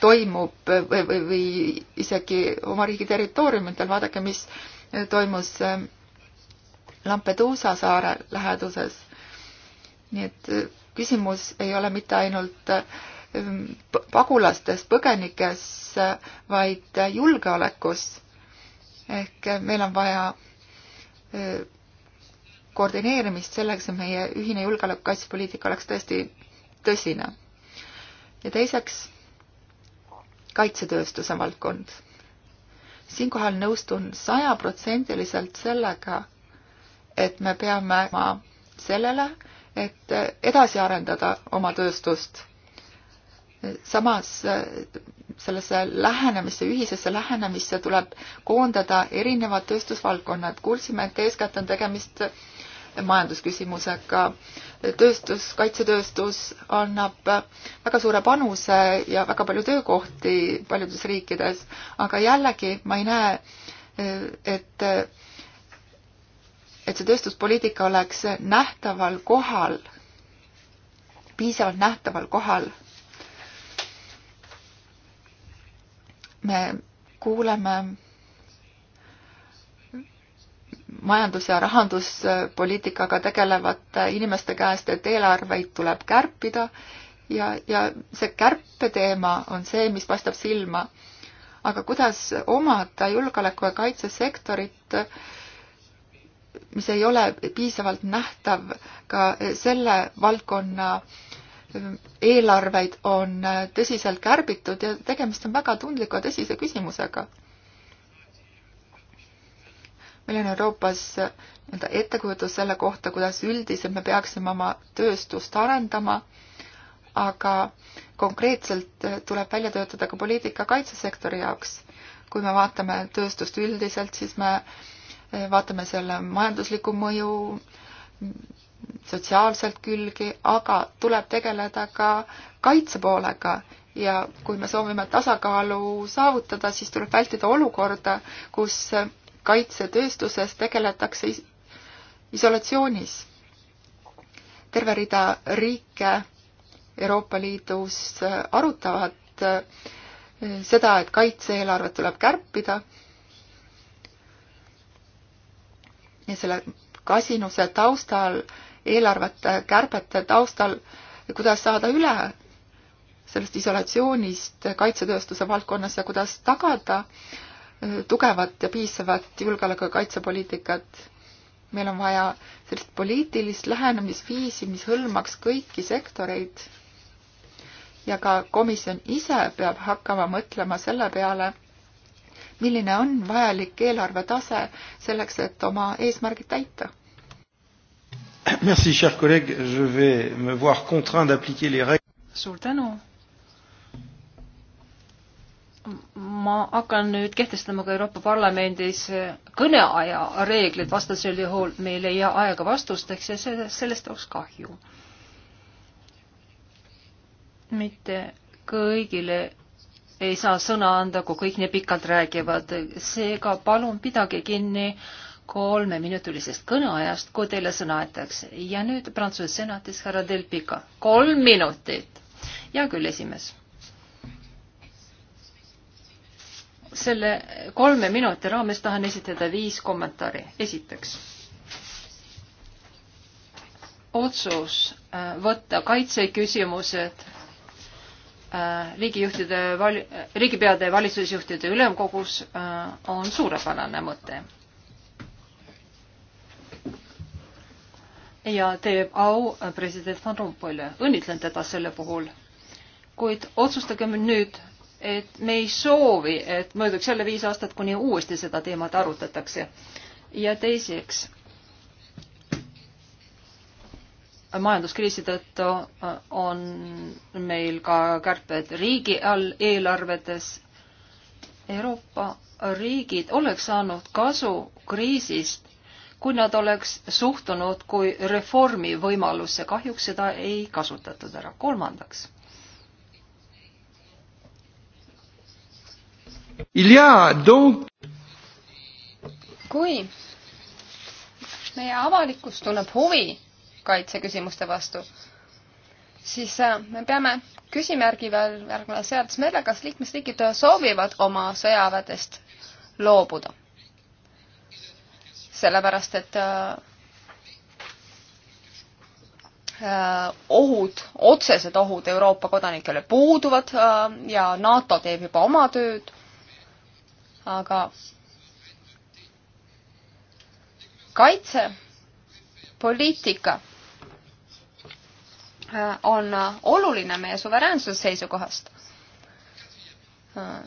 toimub või, või, või isegi oma riigi territooriumidel, vaadake, mis toimus äh, Lampeduusa saare läheduses. nii et äh, küsimus ei ole mitte ainult äh, pagulastes, põgenikes, vaid julgeolekus. ehk meil on vaja koordineerimist selleks, et meie ühine julgeolekukaitsepoliitika oleks tõesti tõsine. ja teiseks kaitsetööstuse valdkond. siinkohal nõustun sajaprotsendiliselt sellega, et me peame sellele, et edasi arendada oma tööstust. samas sellesse lähenemisse, ühisesse lähenemisse tuleb koondada erinevad tööstusvaldkonnad. kuulsime, et eeskätt on tegemist majandusküsimusega. tööstus, kaitsetööstus annab väga suure panuse ja väga palju töökohti paljudes riikides, aga jällegi ma ei näe, et, et see tööstuspoliitika oleks nähtaval kohal, piisavalt nähtaval kohal. me kuuleme majandus- ja rahanduspoliitikaga tegelevate inimeste käest, et eelarveid tuleb kärpida ja, ja see kärpeteema on see, mis paistab silma. aga kuidas omada julgeoleku- ja kaitsesektorit, mis ei ole piisavalt nähtav, ka selle valdkonna eelarveid on tõsiselt kärbitud ja tegemist on väga tundliku ja tõsise küsimusega meil on Euroopas nii-öelda ettekujutus selle kohta, kuidas üldiselt me peaksime oma tööstust arendama, aga konkreetselt tuleb välja töötada ka poliitika kaitsesektori jaoks. kui me vaatame tööstust üldiselt, siis me vaatame selle majanduslikku mõju, sotsiaalselt külgi, aga tuleb tegeleda ka kaitsepoolega ja kui me soovime tasakaalu saavutada, siis tuleb vältida olukorda, kus kaitsetööstuses tegeletakse is isolatsioonis. terve rida riike Euroopa Liidus arutavad eh, seda, et kaitse-eelarvet tuleb kärpida. ja selle kasinuse taustal, eelarvete kärbete taustal, kuidas saada üle sellest isolatsioonist kaitsetööstuse valdkonnas ja kuidas tagada äh, tugevat ja piisavat julgeoleku- ja kaitsepoliitikat. meil on vaja sellist poliitilist lähenemisviisi, mis hõlmaks kõiki sektoreid ja ka komisjon ise peab hakkama mõtlema selle peale, milline on vajalik eelarve tase selleks, et oma eesmärgid täita. Merci, cher collègue, je vais me voir contraint d'appliquer les règles. suur tänu ma hakkan nüüd kehtestama ka Euroopa Parlamendis kõneaja reeglid, vastasel juhul me ei leia aega vastusteks ja see, sellest oleks kahju. mitte kõigile ei saa sõna anda, kui kõik nii pikalt räägivad, seega palun pidage kinni kolmeminutilisest kõneajast, kui teile sõna antakse. ja nüüd Prantsuse senatis härra Del Pica, kolm minutit. hea küll, esimees selle kolme minuti raames tahan esitada viis kommentaari. esiteks, otsus äh, võtta kaitseküsimused äh, riigijuhtide, riigipeade ja valitsusjuhtide ülemkogus äh, on suurepärane mõte. ja teeb au president Van Rompuyle. õnnitlen teda selle puhul. kuid otsustagem nüüd et me ei soovi, et mööduks jälle viis aastat, kuni uuesti seda teemat arutatakse. ja teiseks, majanduskriisi tõttu äh, on meil ka kärped riigi all eelarvetes. Euroopa riigid oleks saanud kasu kriisist, kui nad oleks suhtunud kui reformi võimalusse, kahjuks seda ei kasutatud ära. kolmandaks Donc... kui meie avalikkus tunneb huvi kaitseküsimuste vastu, siis äh, me peame küsimärgi veel järgneva seadusmeele, kas liikmesriigid soovivad oma sõjaväedest loobuda. sellepärast, et äh, äh, ohud, otsesed ohud Euroopa kodanikele puuduvad ja NATO teeb juba oma tööd aga kaitsepoliitika äh, on oluline meie suveräänsuse seisukohast. Äh,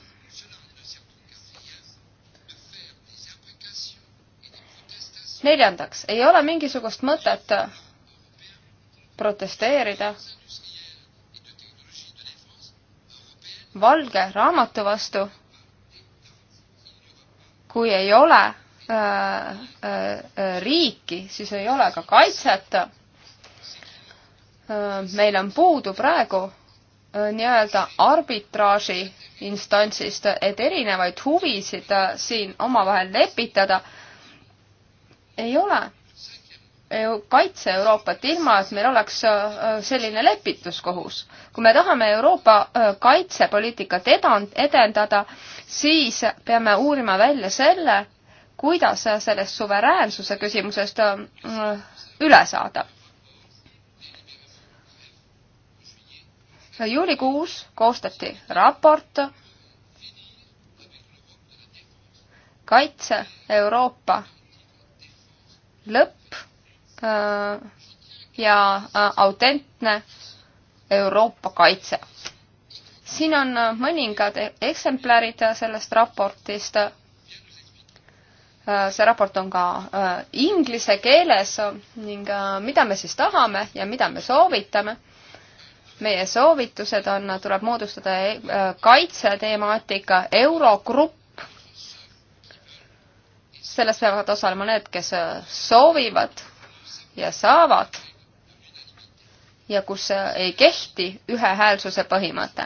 neljandaks, ei ole mingisugust mõtet protesteerida valge raamatu vastu kui ei ole äh, äh, äh, riiki, siis ei ole ka kaitset äh,. meil on puudu praegu äh, nii-öelda arbitraaži instantsist, et erinevaid huvisid äh, siin omavahel lepitada, ei ole kaitse Euroopat ilma, et meil oleks äh, äh, selline lepituskohus. kui me tahame Euroopa äh, kaitsepoliitikat edendada, siis peame uurima välja selle, kuidas sellest suveräänsuse küsimusest üle saada. juulikuus koostati raport kaitse Euroopa lõpp Äh, ja äh, autentne Euroopa kaitse. siin on äh, mõningad e-, eksemplarid sellest raportist. see raport on ka inglise keeles ning mida me siis tahame ja mida me soovitame meie soovitused on, tuleb moodustada kaitsetemaatika eurogrupp. selles peavad osalema need, kes soovivad ja saavad ja kus ei kehti ühehäälsuse põhimõte.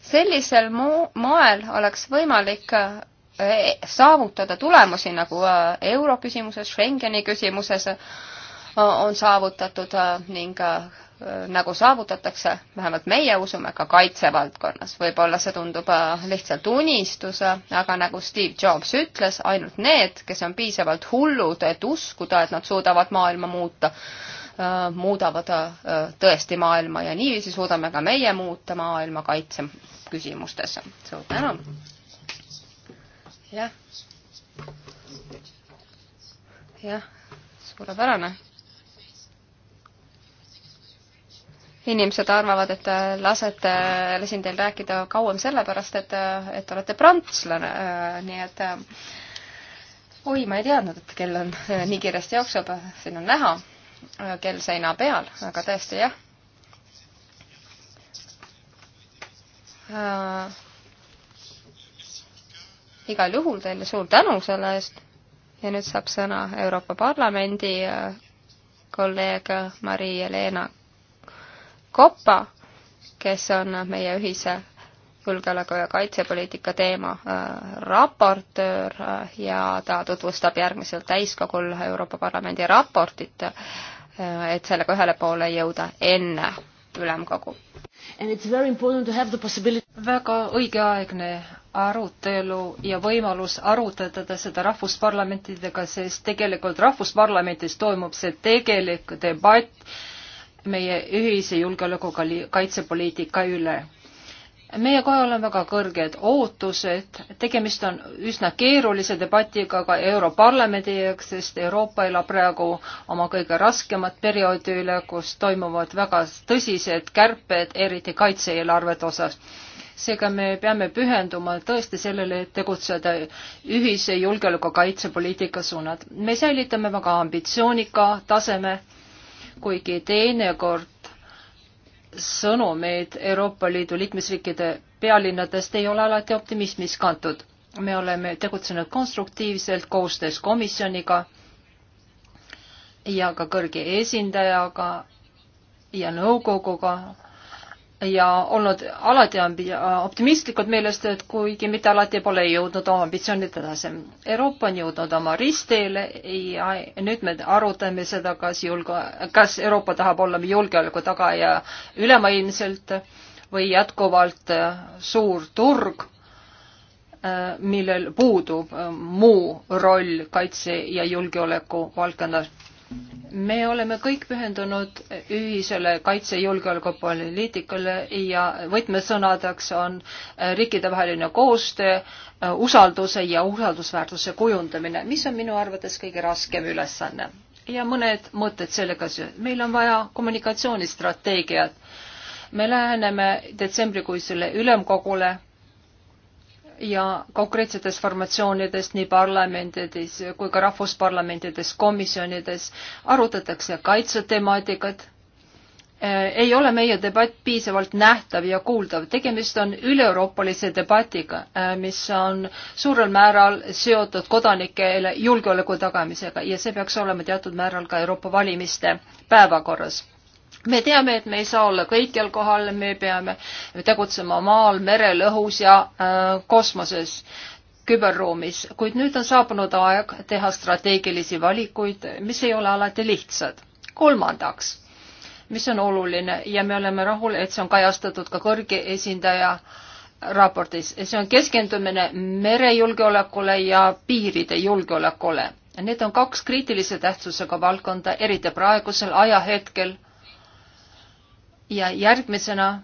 sellisel moel oleks võimalik eh, saavutada tulemusi, nagu eh, euro küsimuses, Schengeni küsimuses eh, on saavutatud ning Äh, nagu saavutatakse, vähemalt meie usume, ka kaitsevaldkonnas. võib-olla see tundub äh, lihtsalt unistuse, aga nagu Steve Jobs ütles, ainult need, kes on piisavalt hullud, et uskuda, et nad suudavad maailma muuta, äh, muudavad tõesti maailma ja niiviisi suudame ka meie muuta maailma kaitse küsimustes. suur tänu! jah. jah, suurepärane inimesed arvavad, et äh, lasete, lasin teil rääkida kauem sellepärast, et, äh, et olete prantslane, äh, nii et oi, ma ei teadnud, et kell on nii kiiresti jookseb, siin on näha kell seina peal, aga tõesti jah. igal juhul teile suur tänu selle eest ja nüüd saab sõna Euroopa Parlamendi kolleeg Marie-Helena Koppa, kes on meie ühise julgeoleku- ja kaitsepoliitika teema äh, raportöör äh, ja ta tutvustab järgmisel täiskogul Euroopa Parlamendi raportit äh,, et sellega ühele poole jõuda enne ülemkogu. väga õigeaegne arutelu ja võimalus arutada seda rahvusparlamentidega, sest tegelikult rahvusparlamentis toimub see tegelik debatt meie ühise julgeolekuga kaitsepoliitika üle. meie kojal on väga kõrged ootused, tegemist on üsna keerulise debatiga ka Europarlamendi jaoks, sest Euroopa elab praegu oma kõige raskemat perioodi üle, kus toimuvad väga tõsised kärped, eriti kaitse-eelarvete osas seega me peame pühenduma tõesti sellele, et tegutseda ühise julgeoleku kaitsepoliitika suunad. me säilitame väga ambitsioonika taseme kuigi teinekord sõnumid Euroopa Liidu liikmesriikide pealinnadest ei ole alati optimismis kantud. me oleme tegutsenud konstruktiivselt koostöös komisjoniga ja ka kõrge esindajaga ja nõukoguga ja olnud alati optimistlikud meelest, et kuigi mitte alati pole jõudnud oma ambitsioonid edasi. Euroopa on jõudnud oma ristteele ja nüüd me arutame seda, kas julge, kas Euroopa tahab olla julgeoleku taga ja ülemaailmselt või jätkuvalt äh, suur turg, äh, millel puudub äh, muu roll kaitse ja julgeoleku valdkonnas me oleme kõik pühendunud ühisele kaitsejulgeolekupoliitikale ja võtmesõnadeks on äh, riikidevaheline koostöö, äh, usalduse ja usaldusväärtuse kujundamine, mis on minu arvates kõige raskem ülesanne. ja mõned mõtted sellega seoses. meil on vaja kommunikatsioonistrateegiat. me läheneme detsembrikuisele ülemkogule ja konkreetsetest formatsioonidest nii parlamendides kui ka rahvusparlamentides, komisjonides arutatakse kaitsetemaatikat. Äh, ei ole meie debatt piisavalt nähtav ja kuuldav. tegemist on üleeuroopalise debatiga, äh, mis on suurel määral seotud kodanikele julgeoleku tagamisega ja see peaks olema teatud määral ka Euroopa valimiste päevakorras me teame, et me ei saa olla kõikjal kohal, me peame tegutsema maal, merel, õhus ja äh, kosmoses, küberruumis, kuid nüüd on saabunud aeg teha strateegilisi valikuid, mis ei ole alati lihtsad. kolmandaks, mis on oluline ja me oleme rahul, et see on kajastatud ka kõrge esindaja raportis, see on keskendumine merejulgeolekule ja piiride julgeolekule. Need on kaks kriitilise tähtsusega valdkonda, eriti praegusel ajahetkel ja järgmisena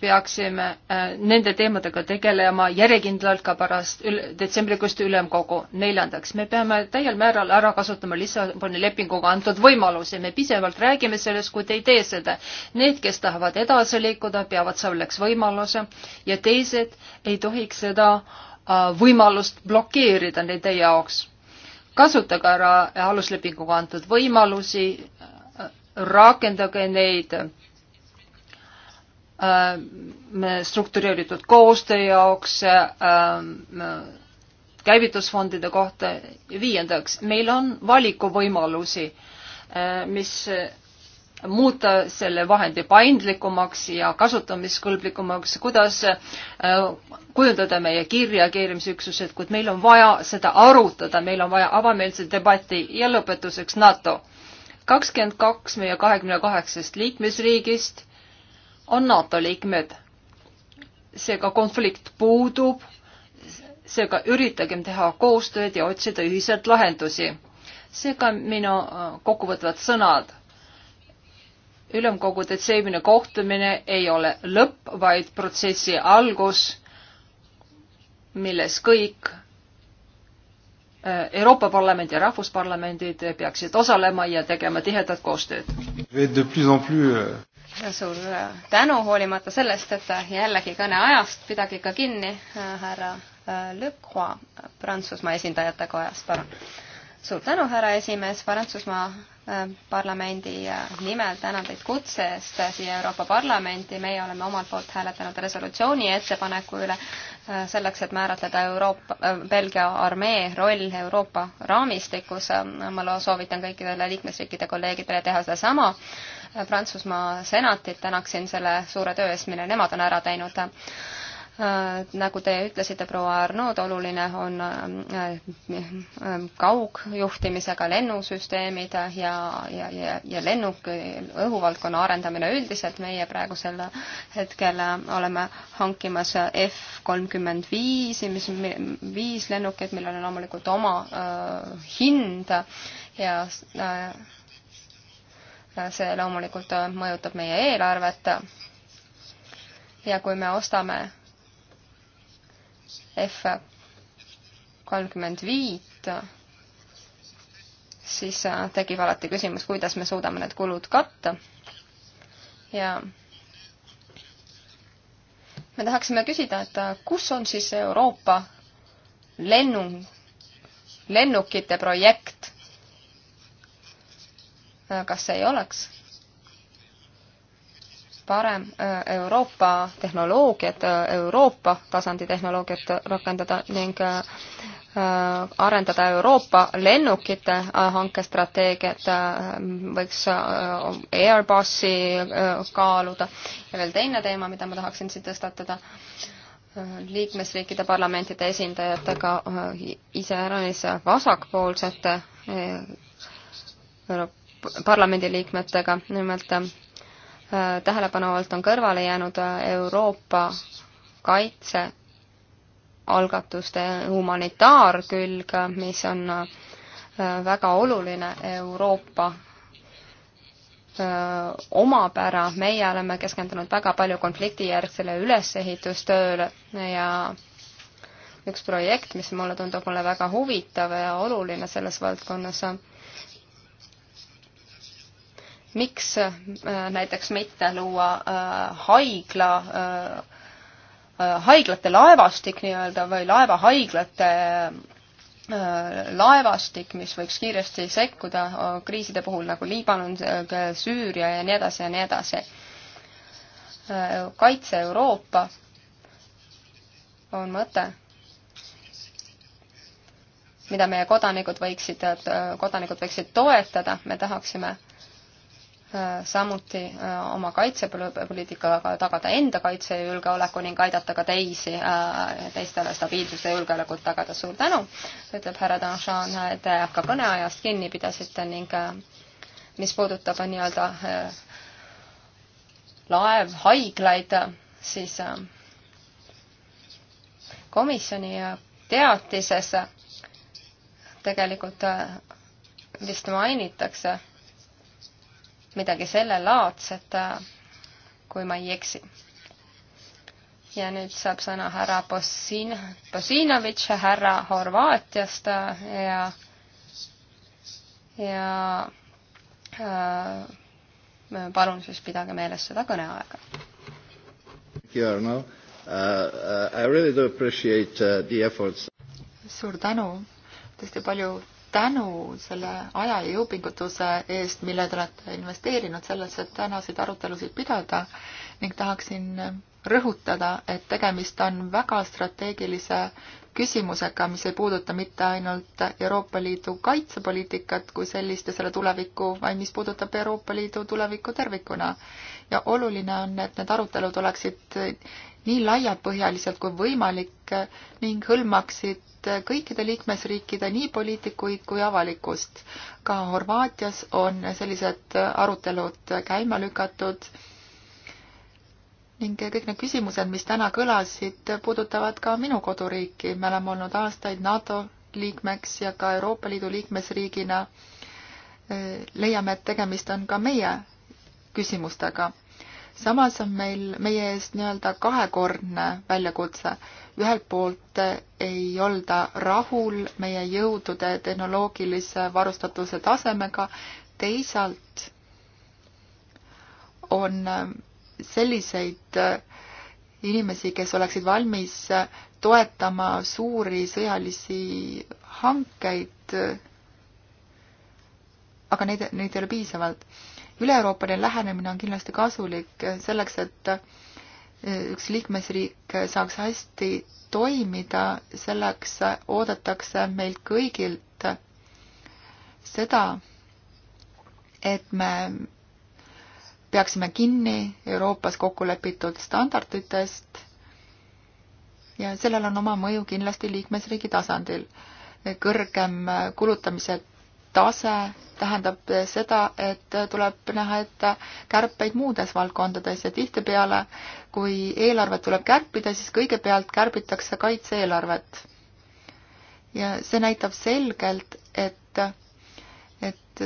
peaksime äh, nende teemadega tegelema järjekindlalt ka pärast ül detsembrikuist ülemkogu. neljandaks, me peame täiel määral ära kasutama Lissaboni lepinguga antud võimalusi, me pisevalt räägime sellest, kuid ei tee seda. Need, kes tahavad edasi liikuda, peavad selleks võimaluse ja teised ei tohiks seda äh, võimalust blokeerida nende jaoks kasutage ära aluslepinguga antud võimalusi rakendage neid äh, struktureeritud koostöö jaoks, äh, käivitusfondide kohta. viiendaks, meil on valikuvõimalusi, äh, mis muuta selle vahendi paindlikumaks ja kasutamiskõlblikumaks, kuidas kujundada meie kiirreageerimisüksused, kuid meil on vaja seda arutada, meil on vaja avameelset debatti ja lõpetuseks NATO kakskümmend kaks meie kahekümne kaheksast liikmesriigist on NATO liikmed. seega konflikt puudub, seega üritagem teha koostööd ja otsida ühiselt lahendusi. seega minu äh, kokkuvõtvad sõnad. ülemkogu detsembrine kohtumine ei ole lõpp, vaid protsessi algus, milles kõik Äh, Euroopa Parlament ja Rahvusparlamendid peaksid osalema ja tegema tihedat koostööd. Euh, suur äh, tänu, hoolimata sellest, et äh, jällegi kõneajast, pidage ikka kinni, härra Le Croix Prantsusmaa esindajate kojast, palun. suur tänu, härra esimees, Prantsusmaa Äh, parlamendi äh, nimel tänan teid kutse eest äh, siia Euroopa Parlamenti, meie oleme omalt poolt hääletanud resolutsiooni ettepaneku üle selleks, et määratleda Euroopa, Belgia armee roll Euroopa raamistikus. ma soovitan kõikidele liikmesriikide kolleegidele teha sedasama. Prantsusmaa senatit tänaksin selle suure töö eest, mille nemad on ära teinud Äh, nagu te ütlesite, proua Arnold, oluline on äh, äh, kaugjuhtimisega lennusüsteemid ja, ja, ja, ja lennuk, õhuvaldkonna arendamine üldiselt. meie praegusel hetkel oleme hankimas F kolmkümmend viis, mis, viis lennukeid, millel on loomulikult oma äh, hind ja äh, see loomulikult mõjutab meie eelarvet. ja kui me ostame F kolmkümmend viit, siis äh, tekib alati küsimus, kuidas me suudame need kulud katta. ja me tahaksime küsida, et äh, kus on siis Euroopa lennu, lennukite projekt? Äh, kas see ei oleks parem äh, Euroopa tehnoloogiat, äh, Euroopa tasandi tehnoloogiat rakendada ning äh, arendada Euroopa lennukite hankestrateegiat, võiks Airbusi kaaluda ja veel teine teema, mida ma tahaksin siin tõstatada, liikmesriikide parlamentide esindajatega iseäranis vasakpoolsete parlamendiliikmetega, nimelt Äh, tähelepanu alt on kõrvale jäänud äh, Euroopa kaitsealgatuste humanitaarkülg, mis on äh, väga oluline Euroopa omapära, meie oleme keskendunud väga palju konfliktijärgsele ülesehitustööle ja üks projekt, mis mulle tundub mulle väga huvitav ja oluline selles valdkonnas, on miks äh, näiteks mitte luua äh, haigla, äh, haiglate laevastik nii-öelda või laevahaiglate laevastik, mis võiks kiiresti sekkuda kriiside puhul nagu Liibanon, Süüria ja nii edasi ja nii edasi. kaitse Euroopa on mõte, mida meie kodanikud võiksid, kodanikud võiksid toetada, me tahaksime äh, Äh, samuti äh, oma kaitsepoliitikaga tagada enda kaitse ja julgeoleku ning aidata ka teisi, äh, teistele stabiilsuse ja julgeolekut tagada. suur tänu, ütleb härra Danšan, te ka kõneajast kinni pidasite ning mis puudutab nii-öelda laevhaiglaid, siis komisjoni teatises tegelikult vist mainitakse midagi sellelaadset, äh, kui ma ei eksi. ja nüüd saab sõna härra Bossin-, Bossinovitš, härra Horvaatiast äh, ja, ja äh, palun siis pidage meeles seda kõneaega. Uh, uh, I really do appreciate uh, the efforts. suur tänu, tõesti palju tänu selle aja ja jõupingutuse eest, mille te olete investeerinud sellesse, et tänaseid arutelusid pidada ning tahaksin rõhutada, et tegemist on väga strateegilise küsimusega, mis ei puuduta mitte ainult Euroopa Liidu kaitsepoliitikat kui sellist ja selle tulevikku, vaid mis puudutab Euroopa Liidu tulevikku tervikuna. ja oluline on, et need arutelud oleksid nii laiapõhjaliselt kui võimalik ning hõlmaksid kõikide liikmesriikide nii poliitikuid kui avalikkust. ka Horvaatias on sellised arutelud käima lükatud ning kõik need küsimused, mis täna kõlasid, puudutavad ka minu koduriiki. me oleme olnud aastaid NATO liikmeks ja ka Euroopa Liidu liikmesriigina leiame, et tegemist on ka meie küsimustega samas on meil meie ees nii-öelda kahekordne väljakutse. ühelt poolt ei olda rahul meie jõudude tehnoloogilise varustatuse tasemega, teisalt on selliseid inimesi, kes oleksid valmis toetama suuri sõjalisi hankeid, aga neid, neid ei ole piisavalt üle-Euroopaline lähenemine on kindlasti kasulik selleks, et eh, üks liikmesriik saaks hästi toimida, selleks oodatakse meilt kõigilt seda, et me peaksime kinni Euroopas kokku lepitud standarditest ja sellel on oma mõju kindlasti liikmesriigi tasandil. kõrgem kulutamise tase tähendab seda, et tuleb näha ette kärpeid muudes valdkondades ja tihtipeale, kui eelarvet tuleb kärpida, siis kõigepealt kärbitakse kaitse-eelarvet. ja see näitab selgelt, et, et,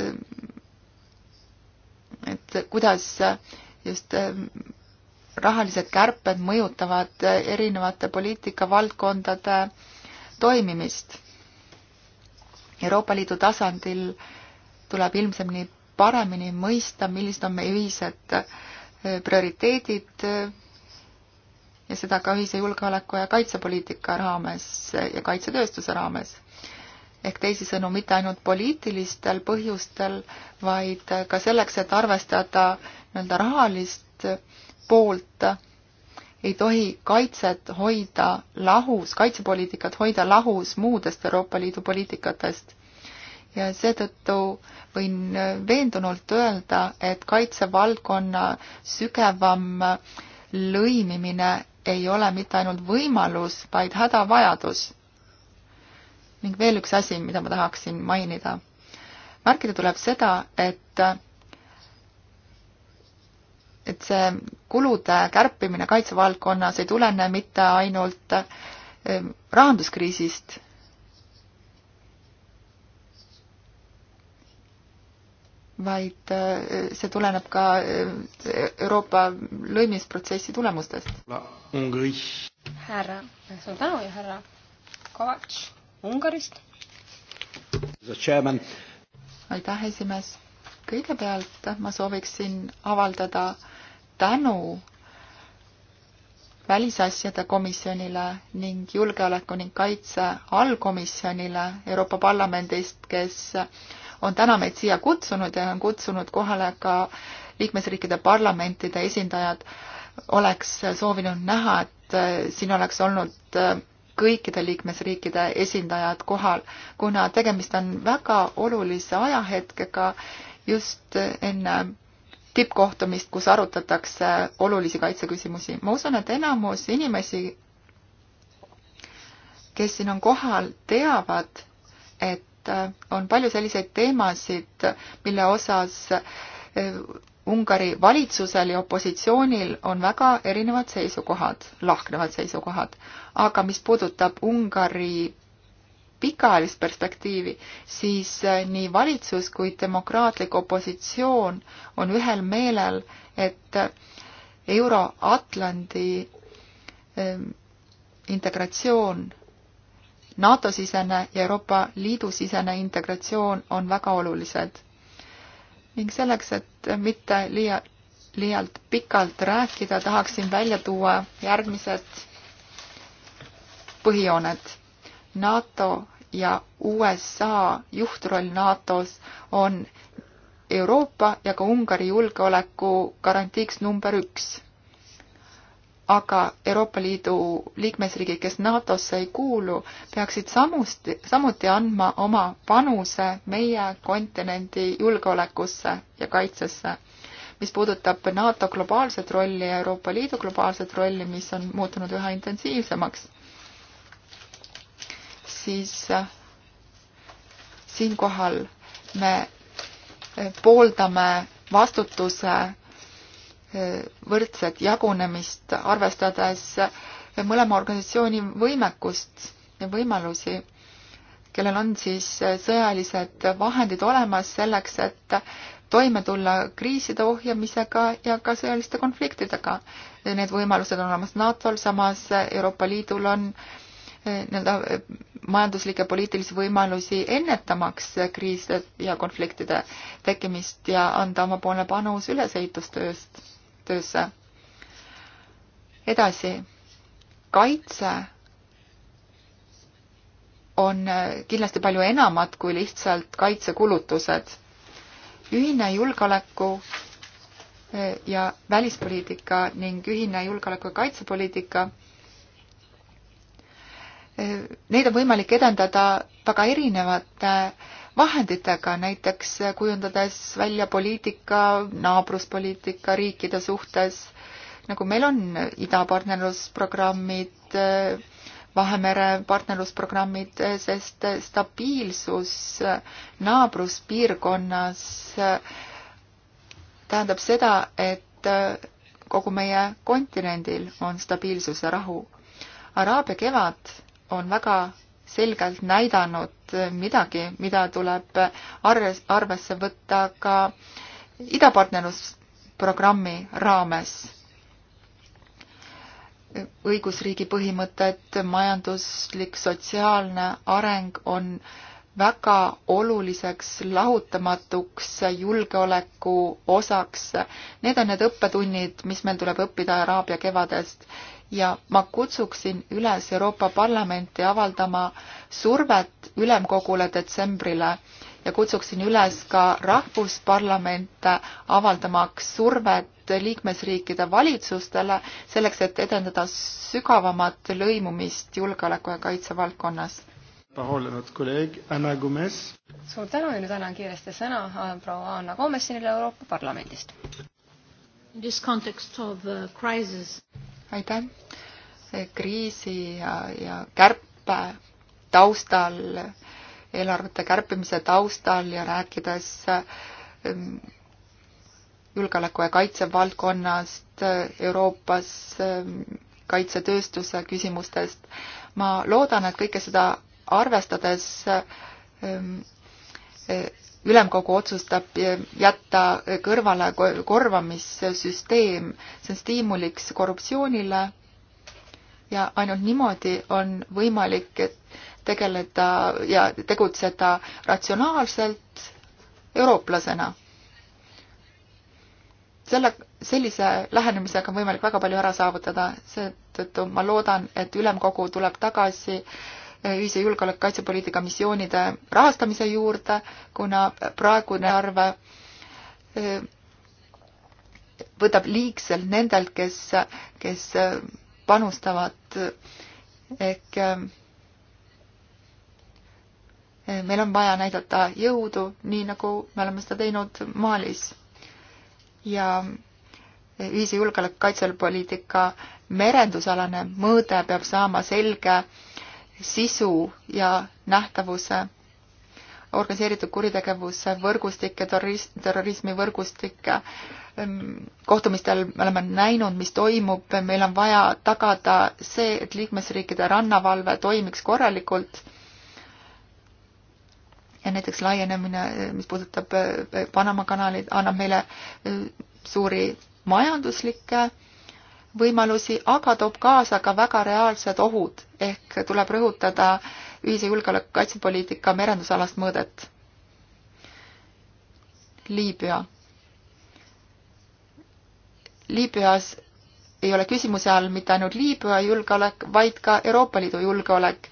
et kuidas just ähm, rahalised kärped mõjutavad erinevate poliitikavaldkondade toimimist Euroopa Liidu tasandil tuleb ilmsemini paremini mõista, millised on meie ühised äh, prioriteedid äh, ja seda ka ühise julgeoleku ja kaitsepoliitika raames äh, ja kaitsetööstuse raames. ehk teisisõnu, mitte ainult poliitilistel põhjustel, vaid ka selleks, et arvestada nii-öelda rahalist poolt ei tohi kaitset hoida lahus, kaitsepoliitikat hoida lahus muudest Euroopa Liidu poliitikatest. ja seetõttu võin veendunult öelda, et kaitsevaldkonna sügavam lõimimine ei ole mitte ainult võimalus, vaid hädavajadus. ning veel üks asi, mida ma tahaksin mainida. märkida tuleb seda, et et see kulude kärpimine kaitsevaldkonnas ei tulene mitte ainult ehm, rahanduskriisist, vaid ehm, see tuleneb ka ehm, Euroopa lõimimisprotsessi tulemustest. härra, suur tänu ja härra Kovatš Ungarist. aitäh, esimees. kõigepealt ma sooviksin avaldada äh, tänu välisasjade komisjonile ning julgeoleku ning kaitse allkomisjonile Euroopa Parlamendist, kes on täna meid siia kutsunud ja on kutsunud kohale ka liikmesriikide parlamentide esindajad, oleks soovinud näha, et siin oleks olnud kõikide liikmesriikide esindajad kohal, kuna tegemist on väga olulise ajahetkega just enne tippkohtumist, kus arutatakse olulisi kaitseküsimusi. ma usun, et enamus inimesi, kes siin on kohal, teavad, et äh, on palju selliseid teemasid, mille osas äh, Ungari valitsusel ja opositsioonil on väga erinevad seisukohad, lahknevad seisukohad. aga mis puudutab Ungari pikaajalist perspektiivi, siis äh, nii valitsus kui demokraatlik opositsioon on ühel meelel, et äh, Euro-Atlandi ähm, integratsioon, NATO-sisene ja Euroopa Liidu sisene integratsioon on väga olulised. ning selleks, et äh, mitte liia-, liialt pikalt rääkida, tahaksin välja tuua järgmised põhijooned NATO ja USA juhtroll NATO-s on Euroopa ja ka Ungari julgeoleku garantiiks number üks. aga Euroopa Liidu liikmesriigid, kes NATO-sse ei kuulu, peaksid samuti, samuti andma oma panuse meie kontinendi julgeolekusse ja kaitsesse. mis puudutab NATO globaalset rolli ja Euroopa Liidu globaalset rolli, mis on muutunud üha intensiivsemaks siis siinkohal me pooldame vastutuse eh, võrdset jagunemist, arvestades mõlema organisatsiooni võimekust ja võimalusi, kellel on siis sõjalised vahendid olemas selleks, et toime tulla kriiside ohjamisega ja ka sõjaliste konfliktidega. Need võimalused on olemas NATO-l, samas Euroopa Liidul on äh, Eh, nii-öelda eh, majanduslikke poliitilisi võimalusi ennetamaks kriise ja konfliktide tekkimist ja anda omapoolne panus ülesehitustööst, töösse. edasi, kaitse on eh, kindlasti palju enamat kui lihtsalt kaitsekulutused. ühine julgeoleku ja välispoliitika ning ühine julgeoleku ja kaitsepoliitika neid on võimalik edendada väga erinevate vahenditega, näiteks kujundades välja poliitika, naabruspoliitika riikide suhtes, nagu meil on idapartnerlusprogrammid, Vahemere partnerlusprogrammid, sest stabiilsus naabruspiirkonnas tähendab seda, et kogu meie kontinendil on stabiilsus ja rahu. Araabia kevad on väga selgelt näidanud midagi, mida tuleb arves, arvesse võtta ka idapartnerlusprogrammi raames. õigusriigi põhimõtted, majanduslik, sotsiaalne areng on äh, väga oluliseks lahutamatuks julgeoleku osaks. Need on need õppetunnid, mis meil tuleb õppida Araabia kevadest ja ma kutsuksin üles Euroopa Parlamenti avaldama survet ülemkogule detsembrile ja kutsuksin üles ka rahvusparlamente avaldamaks survet liikmesriikide valitsustele selleks, et edendada sügavamat lõimumist julgeoleku ja kaitse valdkonnas suur tänu ja nüüd annan kiiresti sõna äh, proua Anna Gomesinile Euroopa Parlamendist. Uh, aitäh. kriisi ja, ja kärpe taustal, eelarvete kärpimise taustal ja rääkides ähm, julgeoleku ja kaitse valdkonnast Euroopas ähm, kaitsetööstuse küsimustest. ma loodan, et kõike seda arvestades ähm, äh, ülemkogu otsustab äh, jätta kõrvale korvamissüsteem, see on stiimuliks korruptsioonile ja ainult niimoodi on võimalik tegeleda ja tegutseda ratsionaalselt eurooplasena. selle, sellise lähenemisega on võimalik väga palju ära saavutada, seetõttu ma loodan, et ülemkogu tuleb tagasi äh, ühise julgeoleku kaitsepoliitika missioonide rahastamise juurde, kuna praegune arve eh, võtab liigselt nendelt, kes, kes eh, panustavad ehk eh, meil on vaja näidata jõudu, nii nagu me oleme seda teinud Malis. ja ühise julgeoleku kaitsepoliitika merendusalane mõõde peab saama selge äh, sisu ja nähtavuse, organiseeritud kuritegevuse võrgustike, terrorismi võrgustike ehm, kohtumistel me oleme näinud, mis toimub, meil on vaja tagada see, et liikmesriikide rannavalve toimiks korralikult ja näiteks laienemine, ehm, mis puudutab ehm, Panama kanalit, annab meile suuri majanduslikke võimalusi, aga toob kaasa ka väga reaalsed ohud ehk tuleb rõhutada ühise julgeoleku kaitsepoliitika merendusalast mõõdet. Liibüa. Liibüas ei ole küsimuse all mitte ainult Liibüa julgeolek, vaid ka Euroopa Liidu julgeolek.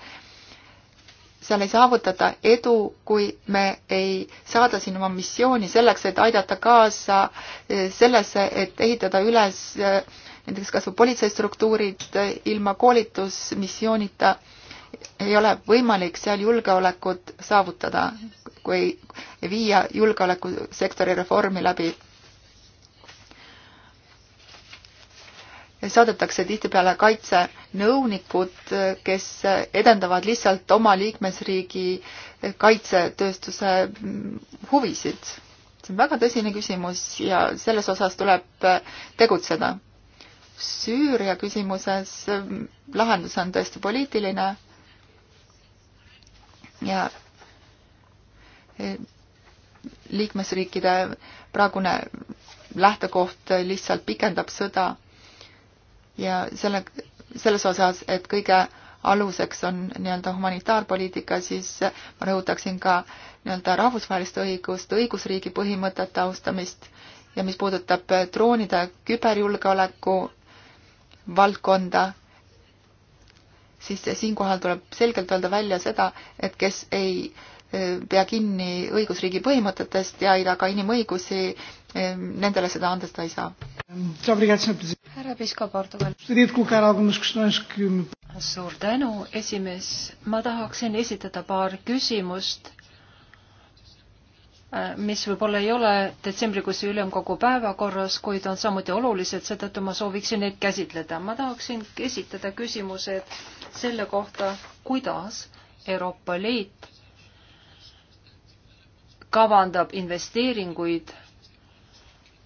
seal ei saavutata edu, kui me ei saada siin oma missiooni selleks, et aidata kaasa eh, sellesse, et ehitada üles eh, näiteks kas või politseistruktuurid ilma koolitusmissioonita ei ole võimalik seal julgeolekut saavutada, kui ei viia julgeolekusektori reformi läbi. saadetakse tihtipeale kaitsenõunikud, kes edendavad lihtsalt oma liikmesriigi kaitsetööstuse huvisid. see on väga tõsine küsimus ja selles osas tuleb tegutseda Süüria küsimuses lahendus on tõesti poliitiline ja eh, liikmesriikide praegune lähtekoht lihtsalt pikendab sõda ja selle, selles osas, et kõige aluseks on nii-öelda humanitaarpoliitika, siis ma rõhutaksin ka nii-öelda rahvusvahelist õigust, õigusriigi põhimõtete austamist ja mis puudutab droonide küberjulgeoleku valdkonda, siis siinkohal tuleb selgelt öelda välja seda, et kes ei e, pea kinni õigusriigi põhimõtetest ja ei taga inimõigusi, e, nendele seda andestada ei saa. härra Pisko Portugal. suur tänu, esimees. ma tahaksin esitada paar küsimust Äh, mis võib-olla ei ole detsembrikuus ülemkogu päevakorras, kuid on samuti olulised, seetõttu ma sooviksin neid käsitleda. ma tahaksin esitada küsimused selle kohta, kuidas Euroopa Liit kavandab investeeringuid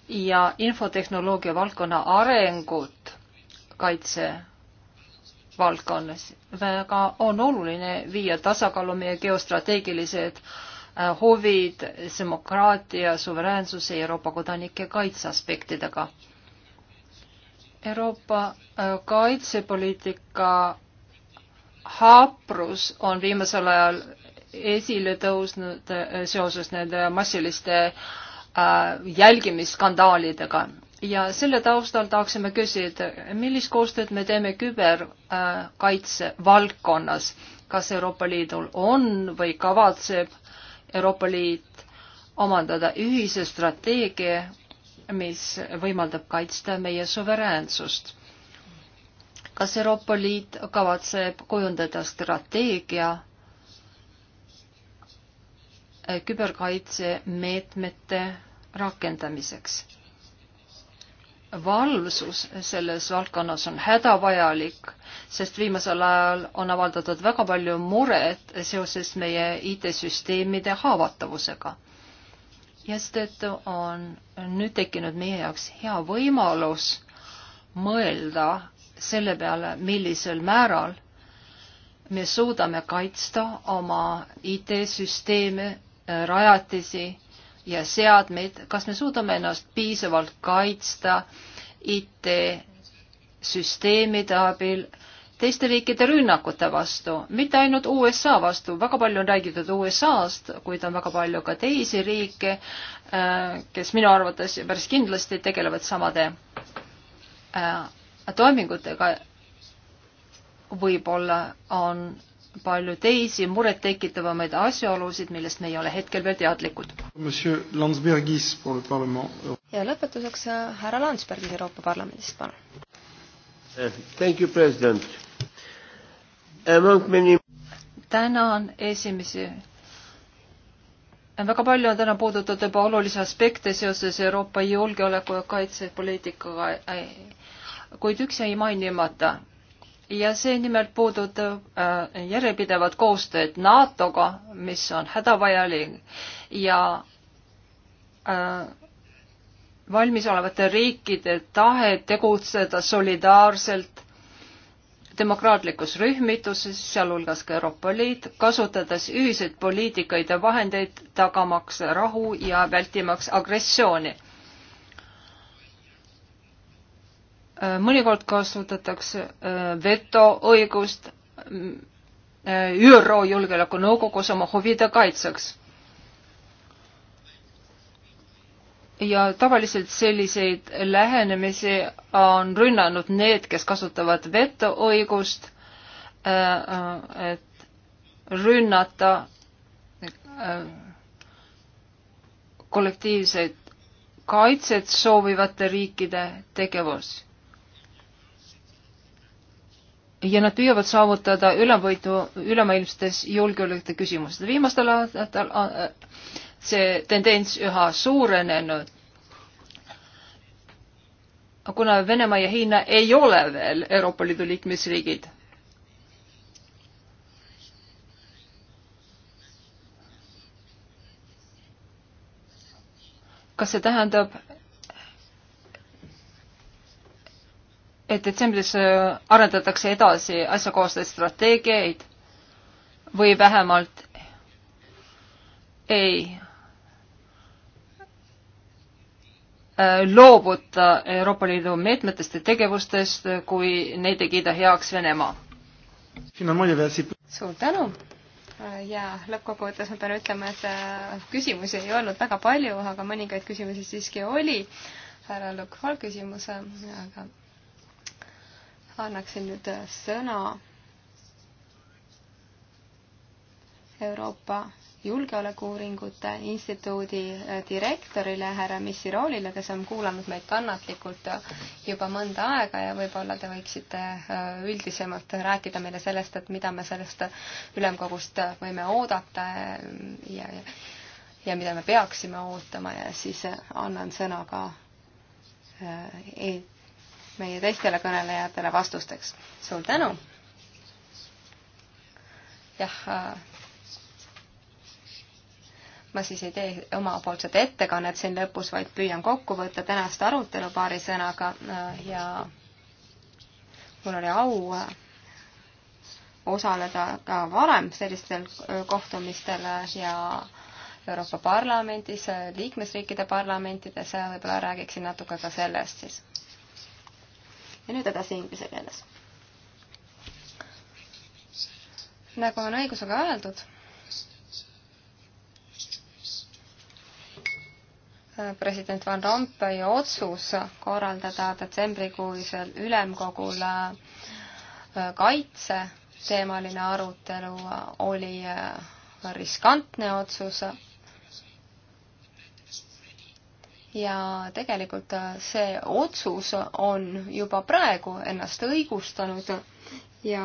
ja infotehnoloogia valdkonna arengut kaitsevaldkonnas. väga on oluline viia tasakaalu meie geostrateegilised äh, Äh, huvid demokraatia, suveräänsuse ja Euroopa kodanike kaitse aspektidega. Euroopa äh, kaitsepoliitika haaprus on viimasel ajal esile tõusnud äh, seoses nende massiliste jälgimisskandaalidega ja selle taustal tahaksime küsida, millist koostööd me teeme küberkaitse valdkonnas, kas Euroopa Liidul on või kavatseb Euroopa Liit omandada ühise strateegia, mis võimaldab kaitsta meie suveräänsust. kas Euroopa Liit kavatseb kujundada strateegia eh, küberkaitsemeetmete rakendamiseks? valvsus selles valdkonnas on hädavajalik sest viimasel ajal on avaldatud väga palju muret seoses meie IT-süsteemide haavatavusega. ja seetõttu on nüüd tekkinud meie jaoks hea võimalus mõelda selle peale, millisel määral me suudame kaitsta oma IT-süsteeme, äh, rajatisi ja seadmeid, kas me suudame ennast piisavalt kaitsta IT-süsteemide abil äh, teiste riikide rünnakute vastu, mitte ainult USA vastu, väga palju on räägitud USA-st, kuid on väga palju ka teisi riike, äh, kes minu arvates päris kindlasti tegelevad samade äh, toimingutega. võib-olla on palju teisi murettekitavamaid asjaolusid, millest me ei ole hetkel veel teadlikud. ja lõpetuseks äh, härra Landsbergis Euroopa Parlamendist, palun. Eh, thank you, president tänan esimesi. väga palju on täna puudutatud juba olulisi aspekte seoses Euroopa julgeoleku ja kaitsepoliitikaga, kuid üks jäi mainimata ja see nimelt puudutab äh, järjepidevat koostööd NATO-ga, mis on hädavajalik ja äh, valmisolevate riikide tahe tegutseda solidaarselt demokraatlikus rühmituses, sealhulgas ka Euroopa Liit, kasutades ühiseid poliitikaid ja vahendeid, tagamaks rahu ja vältimaks agressiooni. mõnikord kasutatakse äh, vetoõigust äh, ÜRO Julgeolekunõukogus oma huvide kaitseks ja tavaliselt selliseid lähenemisi on rünnanud need, kes kasutavad vetoõigust, äh, äh, et rünnata äh, kollektiivseid kaitset soovivate riikide tegevus. ja nad püüavad saavutada ülemvõidu ülemaailmsetes julgeolekute küsimustes. viimastel aastatel see tendents üha suurenenud. kuna Venemaa ja Hiina ei ole veel Euroopa Liidu liikmesriigid. kas see tähendab, et detsembris äh, arendatakse edasi asjakohaseid strateegiaid või vähemalt ei Äh, loobuda Euroopa Liidu meetmetest ja tegevustest, kui neid ei kiida heaks Venemaa. suur tänu ja lõppkokkuvõttes ma pean ütlema, et äh, küsimusi ei olnud väga palju, aga mõningaid küsimusi siiski oli. härra Lukhol küsimuse, äh, aga annaksin nüüd sõna Euroopa julgeolekuuuringute instituudi äh, direktorile härra Missiroolile, kes on kuulanud meid kannatlikult juba mõnda aega ja võib-olla te võiksite äh, üldisemalt rääkida meile sellest, et mida me sellest ülemkogust võime oodata äh, ja, ja, ja mida me peaksime ootama ja siis annan sõna ka e-, meie teistele kõnelejatele vastusteks. suur tänu! jah ma siis ei tee omapoolset ettekannet siin lõpus, vaid püüan kokku võtta tänast arutelu paari sõnaga äh, ja mul oli au äh, osaleda ka varem sellistel äh, kohtumistel ja Euroopa Parlamendis, liikmesriikide parlamentides, võib-olla räägiksin natuke ka sellest siis. ja nüüd edasi inglise keeles. nagu on õigusega öeldud president Van Rompuy otsus korraldada detsembrikuisel ülemkogul äh, kaitseteemaline arutelu äh, oli äh, riskantne otsus. ja tegelikult see otsus on juba praegu ennast õigustanud ja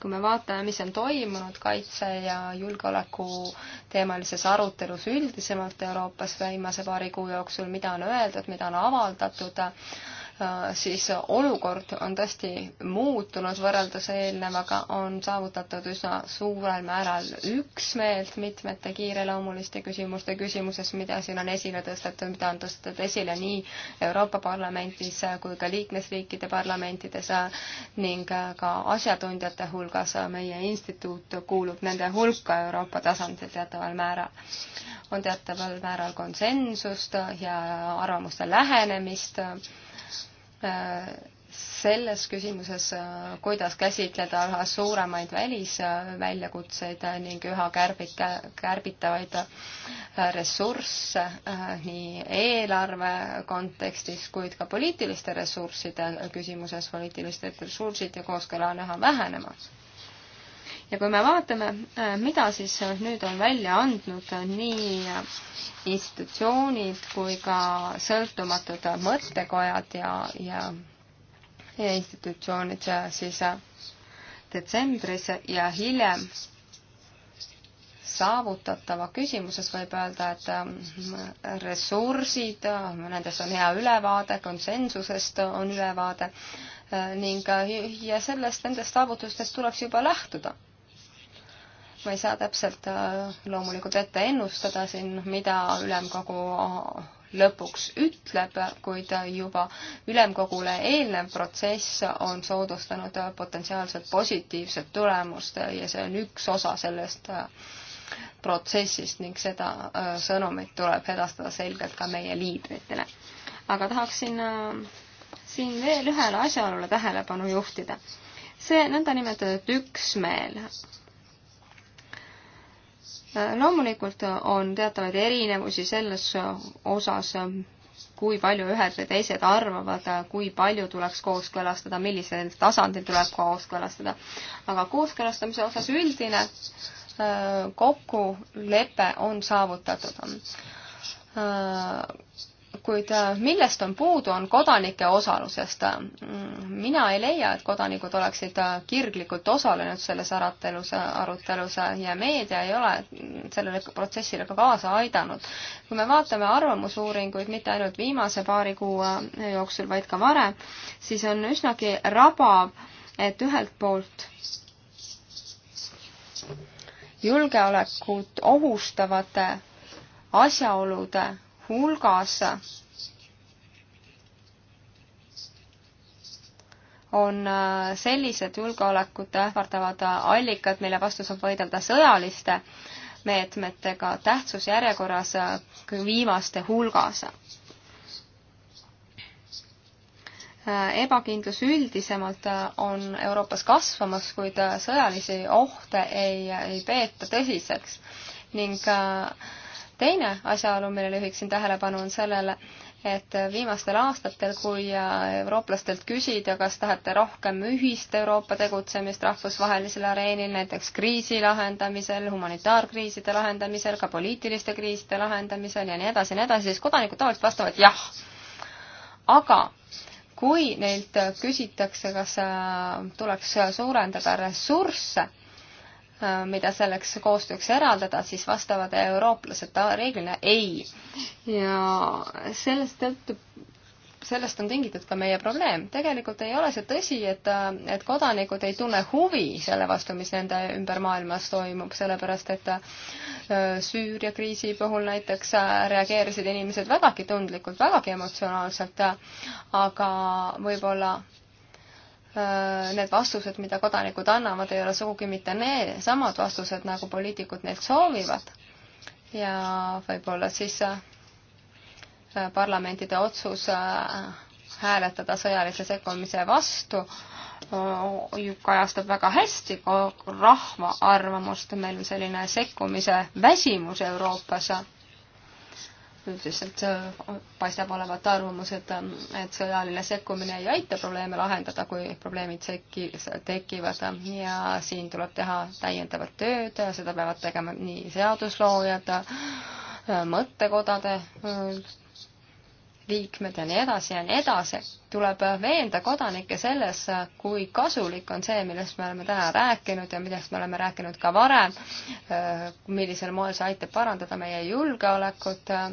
kui me vaatame, mis on toimunud kaitse ja julgeoleku teemalises arutelus üldisemalt Euroopas viimase paari kuu jooksul, mida on öeldud, mida on avaldatud, Äh, siis olukord on tõesti muutunud võrreldes eelnevaga, on saavutatud üsna suurel määral üksmeelt mitmete kiireloomuliste küsimuste küsimuses, mida siin on esile tõstetud, mida on tõstetud esile nii Euroopa Parlamendis kui ka liikmesriikide parlamentides ning ka asjatundjate hulgas. meie instituut kuulub nende hulka Euroopa tasandil teataval määral. on teataval määral konsensust ja arvamuste lähenemist selles küsimuses, kuidas käsitleda üha suuremaid välisväljakutseid ning üha kärbike, kärbitavaid ressursse äh, nii eelarve kontekstis, kuid ka poliitiliste ressursside küsimuses, poliitilised ressursid ja kooskõla on üha vähenemas ja kui me vaatame, äh, mida siis nüüd on välja andnud äh, nii institutsioonid kui ka sõltumatud mõttekojad ja, ja, ja institutsioonid äh, siis detsembris ja hiljem saavutatava küsimuses võib öelda, et ähm, ressursid, nendest on hea ülevaade, konsensusest on ülevaade ning ja sellest, nendest saavutustest tuleks juba lähtuda ma ei saa täpselt äh, loomulikult ette ennustada siin, mida ülemkogu lõpuks ütleb, kuid juba ülemkogule eelnev protsess on soodustanud potentsiaalselt positiivset tulemust ja see on üks osa sellest äh, protsessist ning seda äh, sõnumit tuleb edastada selgelt ka meie liidritele. aga tahaksin siin veel ühele asjaolule tähelepanu juhtida. see nõndanimetatud üksmeel Äh, loomulikult äh, on teatavaid erinevusi selles äh, osas, kui palju ühed või teised arvavad, kui palju tuleks kooskõlastada, millisel tasandil tuleb kooskõlastada. aga kooskõlastamise osas üldine kokkulepe on saavutatud kuid äh, millest on puudu, on kodanike osalusest. Mm, mina ei leia, et kodanikud oleksid äh, kirglikult osalenud selles arutelus, äh, arutelus ja meedia ei ole sellele protsessile ka kaasa aidanud. kui me vaatame arvamusuuringuid mitte ainult viimase paari kuu jooksul, vaid ka varem, siis on üsnagi rabav, et ühelt poolt julgeolekut ohustavate asjaolude hulgas on äh, sellised julgeolekut ähvardavad allikad, mille vastu saab võidelda sõjaliste meetmetega tähtsusjärjekorras äh, viimaste hulgas. Äh, ebakindlus üldisemalt on Euroopas kasvamas, kuid sõjalisi ohte ei, ei peeta tõsiseks ning äh, teine asjaolu, millele juhiksin tähelepanu, on sellele, et viimastel aastatel, kui eurooplastelt küsida, kas tahate rohkem ühist Euroopa tegutsemist rahvusvahelisel areenil, näiteks kriisi lahendamisel, humanitaarkriiside lahendamisel, ka poliitiliste kriiside lahendamisel ja nii edasi ja nii edasi, siis kodanikud tavaliselt vastavad jah. aga kui neilt küsitakse, kas äh, tuleks suurendada ressursse Äh, mida selleks koostööks eraldada, siis vastavad eurooplased reeglina ei. ja sellest tõttu sellest on tingitud ka meie probleem. tegelikult ei ole see tõsi, et, äh, et kodanikud ei tunne huvi selle vastu, mis nende ümber maailmas toimub, sellepärast et äh, Süüria kriisi puhul näiteks reageerisid inimesed vägagi tundlikult, vägagi emotsionaalselt, aga võib-olla Äh, need vastused, mida kodanikud annavad, ei ole sugugi mitte need samad vastused, nagu poliitikud neilt soovivad. ja võib-olla siis äh, parlamentide otsus äh, hääletada sõjalise sekkumise vastu kajastab väga hästi rahva arvamust, meil on selline sekkumise väsimus Euroopas üldiselt äh, paistab olevat arvamus, et, äh, et sõjaline sekkumine ei aita probleeme lahendada, kui probleemid seki, tekivad ja siin tuleb teha täiendavat tööd, seda peavad tegema nii seadusloojad, äh, mõttekodade liikmed ja nii edasi ja nii edasi, tuleb veenda kodanikke selles, kui kasulik on see, millest me oleme täna rääkinud ja millest me oleme rääkinud ka varem, äh, millisel moel see aitab parandada meie julgeolekut, äh,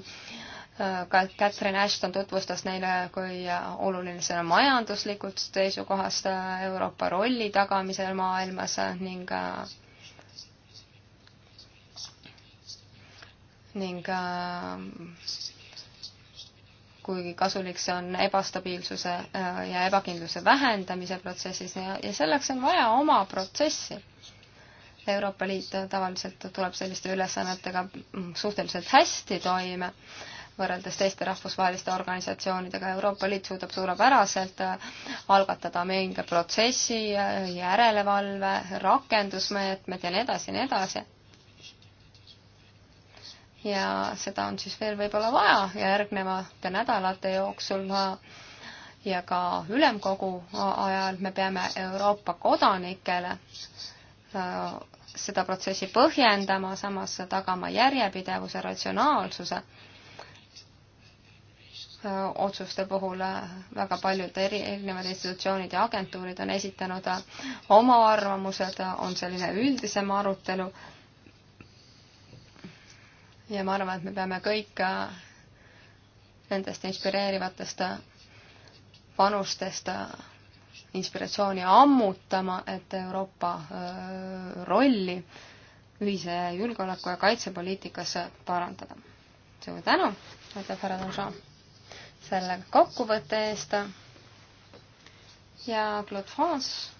ka Catherine Ashton tutvustas neile, kui oluline see on majanduslikult seisukohast äh, Euroopa rolli tagamisel maailmas ning ning kuigi kasulik see on ebastabiilsuse äh, ja ebakindluse vähendamise protsessis ja, ja selleks on vaja oma protsessi. Euroopa Liit tavaliselt tuleb selliste ülesannetega mm, suhteliselt hästi toime võrreldes teiste rahvusvaheliste organisatsioonidega. Euroopa Liit suudab suurepäraselt äh, algatada mingi protsessi, äh, järelevalve, rakendusmeetmed ja nii edasi ja nii edasi ja seda on siis veel võib-olla vaja järgnevate nädalate jooksul ja ka ülemkogu ajal me peame Euroopa kodanikele seda protsessi põhjendama, samas tagama järjepidevuse, ratsionaalsuse otsuste puhul väga paljud eri, erinevad institutsioonid ja agentuurid on esitanud oma arvamused, on selline üldisem arutelu ja ma arvan, et me peame kõik äh, nendest inspireerivatest äh, panustest äh, inspiratsiooni ammutama, et Euroopa rolli ühise julgeoleku- ja kaitsepoliitikas parandada. suur tänu, ütleb härra Donjon, selle kokkuvõtte eest ja Claude France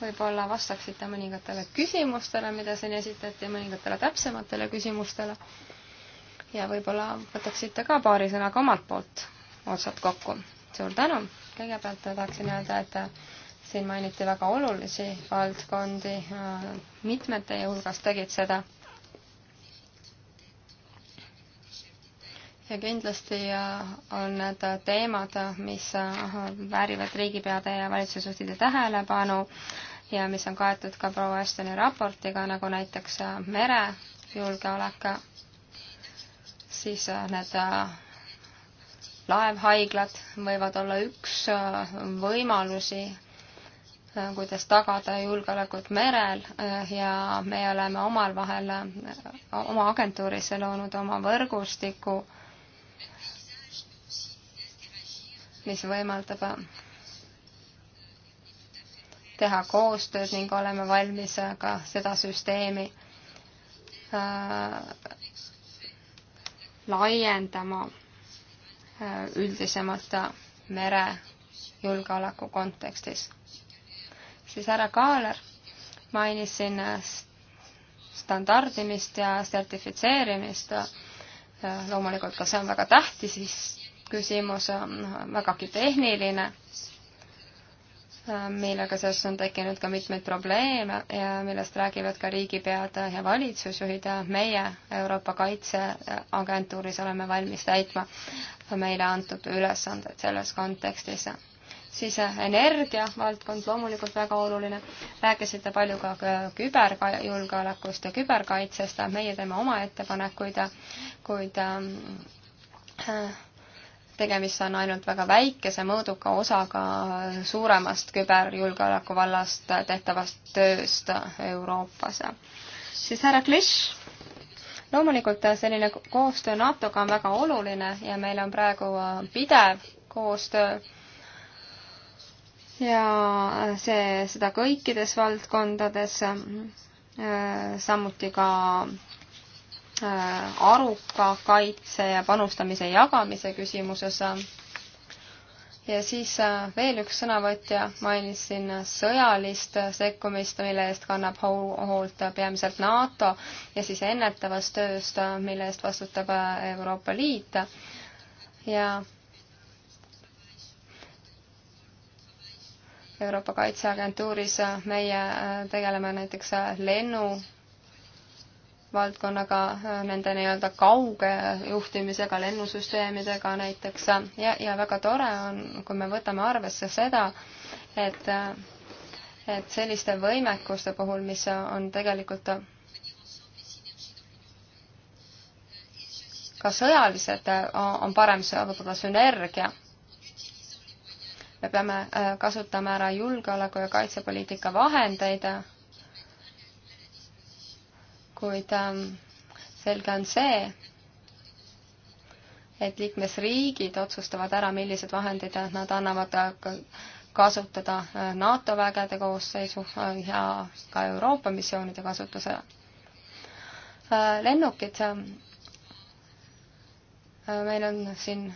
võib-olla vastaksite mõningatele küsimustele, mida siin esitati, mõningatele täpsematele küsimustele. ja võib-olla võtaksite ka paari sõnaga omalt poolt otsad kokku. suur tänu, kõigepealt tahaksin öelda, et siin mainiti väga olulisi valdkondi, mitmed teie hulgas tegid seda ja kindlasti äh, on need teemad, mis äh, väärivad riigipeade ja valitsusjuhtide tähelepanu ja mis on kaetud ka proua Estoni raportiga, nagu näiteks äh, merejulgeolek, siis need laevhaiglad võivad olla üks võimalusi, kuidas tagada julgeolekut merel ja me oleme omavahel, oma agentuuris loonud oma võrgustiku mis võimaldab teha koostööd ning oleme valmis ka seda süsteemi äh, laiendama äh, üldisemalt merejulgeoleku kontekstis. siis härra Kaaler mainis siin äh, standardimist ja sertifitseerimist. Äh, loomulikult ka see on väga tähtis küsimus on vägagi tehniline, millega seoses on tekkinud ka mitmeid probleeme ja millest räägivad ka riigipead ja valitsusjuhid ja meie Euroopa Kaitseagentuuris oleme valmis täitma meile antud ülesanded selles kontekstis siis energia valdkond loomulikult väga oluline. rääkisite palju ka küberjulgeolekust ja küberkaitsest, meie teeme oma ettepanekuid, kuid äh, tegemist on ainult väga väikese mõõduka osaga suuremast küberjulgeoleku vallast tehtavast tööst Euroopas. siis härra Kliš, loomulikult selline koostöö NATO-ga on väga oluline ja meil on praegu pidev koostöö ja see, seda kõikides valdkondades, samuti ka Äh, aruka kaitse ja panustamise jagamise küsimuses. ja siis äh, veel üks sõnavõtja mainis siin sõjalist sekkumist, mille eest kannab hoolt peamiselt NATO ja siis ennetavast tööst, mille eest vastutab äh, Euroopa Liit ja Euroopa Kaitseagentuuris meie tegeleme näiteks lennu valdkonnaga, äh, nende nii-öelda kauge juhtimisega, lennusüsteemidega näiteks ja, ja väga tore on, kui me võtame arvesse seda, et, äh, et selliste võimekuste puhul, mis on tegelikult ka sõjalised, äh, on parem võib-olla sünergia me peame kasutama ära julgeoleku ja kaitsepoliitika vahendeid kuid ähm, selge on see, et liikmesriigid otsustavad ära, millised vahendid nad annavad kasutada äh, NATO vägede koosseisu äh, ja ka Euroopa missioonide kasutusele. Äh, lennukid, meil on siin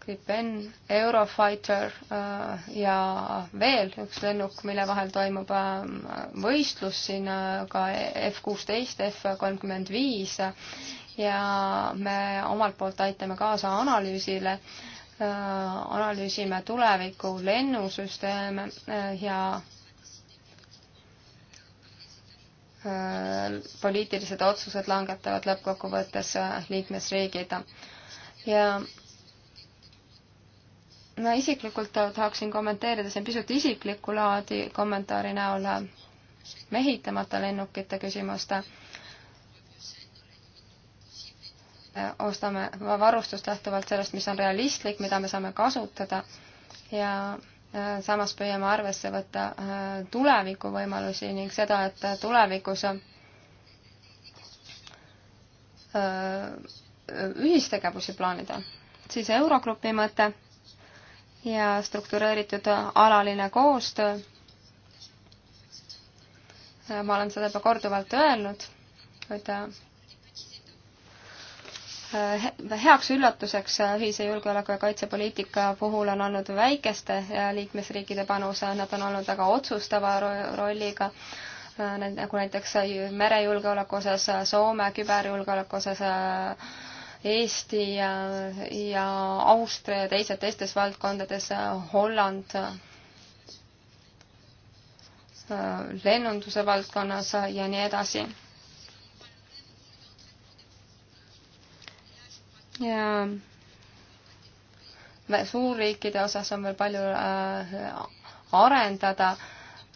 Gripen, Eurofighter äh, ja veel üks lennuk, mille vahel toimub äh, võistlus siin äh, ka F-16, F-35 ja me omalt poolt aitame kaasa analüüsile, analüüsime tuleviku lennusüsteeme ja poliitilised otsused langetavad lõppkokkuvõttes liikmesriigid. ja ma isiklikult tahaksin kommenteerida siin pisut isiklikku laadi kommentaari näol mehitamata lennukite küsimust. ostame varustust lähtuvalt sellest, mis on realistlik, mida me saame kasutada ja äh, samas püüame arvesse võtta äh, tulevikuvõimalusi ning seda, et tulevikus äh, ühistegevusi plaanida. siis Eurogrupi mõte ja struktureeritud alaline koostöö. ma olen seda juba korduvalt öelnud, kuid äh, heaks üllatuseks ühise julgeoleku- ja kaitsepoliitika puhul on olnud väikeste äh, liikmesriikide panus, nad on olnud väga otsustava rolliga, äh, nagu näiteks merejulgeoleku osas Soome, küberjulgeoleku osas Eesti ja, ja Austria ja teised teistes valdkondades, Holland lennunduse valdkonnas ja nii edasi. ja suurriikide osas on veel palju äh, arendada,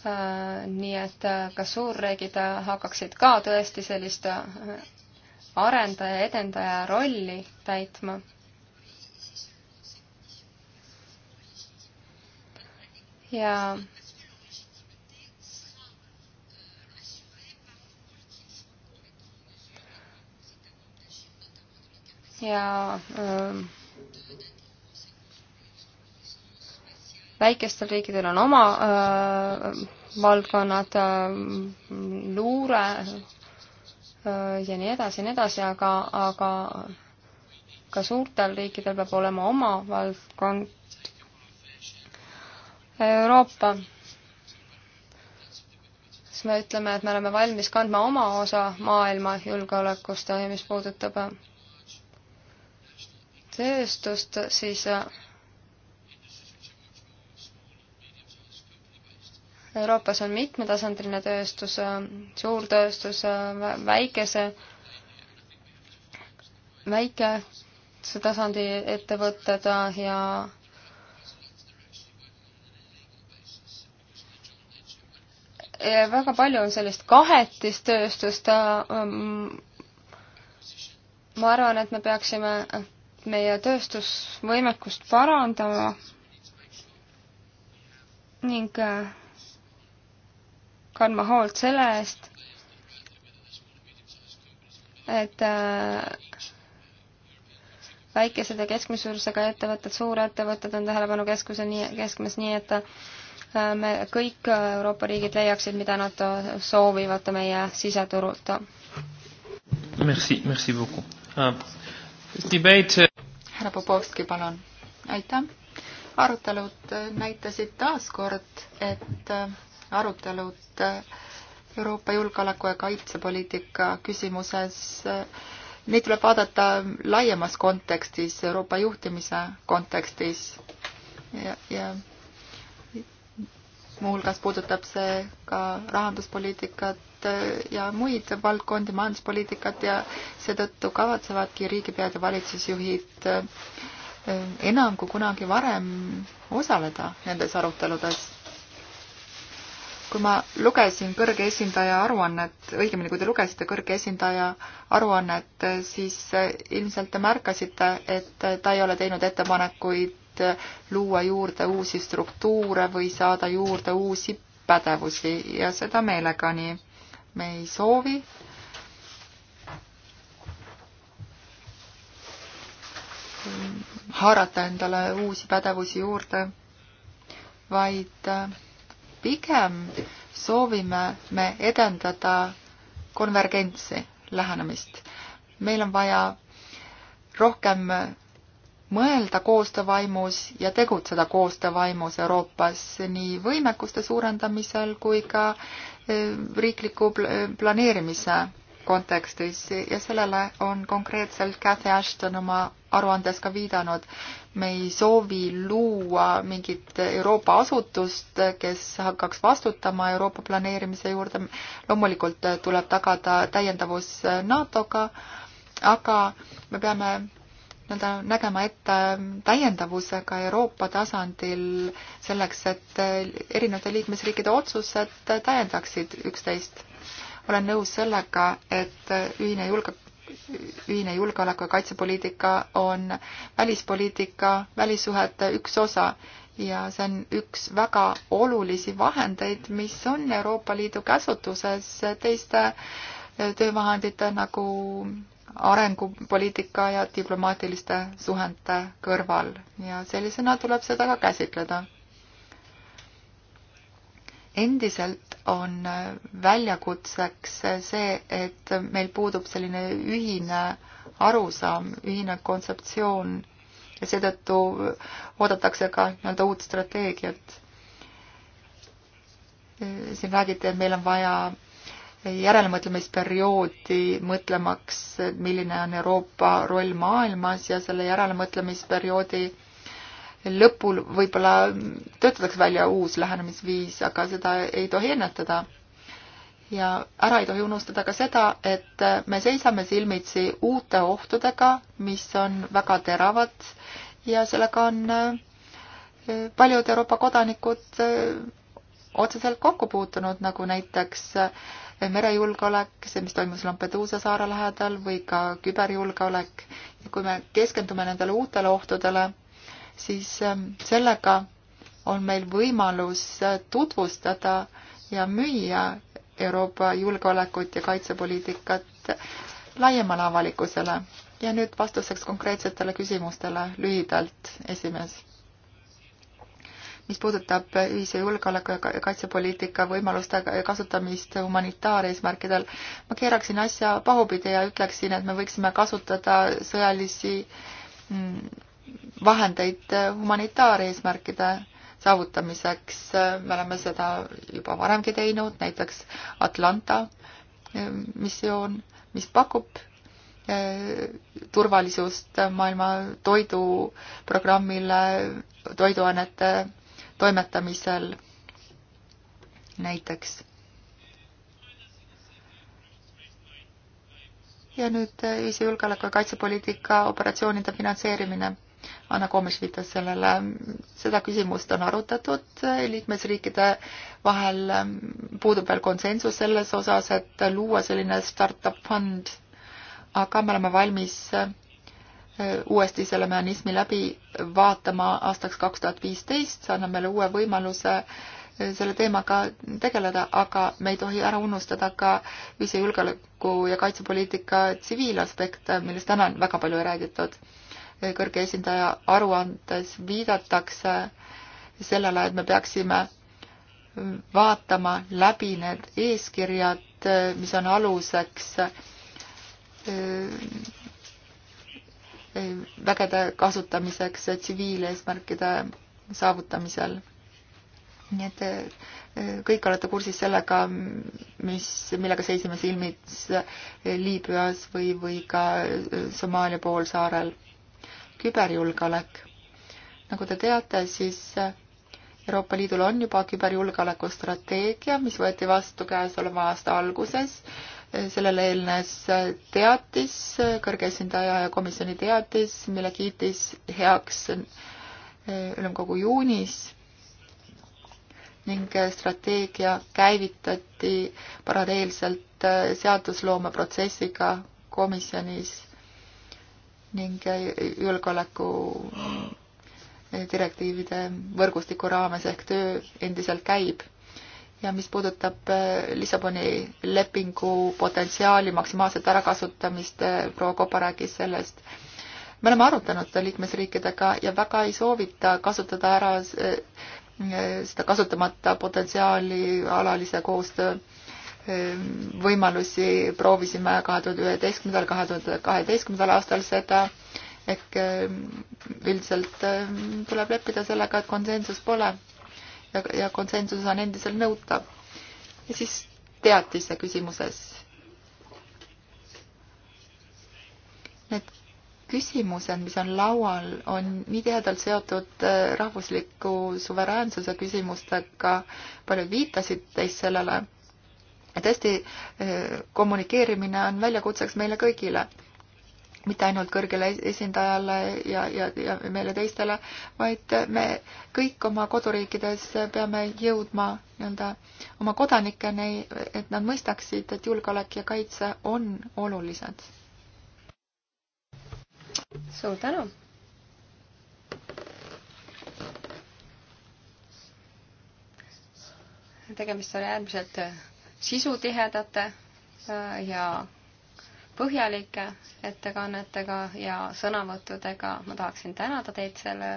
äh, nii et äh, kas suurriigid hakkaksid ka tõesti sellist arendaja, edendaja rolli täitma. ja ja öö, ähm, väikestel riikidel on oma öö, äh, valdkonnad, ähm, luure, Äh, ja nii edasi ja nii edasi, aga, aga ka suurtel riikidel peab olema oma valdkond. Euroopa, siis me ütleme, et me oleme valmis kandma oma osa maailma julgeolekust ja mis puudutab tööstust, siis äh, Euroopas on mitmetasandiline tööstus, suurtööstus, väikese, väikese tasandi ettevõtted ja Ja väga palju on sellist kahetistööstust. ma arvan, et me peaksime meie tööstusvõimekust parandama ning kandma hoolt selle eest, et äh, väikesed ja keskmise suurusega ettevõtted, suurettevõtted on tähelepanu keskuse nii, keskmes, nii et äh, me kõik Euroopa riigid leiaksid, mida nad äh, soovivad meie siseturult. Merci, merci beaucoup uh,. Debate. härra Popovski, palun. aitäh. arutelud näitasid taaskord, et uh, arutelud Euroopa julgeoleku- ja kaitsepoliitika küsimuses. Neid tuleb vaadata laiemas kontekstis, Euroopa juhtimise kontekstis ja, ja muuhulgas puudutab see ka rahanduspoliitikat ja muid valdkondi, majanduspoliitikat ja seetõttu kavatsevad-ki riigipead ja valitsusjuhid enam kui kunagi varem osaleda nendes aruteludes kui ma lugesin kõrge esindaja aruannet, õigemini, kui te lugesite kõrge esindaja aruannet, siis eh, ilmselt te märkasite, et ta ei ole teinud ettepanekuid luua juurde uusi struktuure või saada juurde uusi pädevusi ja seda meelega nii me ei soovi. haarata endale uusi pädevusi juurde, vaid eh, pigem soovime me edendada konvergentsi lähenemist. meil on vaja rohkem mõelda koostöövaimus ja tegutseda koostöövaimus Euroopas nii võimekuste suurendamisel kui ka e, riikliku planeerimise kontekstis ja sellele on konkreetselt Cathy Ashton oma aruandes ka viidanud. me ei soovi luua mingit Euroopa asutust, kes hakkaks vastutama Euroopa planeerimise juurde. loomulikult tuleb tagada täiendavus NATO-ga, aga me peame nii-öelda nägema ette täiendavusega Euroopa tasandil selleks, et erinevate liikmesriikide otsused täiendaksid üksteist. olen nõus sellega, et ühine julge-, ühine julgeoleku- ja kaitsepoliitika on välispoliitika, välissuhete üks osa ja see on üks väga olulisi vahendeid, mis on Euroopa Liidu käsutuses teiste töövahendite nagu arengupoliitika ja diplomaatiliste suhete kõrval ja sellisena tuleb seda ka käsitleda. endiselt on väljakutseks see, et meil puudub selline ühine arusaam, ühine kontseptsioon ja seetõttu oodatakse ka nii-öelda uut strateegiat. siin räägiti, et meil on vaja järelemõtlemisperioodi mõtlemaks, milline on Euroopa roll maailmas ja selle järelemõtlemisperioodi lõpul võib-olla töötatakse välja uus lähenemisviis, aga seda ei tohi ennetada. ja ära ei tohi unustada ka seda, et me seisame silmitsi uute ohtudega, mis on väga teravad ja sellega on äh, paljud Euroopa kodanikud äh, otseselt kokku puutunud, nagu näiteks äh, merejulgeolek, see, mis toimus Lampeduusa saare lähedal või ka küberjulgeolek. kui me keskendume nendele uutele ohtudele siis ähm, sellega on meil võimalus äh, tutvustada ja müüa Euroopa julgeolekut ja kaitsepoliitikat laiemale avalikkusele. ja nüüd vastuseks konkreetsetele küsimustele lühidalt, esimees. mis puudutab ühise julgeoleku ja kaitsepoliitika võimaluste kasutamist humanitaareesmärkidel, ma keeraksin asja pahupidi ja ütleksin, et me võiksime kasutada sõjalisi mm, vahendeid äh, humanitaareesmärkide saavutamiseks, äh, me oleme seda juba varemgi teinud, näiteks Atlanta äh, missioon, mis pakub turvalisust maailma toiduprogrammile, toiduainete toimetamisel näiteks. ja nüüd ühise julgeoleku ja kaitsepoliitika operatsioonide finantseerimine Anna Komes viitas sellele, seda küsimust on arutatud liikmesriikide vahel, ähm, puudub veel konsensus selles osas, et luua selline startup fond, aga me oleme valmis äh, uuesti selle mehhanismi läbi vaatama aastaks kaks tuhat viisteist, see annab meile uue võimaluse äh, selle teemaga tegeleda, aga me ei tohi ära unustada ka ühise julgeoleku ja kaitsepoliitika tsiviilaspekte, millest täna on väga palju räägitud kõrge esindaja aruandes viidatakse sellele, et me peaksime vaatama läbi need eeskirjad, mis on aluseks vägede kasutamiseks tsiviileesmärkide saavutamisel. nii et eh, kõik olete kursis sellega, mis, millega seisime silmits Liibüas või, või ka eh, Somaalia poolsaarel küberjulgeolek. nagu te teate, siis Euroopa Liidul on juba küberjulgeoleku strateegia, mis võeti vastu käesoleva aasta alguses. sellele eelnes teatis, kõrge esindaja ja komisjoni teatis, mille kiitis heaks ülemkogu juunis ning strateegia käivitati paralleelselt seadusloomeprotsessiga komisjonis ning julgeoleku direktiivide võrgustiku raames ehk töö endiselt käib. ja mis puudutab äh, Lissaboni lepingu potentsiaali maksimaalset ärakasutamist, äh, proua Kopa rääkis sellest, me oleme arutanud seda liikmesriikidega ja väga ei soovita kasutada ära äh, seda kasutamata potentsiaali alalise koostöö võimalusi proovisime kahe tuhande üheteistkümnendal, kahe tuhande kaheteistkümnendal aastal seda, ehk ähm, üldiselt ähm, tuleb leppida sellega, et konsensus pole ja, ja konsensus on endiselt nõutav. ja siis teatise küsimuses. Need küsimused, mis on laual, on nii tihedalt seotud äh, rahvusliku suveräänsuse küsimustega, paljud viitasid teist sellele tõesti, eh, kommunikeerimine on väljakutseks meile kõigile, mitte ainult kõrgele esindajale ja, ja, ja meile teistele, vaid me kõik oma koduriikides peame jõudma nii-öelda oma kodanikeni, et nad mõistaksid, et julgeolek ja kaitse on olulised. suur tänu! tegemist oli äärmiselt sisutihedate äh, ja põhjalike ettekannetega ja sõnavõttudega. ma tahaksin tänada teid selle,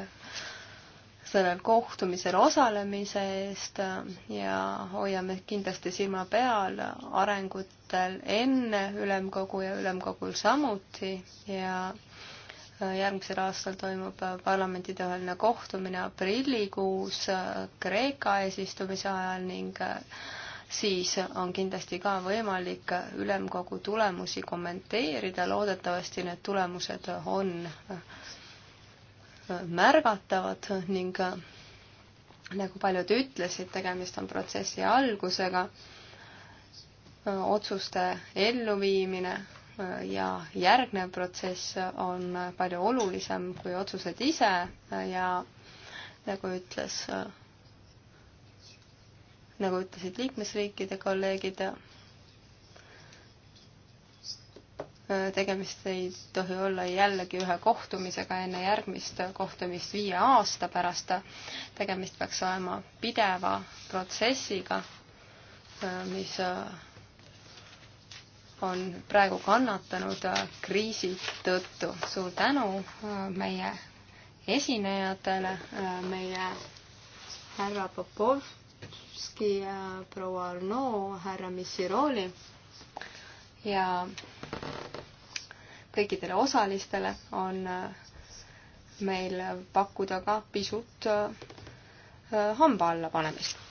sellel kohtumisel osalemise eest äh, ja hoiame kindlasti silma peal arengutel enne ülemkogu ja ülemkogul samuti ja äh, järgmisel aastal toimub parlamentidevaheline kohtumine aprillikuus Kreeka eesistumise ajal ning siis on kindlasti ka võimalik ülemkogu tulemusi kommenteerida, loodetavasti need tulemused on äh, märgatavad ning äh, nagu paljud ütlesid, tegemist on protsessi algusega, äh, otsuste elluviimine ja järgnev protsess on palju olulisem kui otsused ise ja nagu ütles nagu ütlesid liikmesriikide kolleegid, äh, tegemist ei tohi olla jällegi ühe kohtumisega enne järgmist kohtumist viie aasta pärast. tegemist peaks olema pideva protsessiga, äh, mis äh, on praegu kannatanud kriisi tõttu. suur tänu meie esinejatele, meie härra Popov Krasnodebski ja proua Arno, härra Missiroli ja kõikidele osalistele on äh, meil pakkuda ka pisut äh, äh, hamba alla panemist